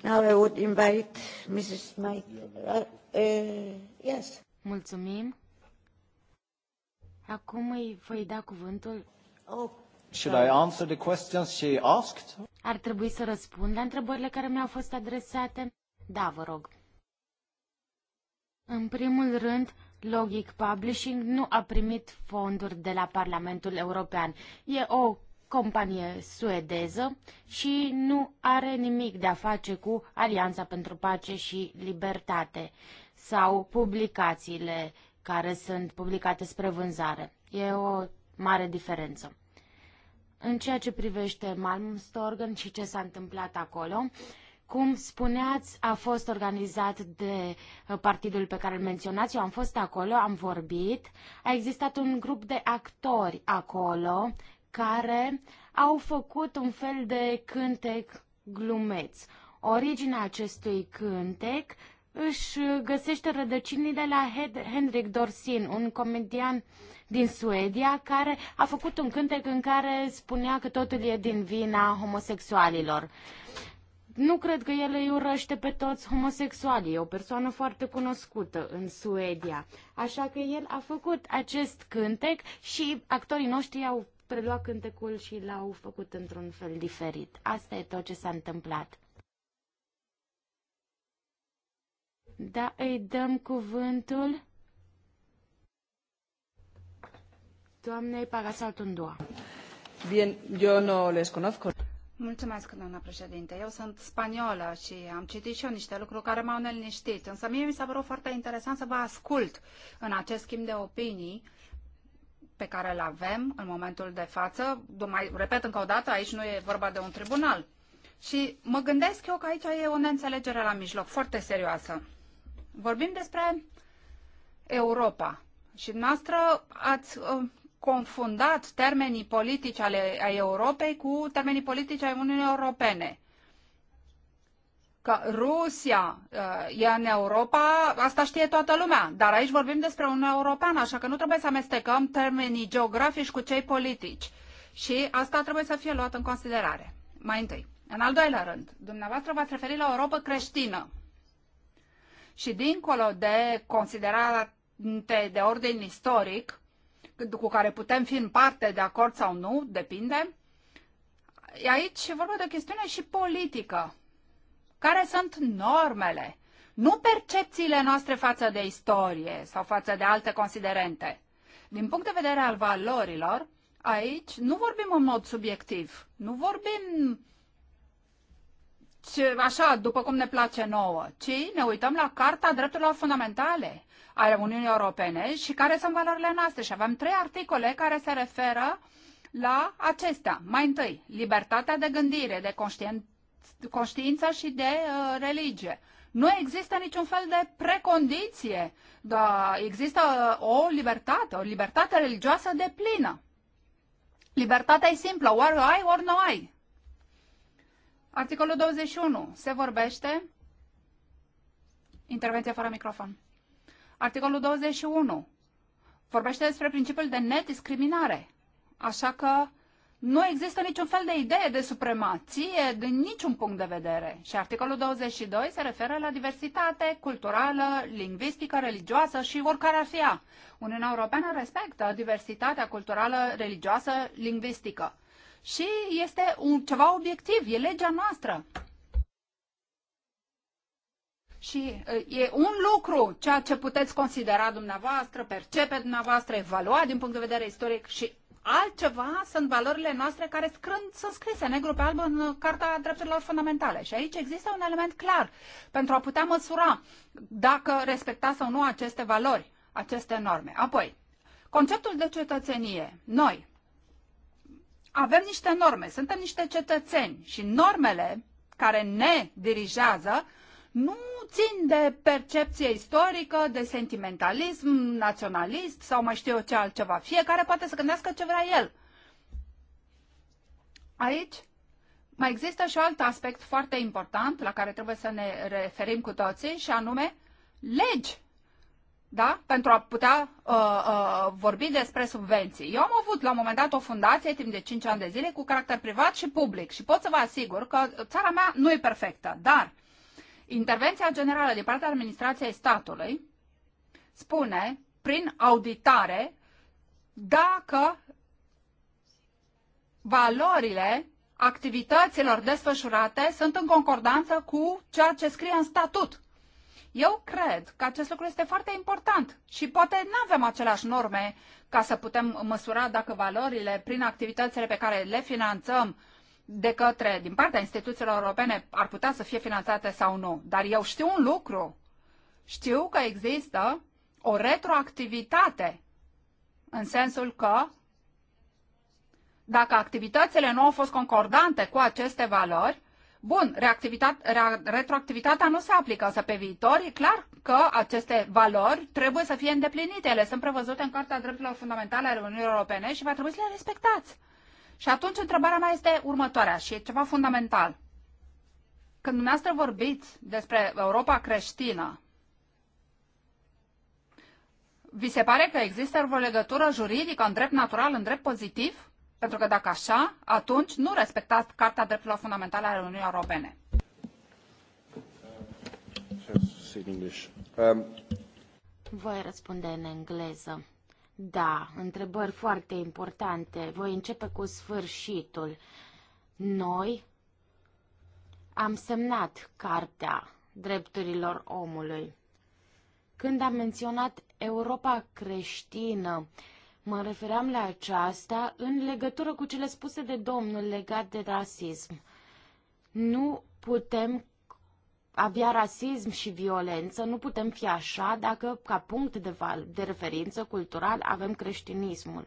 now I would invite Mrs. Mike. Uh, Eh, yes. Mulțumim. Acum îi voi da cuvântul. Oh. Should I answer the questions she asked? Ar trebui să răspund la întrebările care mi-au fost adresate? Da, vă rog. În primul rând, Logic Publishing nu a primit fonduri de la Parlamentul European. E o companie suedeză și nu are nimic de a face cu Alianța pentru Pace și Libertate sau publicațiile care sunt publicate spre vânzare. E o mare diferență. În ceea ce privește Malmstorgen și ce s-a întâmplat acolo, cum spuneați, a fost organizat de uh, partidul pe care îl menționați. Eu am fost acolo, am vorbit. A existat un grup de actori acolo care au făcut un fel de cântec glumeț. Originea acestui cântec își găsește rădăcinile la Henrik Dorsin, un comedian din Suedia, care a făcut un cântec în care spunea că totul e din vina homosexualilor. Nu cred că el îi urăște pe toți homosexualii, e o persoană foarte cunoscută în Suedia. Așa că el a făcut acest cântec și actorii noștri au prelua cântecul și l-au făcut într-un fel diferit. Asta e tot ce s-a întâmplat. Da, îi dăm cuvântul doamnei Parasal Tundua. Bien, eu nu les cunosc. Mulțumesc, doamna președinte. Eu sunt spaniolă și am citit și eu niște lucruri care m-au neliniștit, însă mie mi s-a părut foarte interesant să vă ascult în acest schimb de opinii pe care îl avem în momentul de față, mai repet încă o dată, aici nu e vorba de un tribunal. Și mă gândesc eu că aici e o neînțelegere la mijloc, foarte serioasă. Vorbim despre Europa. Și noastră ați uh, confundat termenii politici ale ai Europei cu termenii politici ai Uniunii Europene că Rusia uh, e în Europa, asta știe toată lumea. Dar aici vorbim despre Uniunea Europeană, așa că nu trebuie să amestecăm termenii geografici cu cei politici. Și asta trebuie să fie luat în considerare. Mai întâi. În al doilea rând, dumneavoastră v-ați referit la o Europa creștină. Și dincolo de considerate de ordin istoric, cu care putem fi în parte de acord sau nu, depinde, aici e vorba de o chestiune și politică. Care sunt normele? Nu percepțiile noastre față de istorie sau față de alte considerente. Din punct de vedere al valorilor, aici nu vorbim în mod subiectiv. Nu vorbim ce, așa, după cum ne place nouă, ci ne uităm la Carta Drepturilor Fundamentale ale Uniunii Europene și care sunt valorile noastre. Și avem trei articole care se referă la acestea. Mai întâi, libertatea de gândire, de conștient, conștiință și de uh, religie. Nu există niciun fel de precondiție, dar există uh, o libertate, o libertate religioasă de plină. Libertatea e simplă, ori o ai, ori nu ai. Articolul 21. Se vorbește... Intervenție fără microfon. Articolul 21. Vorbește despre principiul de nediscriminare. Așa că nu există niciun fel de idee de supremație din niciun punct de vedere. Și articolul 22 se referă la diversitate culturală, lingvistică, religioasă și oricare ar fi ea. Uniunea Europeană respectă diversitatea culturală, religioasă, lingvistică. Și este un, ceva obiectiv, e legea noastră. Și e un lucru ceea ce puteți considera dumneavoastră, percepe dumneavoastră, evalua din punct de vedere istoric și altceva sunt valorile noastre care scrând, sunt scrise negru pe alb în uh, Carta Drepturilor Fundamentale. Și aici există un element clar pentru a putea măsura dacă respecta sau nu aceste valori, aceste norme. Apoi, conceptul de cetățenie. Noi avem niște norme, suntem niște cetățeni și normele care ne dirigează nu țin de percepție istorică, de sentimentalism naționalist sau mai știu eu ce altceva. Fiecare poate să gândească ce vrea el. Aici mai există și alt aspect foarte important la care trebuie să ne referim cu toții și anume legi. Da? Pentru a putea uh, uh, vorbi despre subvenții. Eu am avut la un moment dat o fundație timp de 5 ani de zile cu caracter privat și public și pot să vă asigur că țara mea nu e perfectă, dar Intervenția generală de partea administrației statului spune, prin auditare, dacă valorile activităților desfășurate sunt în concordanță cu ceea ce scrie în statut. Eu cred că acest lucru este foarte important și poate nu avem aceleași norme ca să putem măsura dacă valorile prin activitățile pe care le finanțăm de către, din partea instituțiilor europene ar putea să fie finanțate sau nu. Dar eu știu un lucru. Știu că există o retroactivitate în sensul că dacă activitățile nu au fost concordante cu aceste valori, bun, retroactivitatea nu se aplică, însă pe viitor e clar că aceste valori trebuie să fie îndeplinite. Ele sunt prevăzute în Carta Drepturilor Fundamentale ale Uniunii Europene și va trebui să le respectați. Și atunci întrebarea mea este următoarea și e ceva fundamental. Când dumneavoastră vorbiți despre Europa creștină, vi se pare că există o legătură juridică în drept natural, în drept pozitiv? Pentru că dacă așa, atunci nu respectați Carta Drepturilor Fundamentale ale Uniunii Europene. Um, Voi răspunde în engleză. Da, întrebări foarte importante. Voi începe cu sfârșitul. Noi am semnat Cartea Drepturilor Omului. Când am menționat Europa creștină, mă refeream la aceasta în legătură cu cele spuse de domnul legat de rasism. Nu putem avea rasism și violență, nu putem fi așa dacă ca punct de, val de referință cultural avem creștinismul.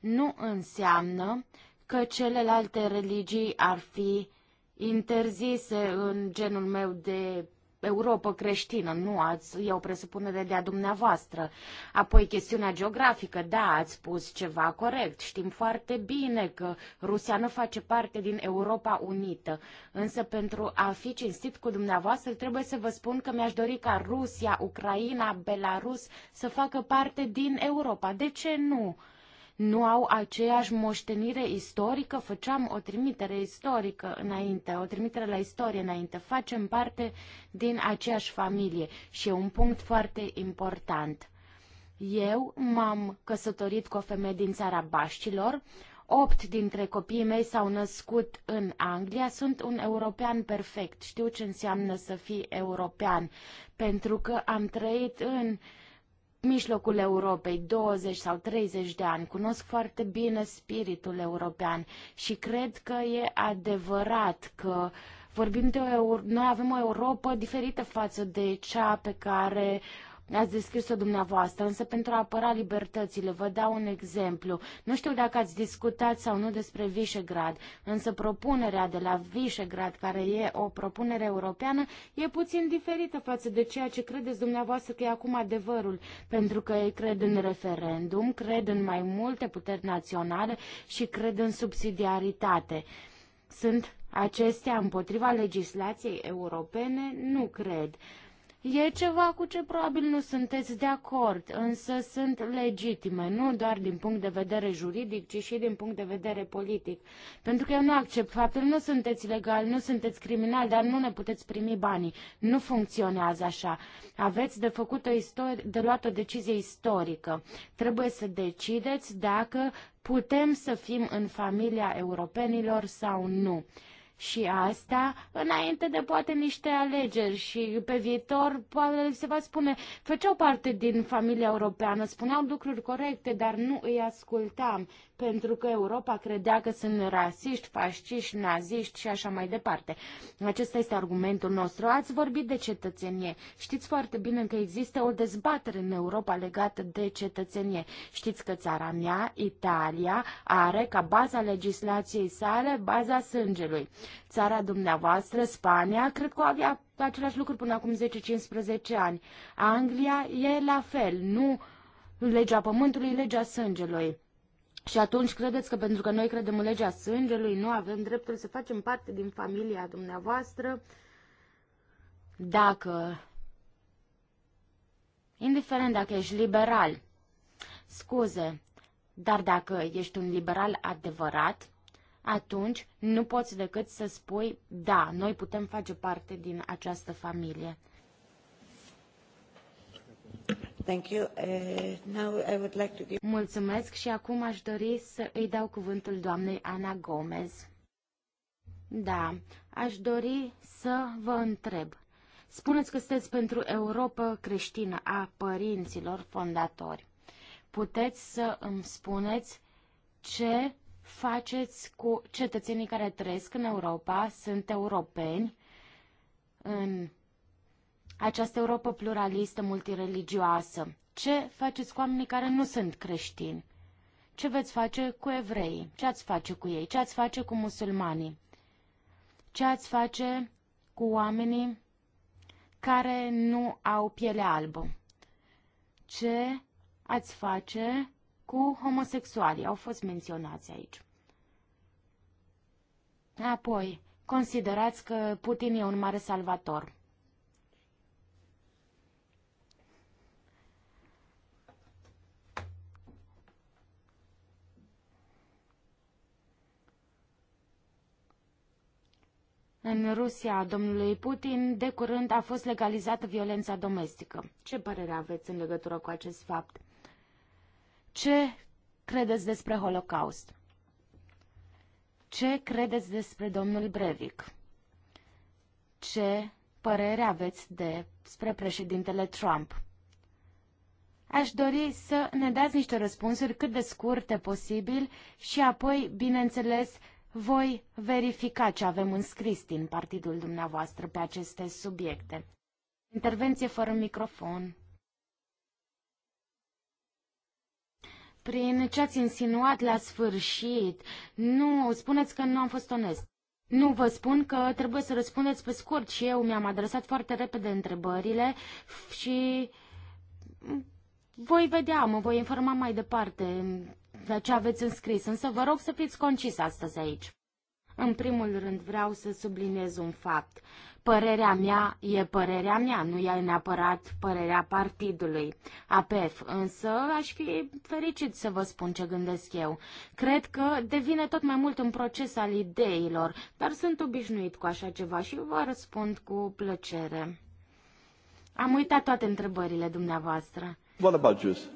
Nu înseamnă că celelalte religii ar fi interzise în genul meu de Europa creștină, nu ați, e o presupunere de a dumneavoastră. Apoi chestiunea geografică, da, ați spus ceva corect. Știm foarte bine că Rusia nu face parte din Europa Unită. Însă pentru a fi cinstit cu dumneavoastră, trebuie să vă spun că mi-aș dori ca Rusia, Ucraina, Belarus să facă parte din Europa. De ce nu? nu au aceeași moștenire istorică, făceam o trimitere istorică înainte, o trimitere la istorie înainte, facem parte din aceeași familie și e un punct foarte important. Eu m-am căsătorit cu o femeie din țara Baștilor, Opt dintre copiii mei s-au născut în Anglia. Sunt un european perfect. Știu ce înseamnă să fii european, pentru că am trăit în uh, mijlocul Europei, 20 sau 30 de ani. Cunosc foarte bine spiritul european și cred că e adevărat că vorbim de o, noi avem o Europa diferită față de cea pe care ați descris-o dumneavoastră, însă pentru a apăra libertățile, vă dau un exemplu. Nu știu dacă ați discutat sau nu despre Visegrad, însă propunerea de la Visegrad, care e o propunere europeană, e puțin diferită față de ceea ce credeți dumneavoastră că e acum adevărul, pentru că ei cred în referendum, cred în mai multe puteri naționale și cred în subsidiaritate. Sunt acestea împotriva legislației europene? Nu cred. Uh, E ceva cu ce probabil nu sunteți de acord, însă sunt legitime, nu doar din punct de vedere juridic, ci și din punct de vedere politic. Pentru că eu nu accept faptul, nu sunteți legal, nu sunteți criminal, dar nu ne puteți primi banii. Nu funcționează așa. Aveți de făcut o istorie, de luat o decizie istorică. Trebuie să decideți dacă putem să fim în familia europenilor sau nu și asta înainte de poate niște alegeri și pe viitor poate se va spune făceau parte din familia europeană, spuneau lucruri corecte, dar nu îi ascultam pentru că Europa credea că sunt rasiști, fasciști, naziști și așa mai departe. Acesta este argumentul nostru. Ați vorbit de cetățenie. Știți foarte bine că există o dezbatere în Europa legată de cetățenie. Știți că țara mea, Italia, are ca baza legislației sale baza sângelui. Țara dumneavoastră, Spania, cred că avea același lucru până acum 10-15 ani. Anglia e la fel, nu legea pământului, legea sângelui. Și atunci credeți că pentru că noi credem în legea sângelui, nu avem dreptul să facem parte din familia dumneavoastră? Dacă, indiferent dacă ești liberal, scuze, dar dacă ești un liberal adevărat, atunci nu poți decât să spui, da, noi putem face parte din această familie. Uh, Mulțumesc și acum aș dori să îi dau cuvântul doamnei Ana Gomez. Da, aș dori să vă întreb. Spuneți că sunteți pentru Europa creștină a părinților fondatori. Puteți să îmi spuneți ce faceți cu cetățenii care trăiesc în Europa, sunt europeni, în această Europa pluralistă, multireligioasă? Ce faceți cu oamenii care nu sunt creștini? Ce veți face cu evreii? Ce ați face cu ei? Ce ați face cu musulmanii? Ce ați face cu oamenii care nu au piele albă? Ce ați face cu homosexualii? Au fost menționați aici. Apoi, considerați că Putin e un mare salvator. în Rusia a domnului Putin, de curând a fost legalizată violența domestică. Ce părere aveți în legătură cu acest fapt? Ce credeți despre Holocaust? Ce credeți despre domnul Brevic? Ce părere aveți despre președintele Trump? Aș dori să ne dați niște răspunsuri cât de scurte posibil și apoi, bineînțeles, voi verifica ce avem înscris din partidul dumneavoastră pe aceste subiecte. Intervenție fără microfon. Prin ce ați insinuat la sfârșit, nu, spuneți că nu am fost onest. Nu vă spun că trebuie să răspundeți pe scurt și eu mi-am adresat foarte repede întrebările și voi vedea, mă voi informa mai departe de ce aveți înscris, însă vă rog să fiți concis astăzi aici. În primul rând vreau să subliniez un fapt. Părerea mea e părerea mea, nu e neapărat părerea partidului APF, însă aș fi fericit să vă spun ce gândesc eu. Cred că devine tot mai mult un proces al ideilor, dar sunt obișnuit cu așa ceva și vă răspund cu plăcere. Am uitat toate întrebările dumneavoastră. What about Jews?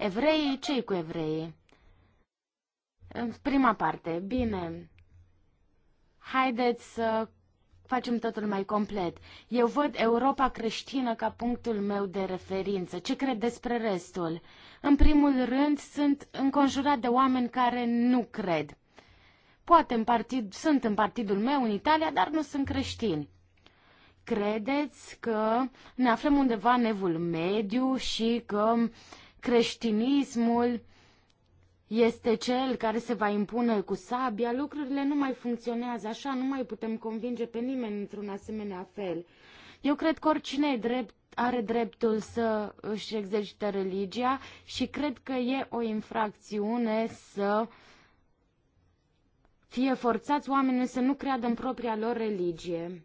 Evrei, cei cu evrei. În prima parte, bine, haideți să facem totul mai complet. Eu văd Europa creștină ca punctul meu de referință. Ce cred despre restul? În primul rând, sunt înconjurat de oameni care nu cred. Poate în partid, sunt în partidul meu în Italia, dar nu sunt creștini. Credeți că ne aflăm undeva în evul mediu și că creștinismul este cel care se va impune cu sabia, lucrurile nu mai funcționează așa, nu mai putem convinge pe nimeni într-un asemenea fel. Eu cred că oricine drept, are dreptul să își exercite religia și cred că e o infracțiune să fie forțați oamenii să nu creadă în propria lor religie.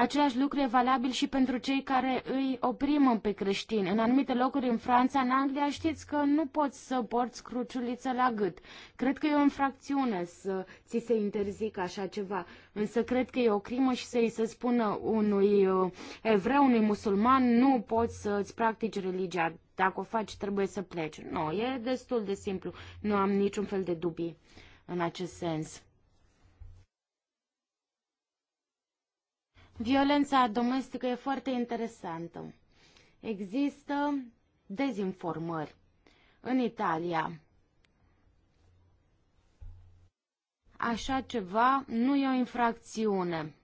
Același lucru e valabil și pentru cei care îi oprimă pe creștini. În anumite locuri în Franța, în Anglia, știți că nu poți să porți cruciuliță la gât. Cred că e o infracțiune să ți se interzică așa ceva. Însă cred că e o crimă și să-i se spună unui uh, evreu, unui musulman, nu poți să-ți practici religia. Dacă o faci, trebuie să pleci. Nu, e destul de simplu. Nu am niciun fel de dubii în acest sens. Violența domestică e foarte interesantă. Există dezinformări în Italia. Așa ceva nu e o infracțiune.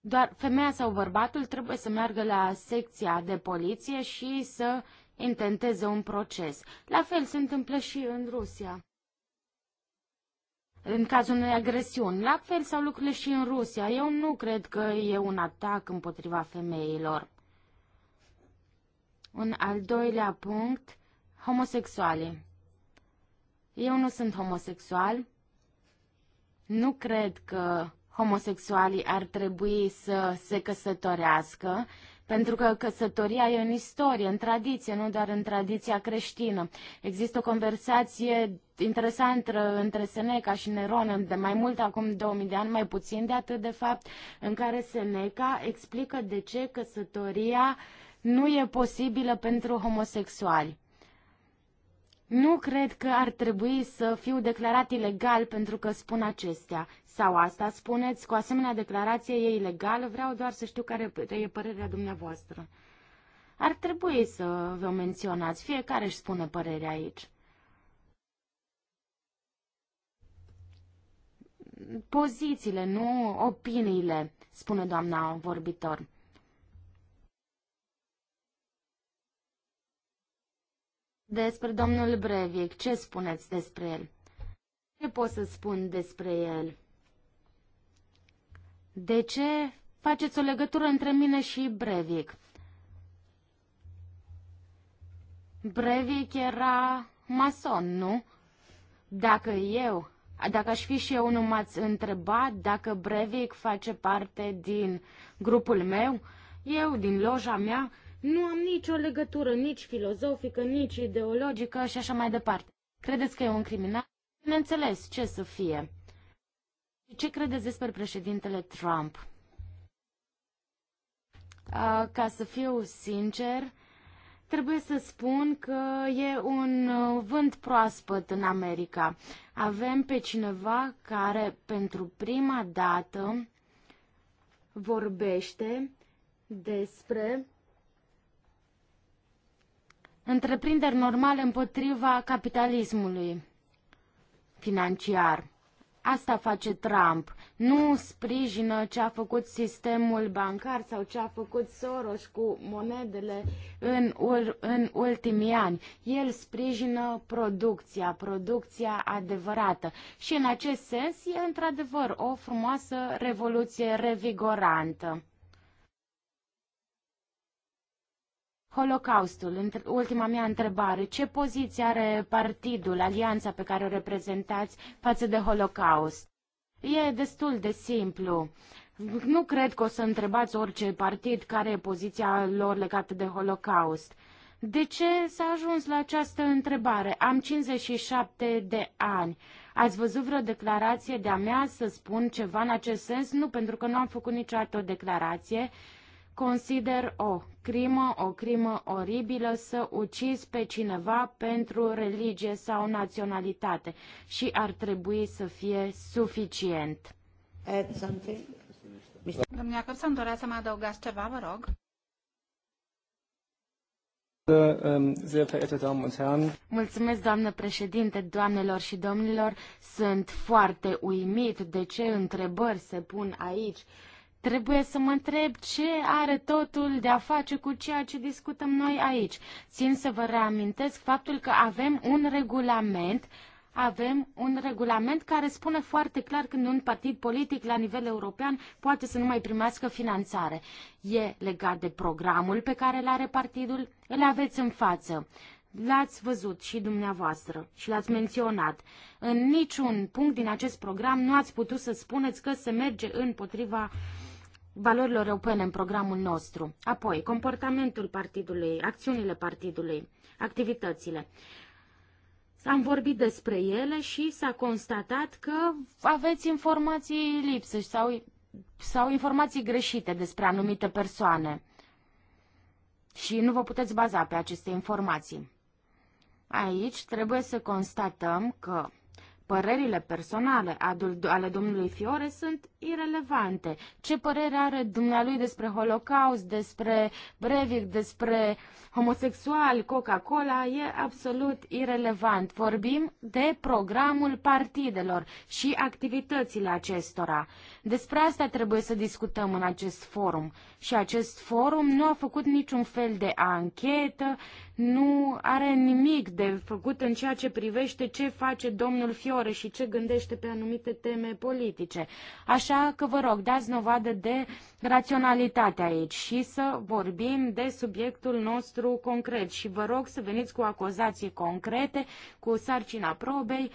Doar femeia sau bărbatul trebuie să meargă la secția de poliție și să intenteze un proces. La fel se întâmplă și în Rusia în cazul unei agresiuni. La fel sau lucrurile și în Rusia. Eu nu cred că e un atac împotriva femeilor. Un al doilea punct, homosexuale. Eu nu sunt homosexual. Nu cred că homosexualii ar trebui să se căsătorească. Pentru că căsătoria e în istorie, în tradiție, nu doar în tradiția creștină. Există o conversație interesantă între Seneca și Neron de mai mult acum 2000 de ani, mai puțin de atât de fapt, în care Seneca explică de ce căsătoria nu e posibilă pentru homosexuali. Nu cred că ar trebui să fiu declarat ilegal pentru că spun acestea. Sau asta spuneți? Cu asemenea declarație e ilegală? Vreau doar să știu care e părerea dumneavoastră. Ar trebui să vă menționați. Fiecare își spune părerea aici. Pozițiile, nu opiniile, spune doamna vorbitor. Despre domnul Brevic, ce spuneți despre el? Ce pot să spun despre el? De ce faceți o legătură între mine și Brevik? Brevik era mason, nu? Dacă eu, dacă aș fi și eu, nu m-ați întrebat dacă Brevik face parte din grupul meu, eu, din loja mea, nu am nicio legătură, nici filozofică, nici ideologică și așa mai departe. Credeți că e un criminal? Bineînțeles, ce să fie. Ce credeți despre președintele Trump? ca să fiu sincer, trebuie să spun că e un uh, vânt proaspăt în America. Avem pe cineva care pentru prima dată vorbește despre întreprinderi normale împotriva capitalismului financiar. Asta face Trump. Nu sprijină ce a făcut sistemul bancar sau ce a făcut Soros cu monedele în, ur, în ultimii ani. El sprijină producția, producția adevărată. Și în acest sens e într-adevăr o frumoasă revoluție revigorantă. Holocaustul, ultima mea întrebare, ce poziție are partidul, alianța pe care o reprezentați față de Holocaust? E destul de simplu. Nu cred că o să întrebați orice partid care e poziția lor legată de Holocaust. De ce s-a ajuns la această întrebare? Am 57 de ani. Ați văzut vreo declarație de-a mea să spun ceva în acest sens? Nu, pentru că nu am făcut niciodată o declarație. Consider o crimă, o crimă oribilă să ucizi pe cineva pentru religie sau naționalitate și ar trebui să fie suficient. Domnule Jacobson, doreați să mă adăugați ceva, vă rog? Um, Mulțumesc, doamnă președinte, doamnelor și domnilor. Sunt foarte uimit de ce întrebări se pun aici. Trebuie să mă întreb ce are totul de a face cu ceea ce discutăm noi aici. Țin să vă reamintesc faptul că avem un regulament avem un regulament care spune foarte clar când un partid politic la nivel european poate să nu mai primească finanțare. E legat de programul pe care îl are partidul, îl aveți în față. L-ați văzut și dumneavoastră și l-ați menționat. În niciun punct din acest program nu ați putut să spuneți că se merge împotriva uh, valorilor europene în programul nostru, apoi comportamentul partidului, acțiunile partidului, activitățile. Am vorbit despre ele și s-a constatat că aveți informații lipsă sau, sau informații greșite despre anumite persoane și nu vă puteți baza pe aceste informații. Aici trebuie să constatăm că părerile personale ale domnului Fiore sunt irelevante. Ce părere are dumnealui despre Holocaust, despre Breivik, despre homosexual, Coca-Cola, e absolut irelevant. Vorbim de programul partidelor și activitățile acestora. Despre asta trebuie să discutăm în acest forum. Și acest forum nu a făcut niciun fel de anchetă, nu are nimic de făcut în ceea ce privește ce face domnul Fiore și ce gândește pe anumite teme politice. Așa Așa că vă rog, dați novadă de raționalitate aici și să vorbim de subiectul nostru concret și vă rog să veniți cu acuzații concrete, cu sarcina probei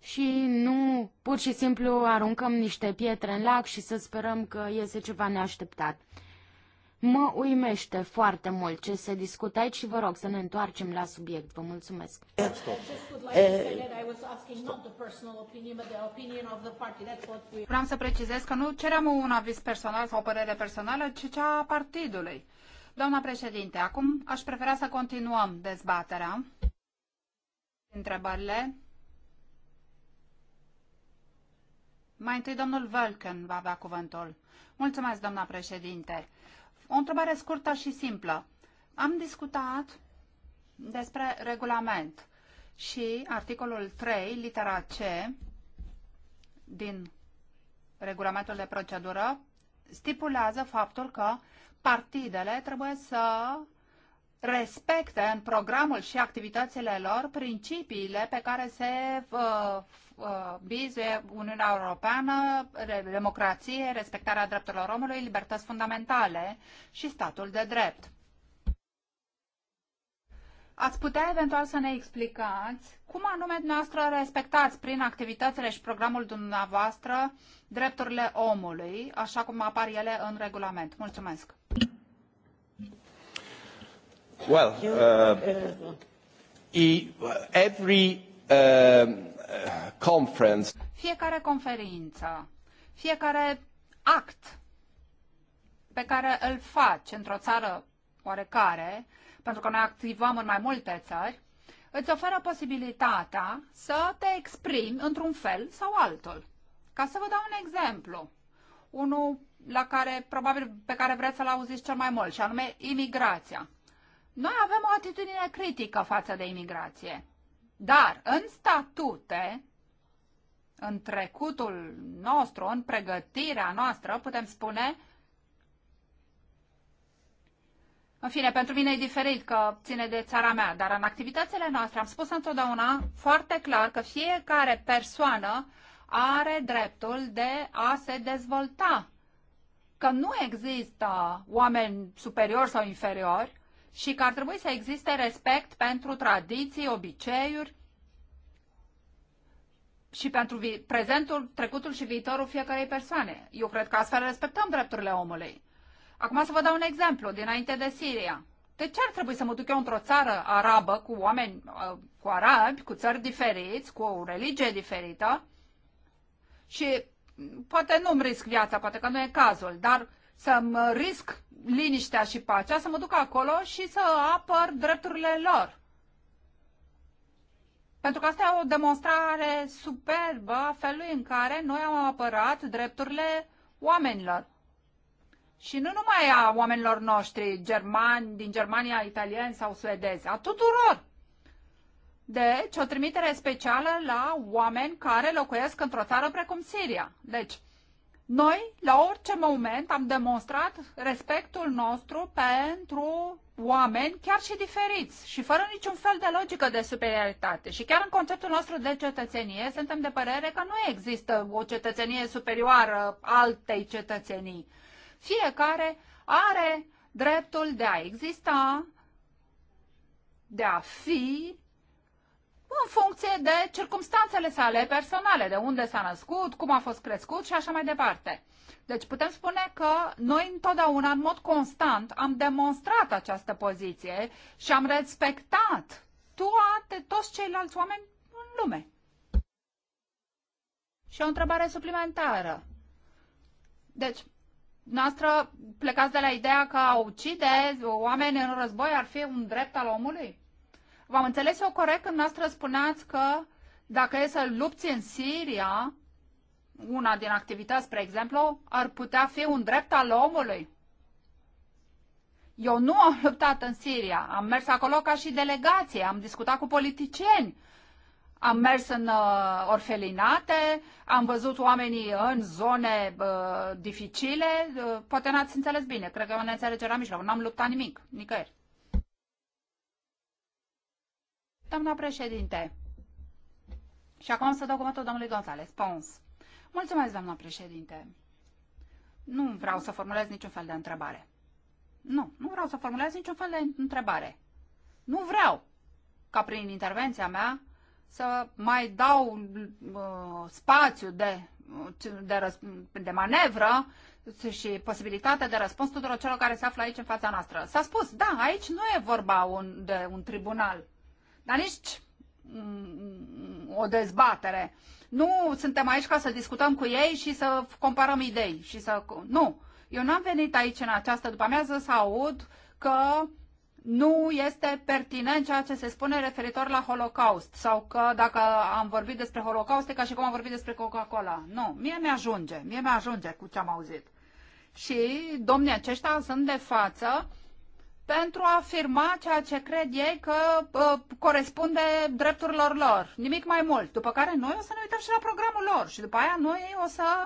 și nu pur și simplu aruncăm niște pietre în lac și să sperăm că iese ceva neașteptat. Mă uimește foarte mult ce se discută aici și vă rog să ne întoarcem la subiect. Vă mulțumesc. Vreau să precizez că nu ceream un aviz personal sau o părere personală, ci cea a partidului. Doamna președinte, acum aș prefera să continuăm dezbaterea. Întrebările. Mai întâi domnul Völken va avea cuvântul. Mulțumesc, doamna președinte. O întrebare scurtă și simplă. Am discutat despre regulament și articolul 3, litera C din regulamentul de procedură stipulează faptul că partidele trebuie să respecte în programul și activitățile lor principiile pe care se uh, uh bizuie Uniunea Europeană, democrație, respectarea drepturilor omului, libertăți fundamentale și statul de drept. Ați putea eventual să ne explicați cum anume noastră respectați prin activitățile și programul dumneavoastră drepturile omului, așa cum apar ele în regulament. Mulțumesc! Well, uh, uh every uh, conference. Fiecare conferință, fiecare act pe care îl faci într-o țară oarecare, pentru că noi activăm în mai multe țări, îți oferă posibilitatea să te exprimi într-un fel sau altul. Ca să vă dau un exemplu, unul la care, probabil, pe care vreți să-l auziți cel mai mult, și anume imigrația. Noi avem o atitudine critică față de imigrație, dar în statute, în trecutul nostru, în pregătirea noastră, putem spune în fine, pentru mine e diferit că ține de țara mea, dar în activitățile noastre am spus întotdeauna foarte clar că fiecare persoană are dreptul de a se dezvolta. Că nu există oameni superiori sau inferiori, și că ar trebui să existe respect pentru tradiții, obiceiuri și pentru prezentul, trecutul și viitorul fiecarei persoane. Eu cred că astfel respectăm drepturile omului. Acum să vă dau un exemplu, dinainte de Siria. De ce ar trebui să mă duc eu într-o țară arabă cu oameni, uh, cu arabi, cu țări diferiți, cu o religie diferită și poate nu-mi risc viața, poate că nu e cazul, dar să-mi risc liniștea și pacea, să mă duc acolo și să apăr drepturile lor. Pentru că asta e o demonstrare superbă a felului în care noi am apărat drepturile oamenilor. Și nu numai a oamenilor noștri, germani, din Germania, italieni sau suedezi, a tuturor. Deci, o trimitere specială la oameni care locuiesc într-o țară precum Siria. Deci, noi, la orice moment, am demonstrat respectul nostru pentru oameni chiar și diferiți și fără niciun fel de logică de superioritate. Și chiar în conceptul nostru de cetățenie suntem de părere că nu există o cetățenie superioară altei cetățenii. Fiecare are dreptul de a exista, de a fi în funcție de circumstanțele sale personale, de unde s-a născut, cum a fost crescut și așa mai departe. Deci putem spune că noi întotdeauna, în mod constant, am demonstrat această poziție și am respectat toate, toți ceilalți oameni în lume. Și o întrebare suplimentară. Deci, noastră plecați de la ideea că a ucide oameni în război ar fi un drept al omului? V-am înțeles eu corect când noastră spuneați că dacă e să lupți în Siria, una din activități, spre exemplu, ar putea fi un drept al omului. Eu nu am luptat în Siria, am mers acolo ca și delegație, am discutat cu politicieni, am mers în uh, orfelinate, am văzut oamenii în zone uh, dificile, uh, poate n-ați înțeles bine, cred că e o neînțelegere la mijloc, n-am luptat nimic, nicăieri. Doamna președinte, și acum să dau cuvântul domnului Gonzales. Pons. Mulțumesc, doamna președinte. Nu vreau să formulez niciun fel de întrebare. Nu, nu vreau să formulez niciun fel de întrebare. Nu vreau ca prin intervenția mea să mai dau uh, spațiu de, de, de manevră și posibilitatea de răspuns tuturor celor care se află aici în fața noastră. S-a spus, da, aici nu e vorba un, de un tribunal dar nici mm, o dezbatere. Nu suntem aici ca să discutăm cu ei și să comparăm idei și să... Nu! Eu n-am venit aici în această după-amiază să aud că nu este pertinent ceea ce se spune referitor la Holocaust sau că dacă am vorbit despre Holocaust e ca și cum am vorbit despre Coca-Cola. Nu, mie mi-ajunge, mie mi-ajunge cu ce am auzit. Și domnii aceștia sunt de față pentru a afirma ceea ce cred ei că uh, corespunde drepturilor lor. Nimic mai mult. După care noi o să ne uităm și la programul lor și după aia noi o să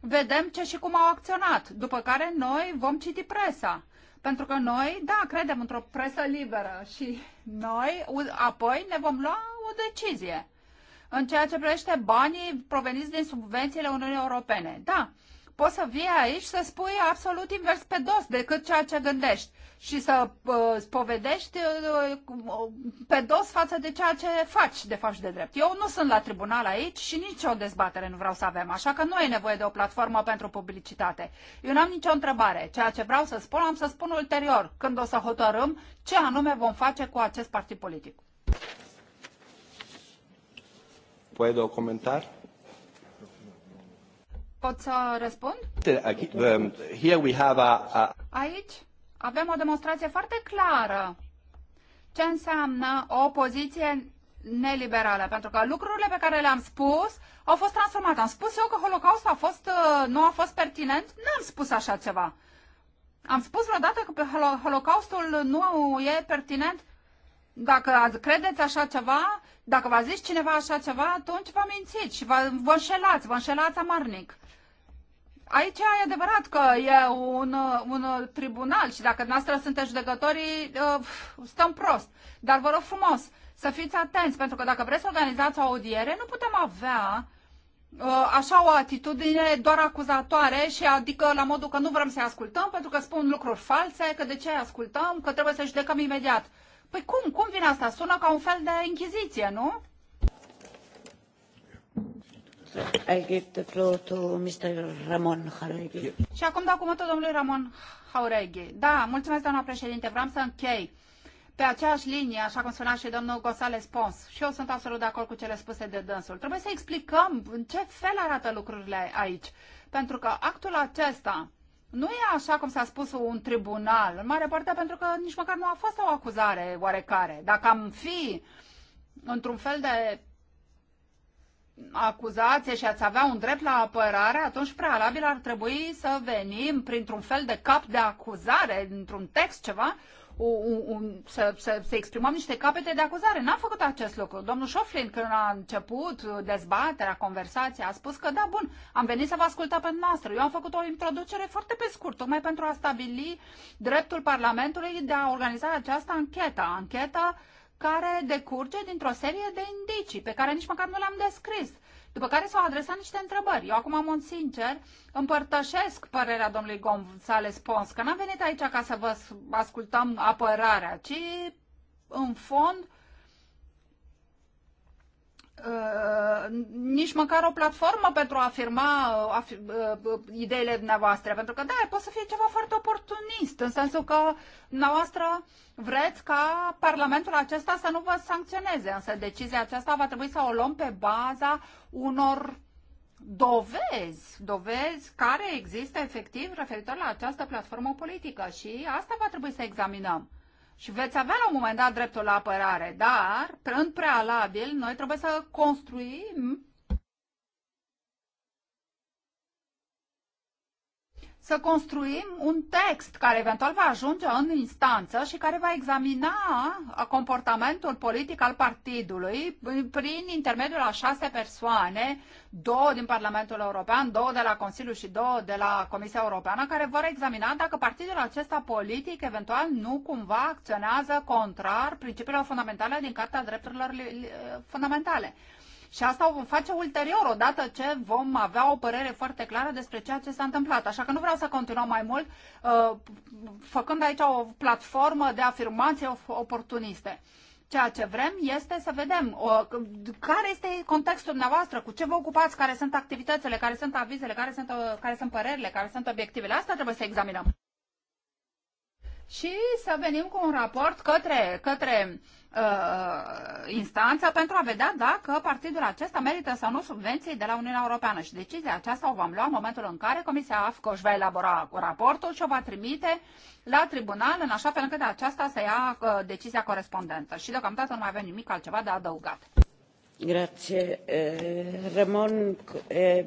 vedem ce și cum au acționat. După care noi vom citi presa. Pentru că noi, da, credem într-o presă liberă și noi apoi ne vom lua o decizie în ceea ce privește banii proveniți din subvențiile Uniunii Europene. Da, poți să vii aici să spui absolut invers pe dos decât ceea ce gândești și să uh, spovedești uh, pe dos față de ceea ce faci de fapt de drept. Eu nu sunt la tribunal aici și nici o dezbatere nu vreau să avem, așa că nu e nevoie de o platformă pentru publicitate. Eu n-am nicio întrebare. Ceea ce vreau să spun, am să spun ulterior, când o să hotărâm ce anume vom face cu acest partid politic. Puedo o comentar? Pot să răspund? Uh, um, aici avem o demonstrație foarte clară ce înseamnă o poziție neliberală, pentru că lucrurile pe care le-am spus au fost transformate. Am spus eu că Holocaustul a fost, uh, nu a fost pertinent? N-am spus așa ceva. Am spus vreodată că Holocaustul nu e pertinent? Dacă credeți așa ceva, dacă v-a zis cineva așa ceva, atunci vă mințiți și vă înșelați, vă înșelați amarnic. Aici e adevărat că e un, un tribunal și dacă noastră sunteți judecătorii, uh, stăm prost. Dar vă rog frumos să fiți atenți, pentru că dacă vreți să organizați o audiere, nu putem avea uh, așa o atitudine doar acuzatoare și adică la modul că nu vrem să-i ascultăm pentru că spun lucruri false, că de ce ascultăm, că trebuie să judecăm imediat. Păi cum? Cum vine asta? Sună ca un fel de închiziție, nu? I'll give Și acum dau cuvântul domnului Ramon Jauregui. Da, mulțumesc, doamna președinte. Vreau să închei pe aceeași linie, așa cum spunea și domnul Gosales Pons. Și eu sunt absolut de acord cu cele spuse de dânsul. Trebuie să explicăm în ce fel arată lucrurile aici. Pentru că actul acesta nu e așa cum s-a spus un tribunal, în mare parte pentru că nici măcar nu a fost o acuzare oarecare. Dacă am fi într-un fel de acuzație și ați avea un drept la apărare, atunci prealabil ar trebui să venim printr-un fel de cap de acuzare, într-un text ceva, un, un, să, să, să exprimăm niște capete de acuzare. N-a făcut acest lucru. Domnul Șoflin, când a început dezbaterea, conversația, a spus că da, bun, am venit să vă ascultăm pe noastră. Eu am făcut o introducere foarte pe scurt, tocmai pentru a stabili dreptul Parlamentului de a organiza această anchetă. ancheta care decurge dintr-o serie de indicii pe care nici măcar nu le-am descris. După care s-au adresat niște întrebări. Eu acum, mult sincer, împărtășesc părerea domnului Gonzales Pons, că n-am venit aici ca să vă ascultăm apărarea, ci, în fond, uh, Uh, nici măcar o platformă pentru a afirma uh, uh, ideile dumneavoastră, pentru că da, poate să fie ceva foarte oportunist, în sensul că dumneavoastră vreți ca Parlamentul acesta să nu vă sancționeze, însă decizia aceasta va trebui să o luăm pe baza unor dovezi, dovezi care există efectiv referitor la această platformă politică și asta va trebui să examinăm. Și veți avea la un moment dat dreptul la apărare, dar, în prealabil, noi trebuie să construim să construim un text care eventual va ajunge în instanță și care va examina uh, comportamentul politic al partidului prin intermediul a șase persoane, două din Parlamentul European, două de la Consiliu și două de la Comisia Europeană, care vor examina dacă partidul acesta politic eventual nu cumva acționează contrar principiilor fundamentale din Carta Drepturilor Fundamentale. Și asta o vom face ulterior, odată ce vom avea o părere foarte clară despre ceea ce s-a întâmplat. Așa că nu vreau să continuăm mai mult, uh, făcând aici o platformă de afirmații oportuniste. Ceea ce vrem este să vedem o, uh, care este contextul dumneavoastră, cu ce vă ocupați, care sunt activitățile, care sunt avizele, care sunt, uh, care sunt părerile, care sunt obiectivele. Asta trebuie să examinăm și să venim cu un raport către, către uh, instanță pentru a vedea dacă partidul acesta merită sau nu subvenții de la Uniunea Europeană. Și decizia aceasta o vom lua în momentul în care Comisia AFCO își va elabora raportul și o va trimite la tribunal în așa fel încât aceasta să ia uh, decizia corespondentă. Și deocamdată nu mai avem nimic altceva de adăugat. Grazie. Eh, Ramon. Eh...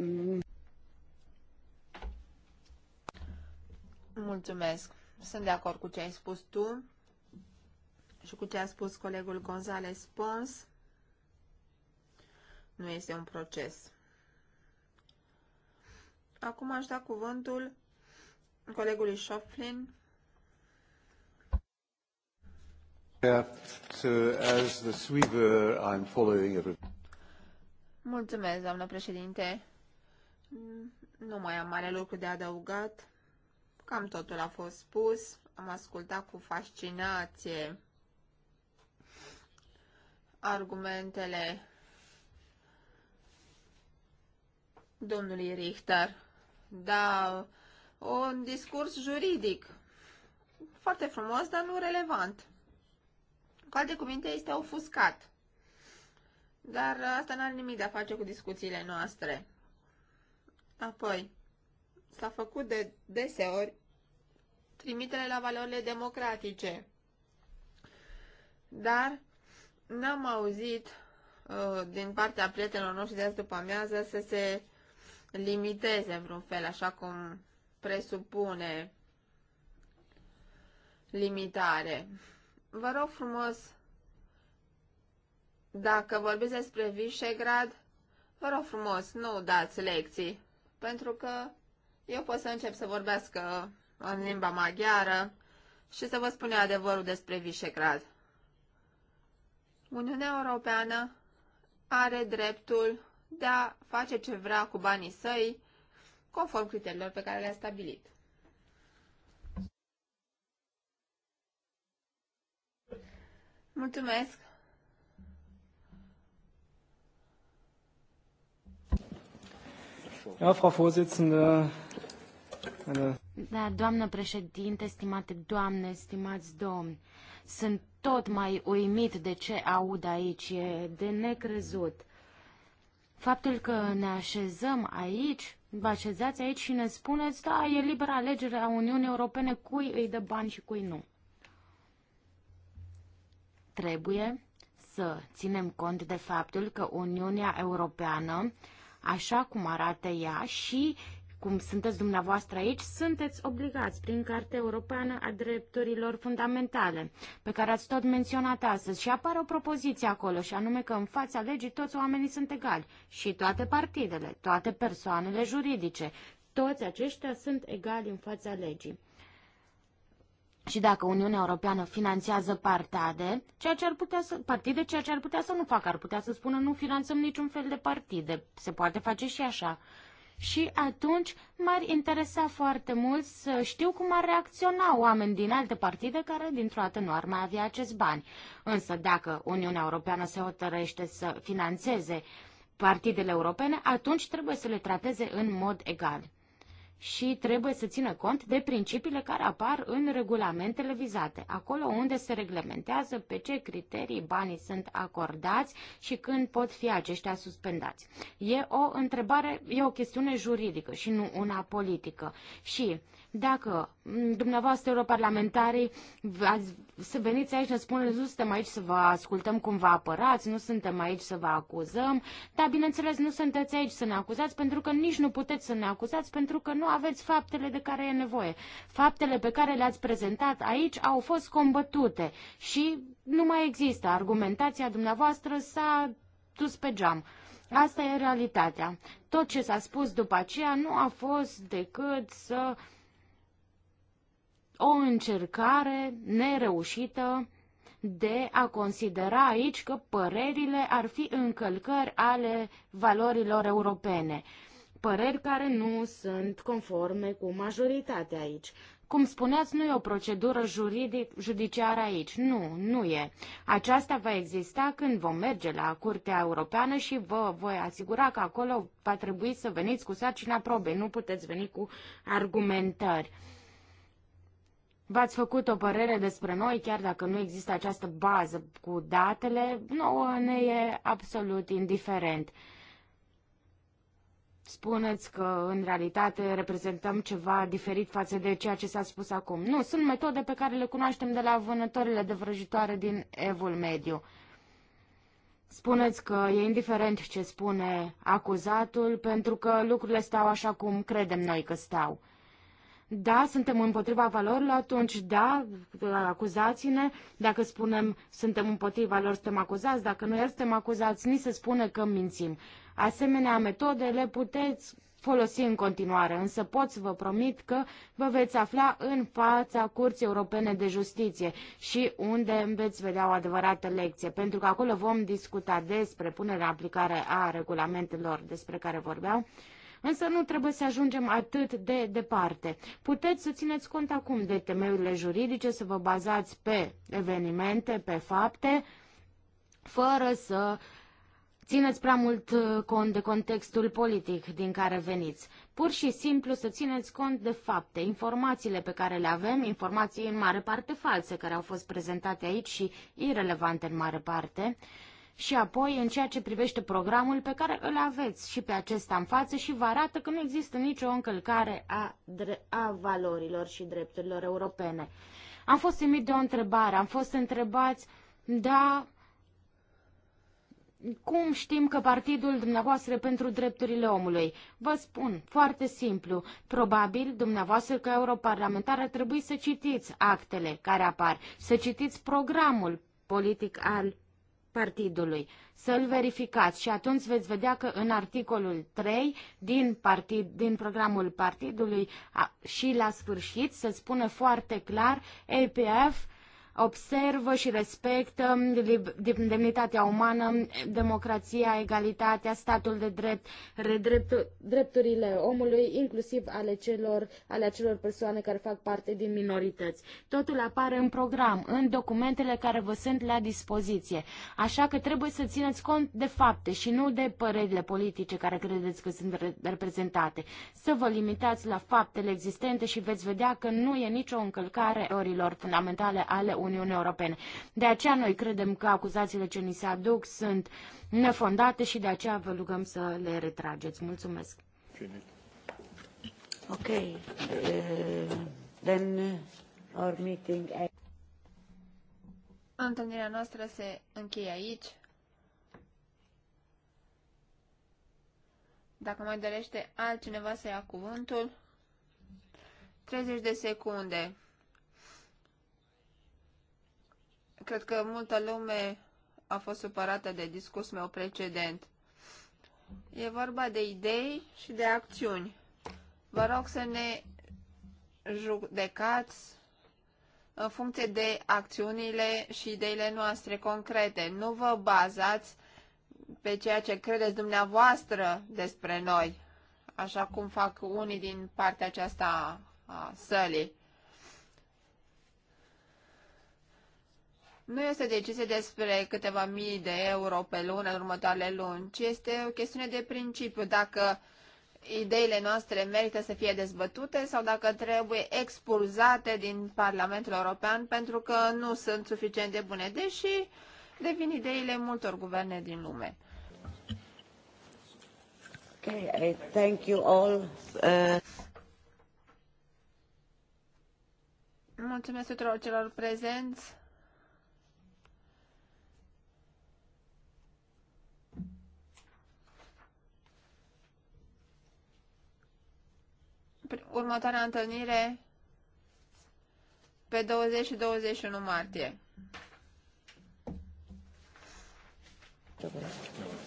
Mulțumesc sunt de acord cu ce ai spus tu și cu ce a spus colegul Gonzales Pons. Nu este un proces. Acum aș da cuvântul colegului Schofflin. Uh, Mulțumesc, doamnă președinte. Nu mai am mare lucru de adăugat. Cam totul a fost spus. Am ascultat cu fascinație argumentele domnului Richter. Da, un discurs juridic. Foarte frumos, dar nu relevant. Cu alte cuvinte, este ofuscat. Dar asta n-are nimic de a face cu discuțiile noastre. Apoi, s-a făcut de deseori trimitere la valorile democratice. Dar n-am auzit uh, din partea prietenilor noștri de azi după amiază să se limiteze vreun fel, așa cum presupune limitare. Vă rog frumos, dacă vorbiți despre Visegrad, vă rog frumos, nu dați lecții, pentru că eu pot să încep să vorbească în limba maghiară și să vă spun adevărul despre Visegrad. Uniunea Europeană are dreptul de a face ce vrea cu banii săi, conform criteriilor pe care le-a stabilit. Mulțumesc! Ja, Frau Vorsitzende. Da, doamnă președinte, stimate doamne, stimați domni, sunt tot mai uimit de ce aud aici, e de necrezut. Faptul că ne așezăm aici, vă așezați aici și ne spuneți, da, e alegere alegerea Uniunii Europene cui îi dă bani și cui nu. Trebuie să ținem cont de faptul că Uniunea Europeană așa cum arată ea și cum sunteți dumneavoastră aici, sunteți obligați prin Cartea Europeană a Drepturilor Fundamentale, pe care ați tot menționat astăzi. Și apare o propoziție acolo, și anume că în fața legii toți oamenii sunt egali, și toate partidele, toate persoanele juridice, toți aceștia sunt egali în fața legii și dacă Uniunea Europeană finanțează partide, ceea ce ar putea să, partide, ceea ce ar putea să nu facă, ar putea să spună nu finanțăm niciun fel de partide. Se poate face și așa. Și atunci m-ar interesa foarte mult să știu cum ar reacționa oameni din alte partide care dintr-o dată nu ar mai avea acest bani. Însă dacă Uniunea Europeană se hotărăște să financeze partidele europene, atunci trebuie să le trateze în mod egal și trebuie să țină cont de principiile care apar în regulamentele vizate, acolo unde se reglementează pe ce criterii banii sunt acordați și când pot fi aceștia suspendați. E o întrebare, e o chestiune juridică și nu una politică. Și dacă mm, dumneavoastră europarlamentarii ați, să veniți aici să spuneți nu suntem aici să vă ascultăm cum vă apărați, nu suntem aici să vă acuzăm, dar bineînțeles nu sunteți aici să ne acuzați pentru că nici nu puteți să ne acuzați pentru că nu aveți faptele de care e nevoie. Faptele pe care le-ați prezentat aici au fost combătute și nu mai există. Argumentația dumneavoastră s-a dus pe geam. Asta e realitatea. Tot ce s-a spus după aceea nu a fost decât să uh, o încercare nereușită de a considera aici că părerile ar fi încălcări ale valorilor europene, păreri care nu sunt conforme cu majoritatea aici. Cum spuneați, nu e o procedură juridic, judiciară aici. Nu, nu e. Aceasta va exista când vom merge la Curtea Europeană și vă voi asigura că acolo va trebui să veniți cu sarcina probei. Nu puteți veni cu argumentări. V-ați făcut o părere despre noi, chiar dacă nu există această bază cu datele, nouă ne e absolut indiferent. Spuneți că, în realitate, reprezentăm ceva diferit față de ceea ce s-a spus acum. Nu, sunt metode pe care le cunoaștem de la vânătorile de vrăjitoare din Evul Mediu. Spuneți că e indiferent ce spune acuzatul, pentru că lucrurile stau așa cum credem noi că stau da, suntem împotriva valorilor, atunci da, acuzați-ne. Dacă spunem suntem împotriva lor, suntem acuzați. Dacă nu, suntem acuzați, ni se spune că mințim. Asemenea, metodele puteți folosi în continuare, însă pot să vă promit că vă veți afla în fața Curții Europene de Justiție și unde veți vedea o adevărată lecție, pentru că acolo vom discuta despre punerea aplicare a regulamentelor despre care vorbeau Însă nu trebuie să ajungem atât de departe. Puteți să țineți cont acum de temeiurile juridice, să vă bazați pe evenimente, pe fapte, fără să țineți prea mult uh, cont de contextul politic din care veniți. Pur și simplu să țineți cont de fapte, informațiile pe care le avem, informații în mare parte false care au fost prezentate aici și irelevante în mare parte și apoi în ceea ce privește programul pe care îl aveți și pe acesta în față și vă arată că nu există nicio încălcare a, a valorilor și drepturilor europene. Am fost emit de o întrebare, am fost întrebați, da, cum știm că partidul dumneavoastră pentru drepturile omului? Vă spun, foarte simplu, probabil dumneavoastră ca europarlamentar ar trebui să citiți actele care apar, să citiți programul politic al partidului. Să-l verificați și atunci veți vedea că în articolul 3 din, partid, din programul partidului a, și la sfârșit se spune foarte clar EPF observă și respectă demnitatea umană, democrația, egalitatea, statul de drept, drepturile omului, inclusiv ale, celor, ale acelor persoane care fac parte din minorități. Totul apare în program, în documentele care vă sunt la dispoziție. Așa că trebuie să țineți cont de fapte și nu de părerile politice care credeți că sunt reprezentate. Să vă limitați la faptele existente și veți vedea că nu e nicio încălcare orilor fundamentale ale Uniunii Europene. De aceea noi credem că acuzațiile ce ni se aduc sunt nefondate și de aceea vă rugăm să le retrageți. Mulțumesc. Ok. Uh, then our meeting... Întâlnirea noastră se încheie aici. Dacă mai dorește altcineva să ia cuvântul, 30 de secunde. Cred că multă lume a fost supărată de discursul meu precedent. E vorba de idei și de acțiuni. Vă rog să ne judecați în funcție de acțiunile și ideile noastre concrete. Nu vă bazați pe ceea ce credeți dumneavoastră despre noi, așa cum fac unii din partea aceasta a sălii. Nu este o decizie despre câteva mii de euro pe lună în următoarele luni, ci este o chestiune de principiu. Dacă ideile noastre merită să fie dezbătute sau dacă trebuie expulzate din Parlamentul European pentru că nu sunt suficient de bune, deși devin ideile multor guverne din lume. Okay, I thank you all. Uh... Mulțumesc tuturor celor prezenți. următoarea întâlnire pe 20 și 21 martie. Ce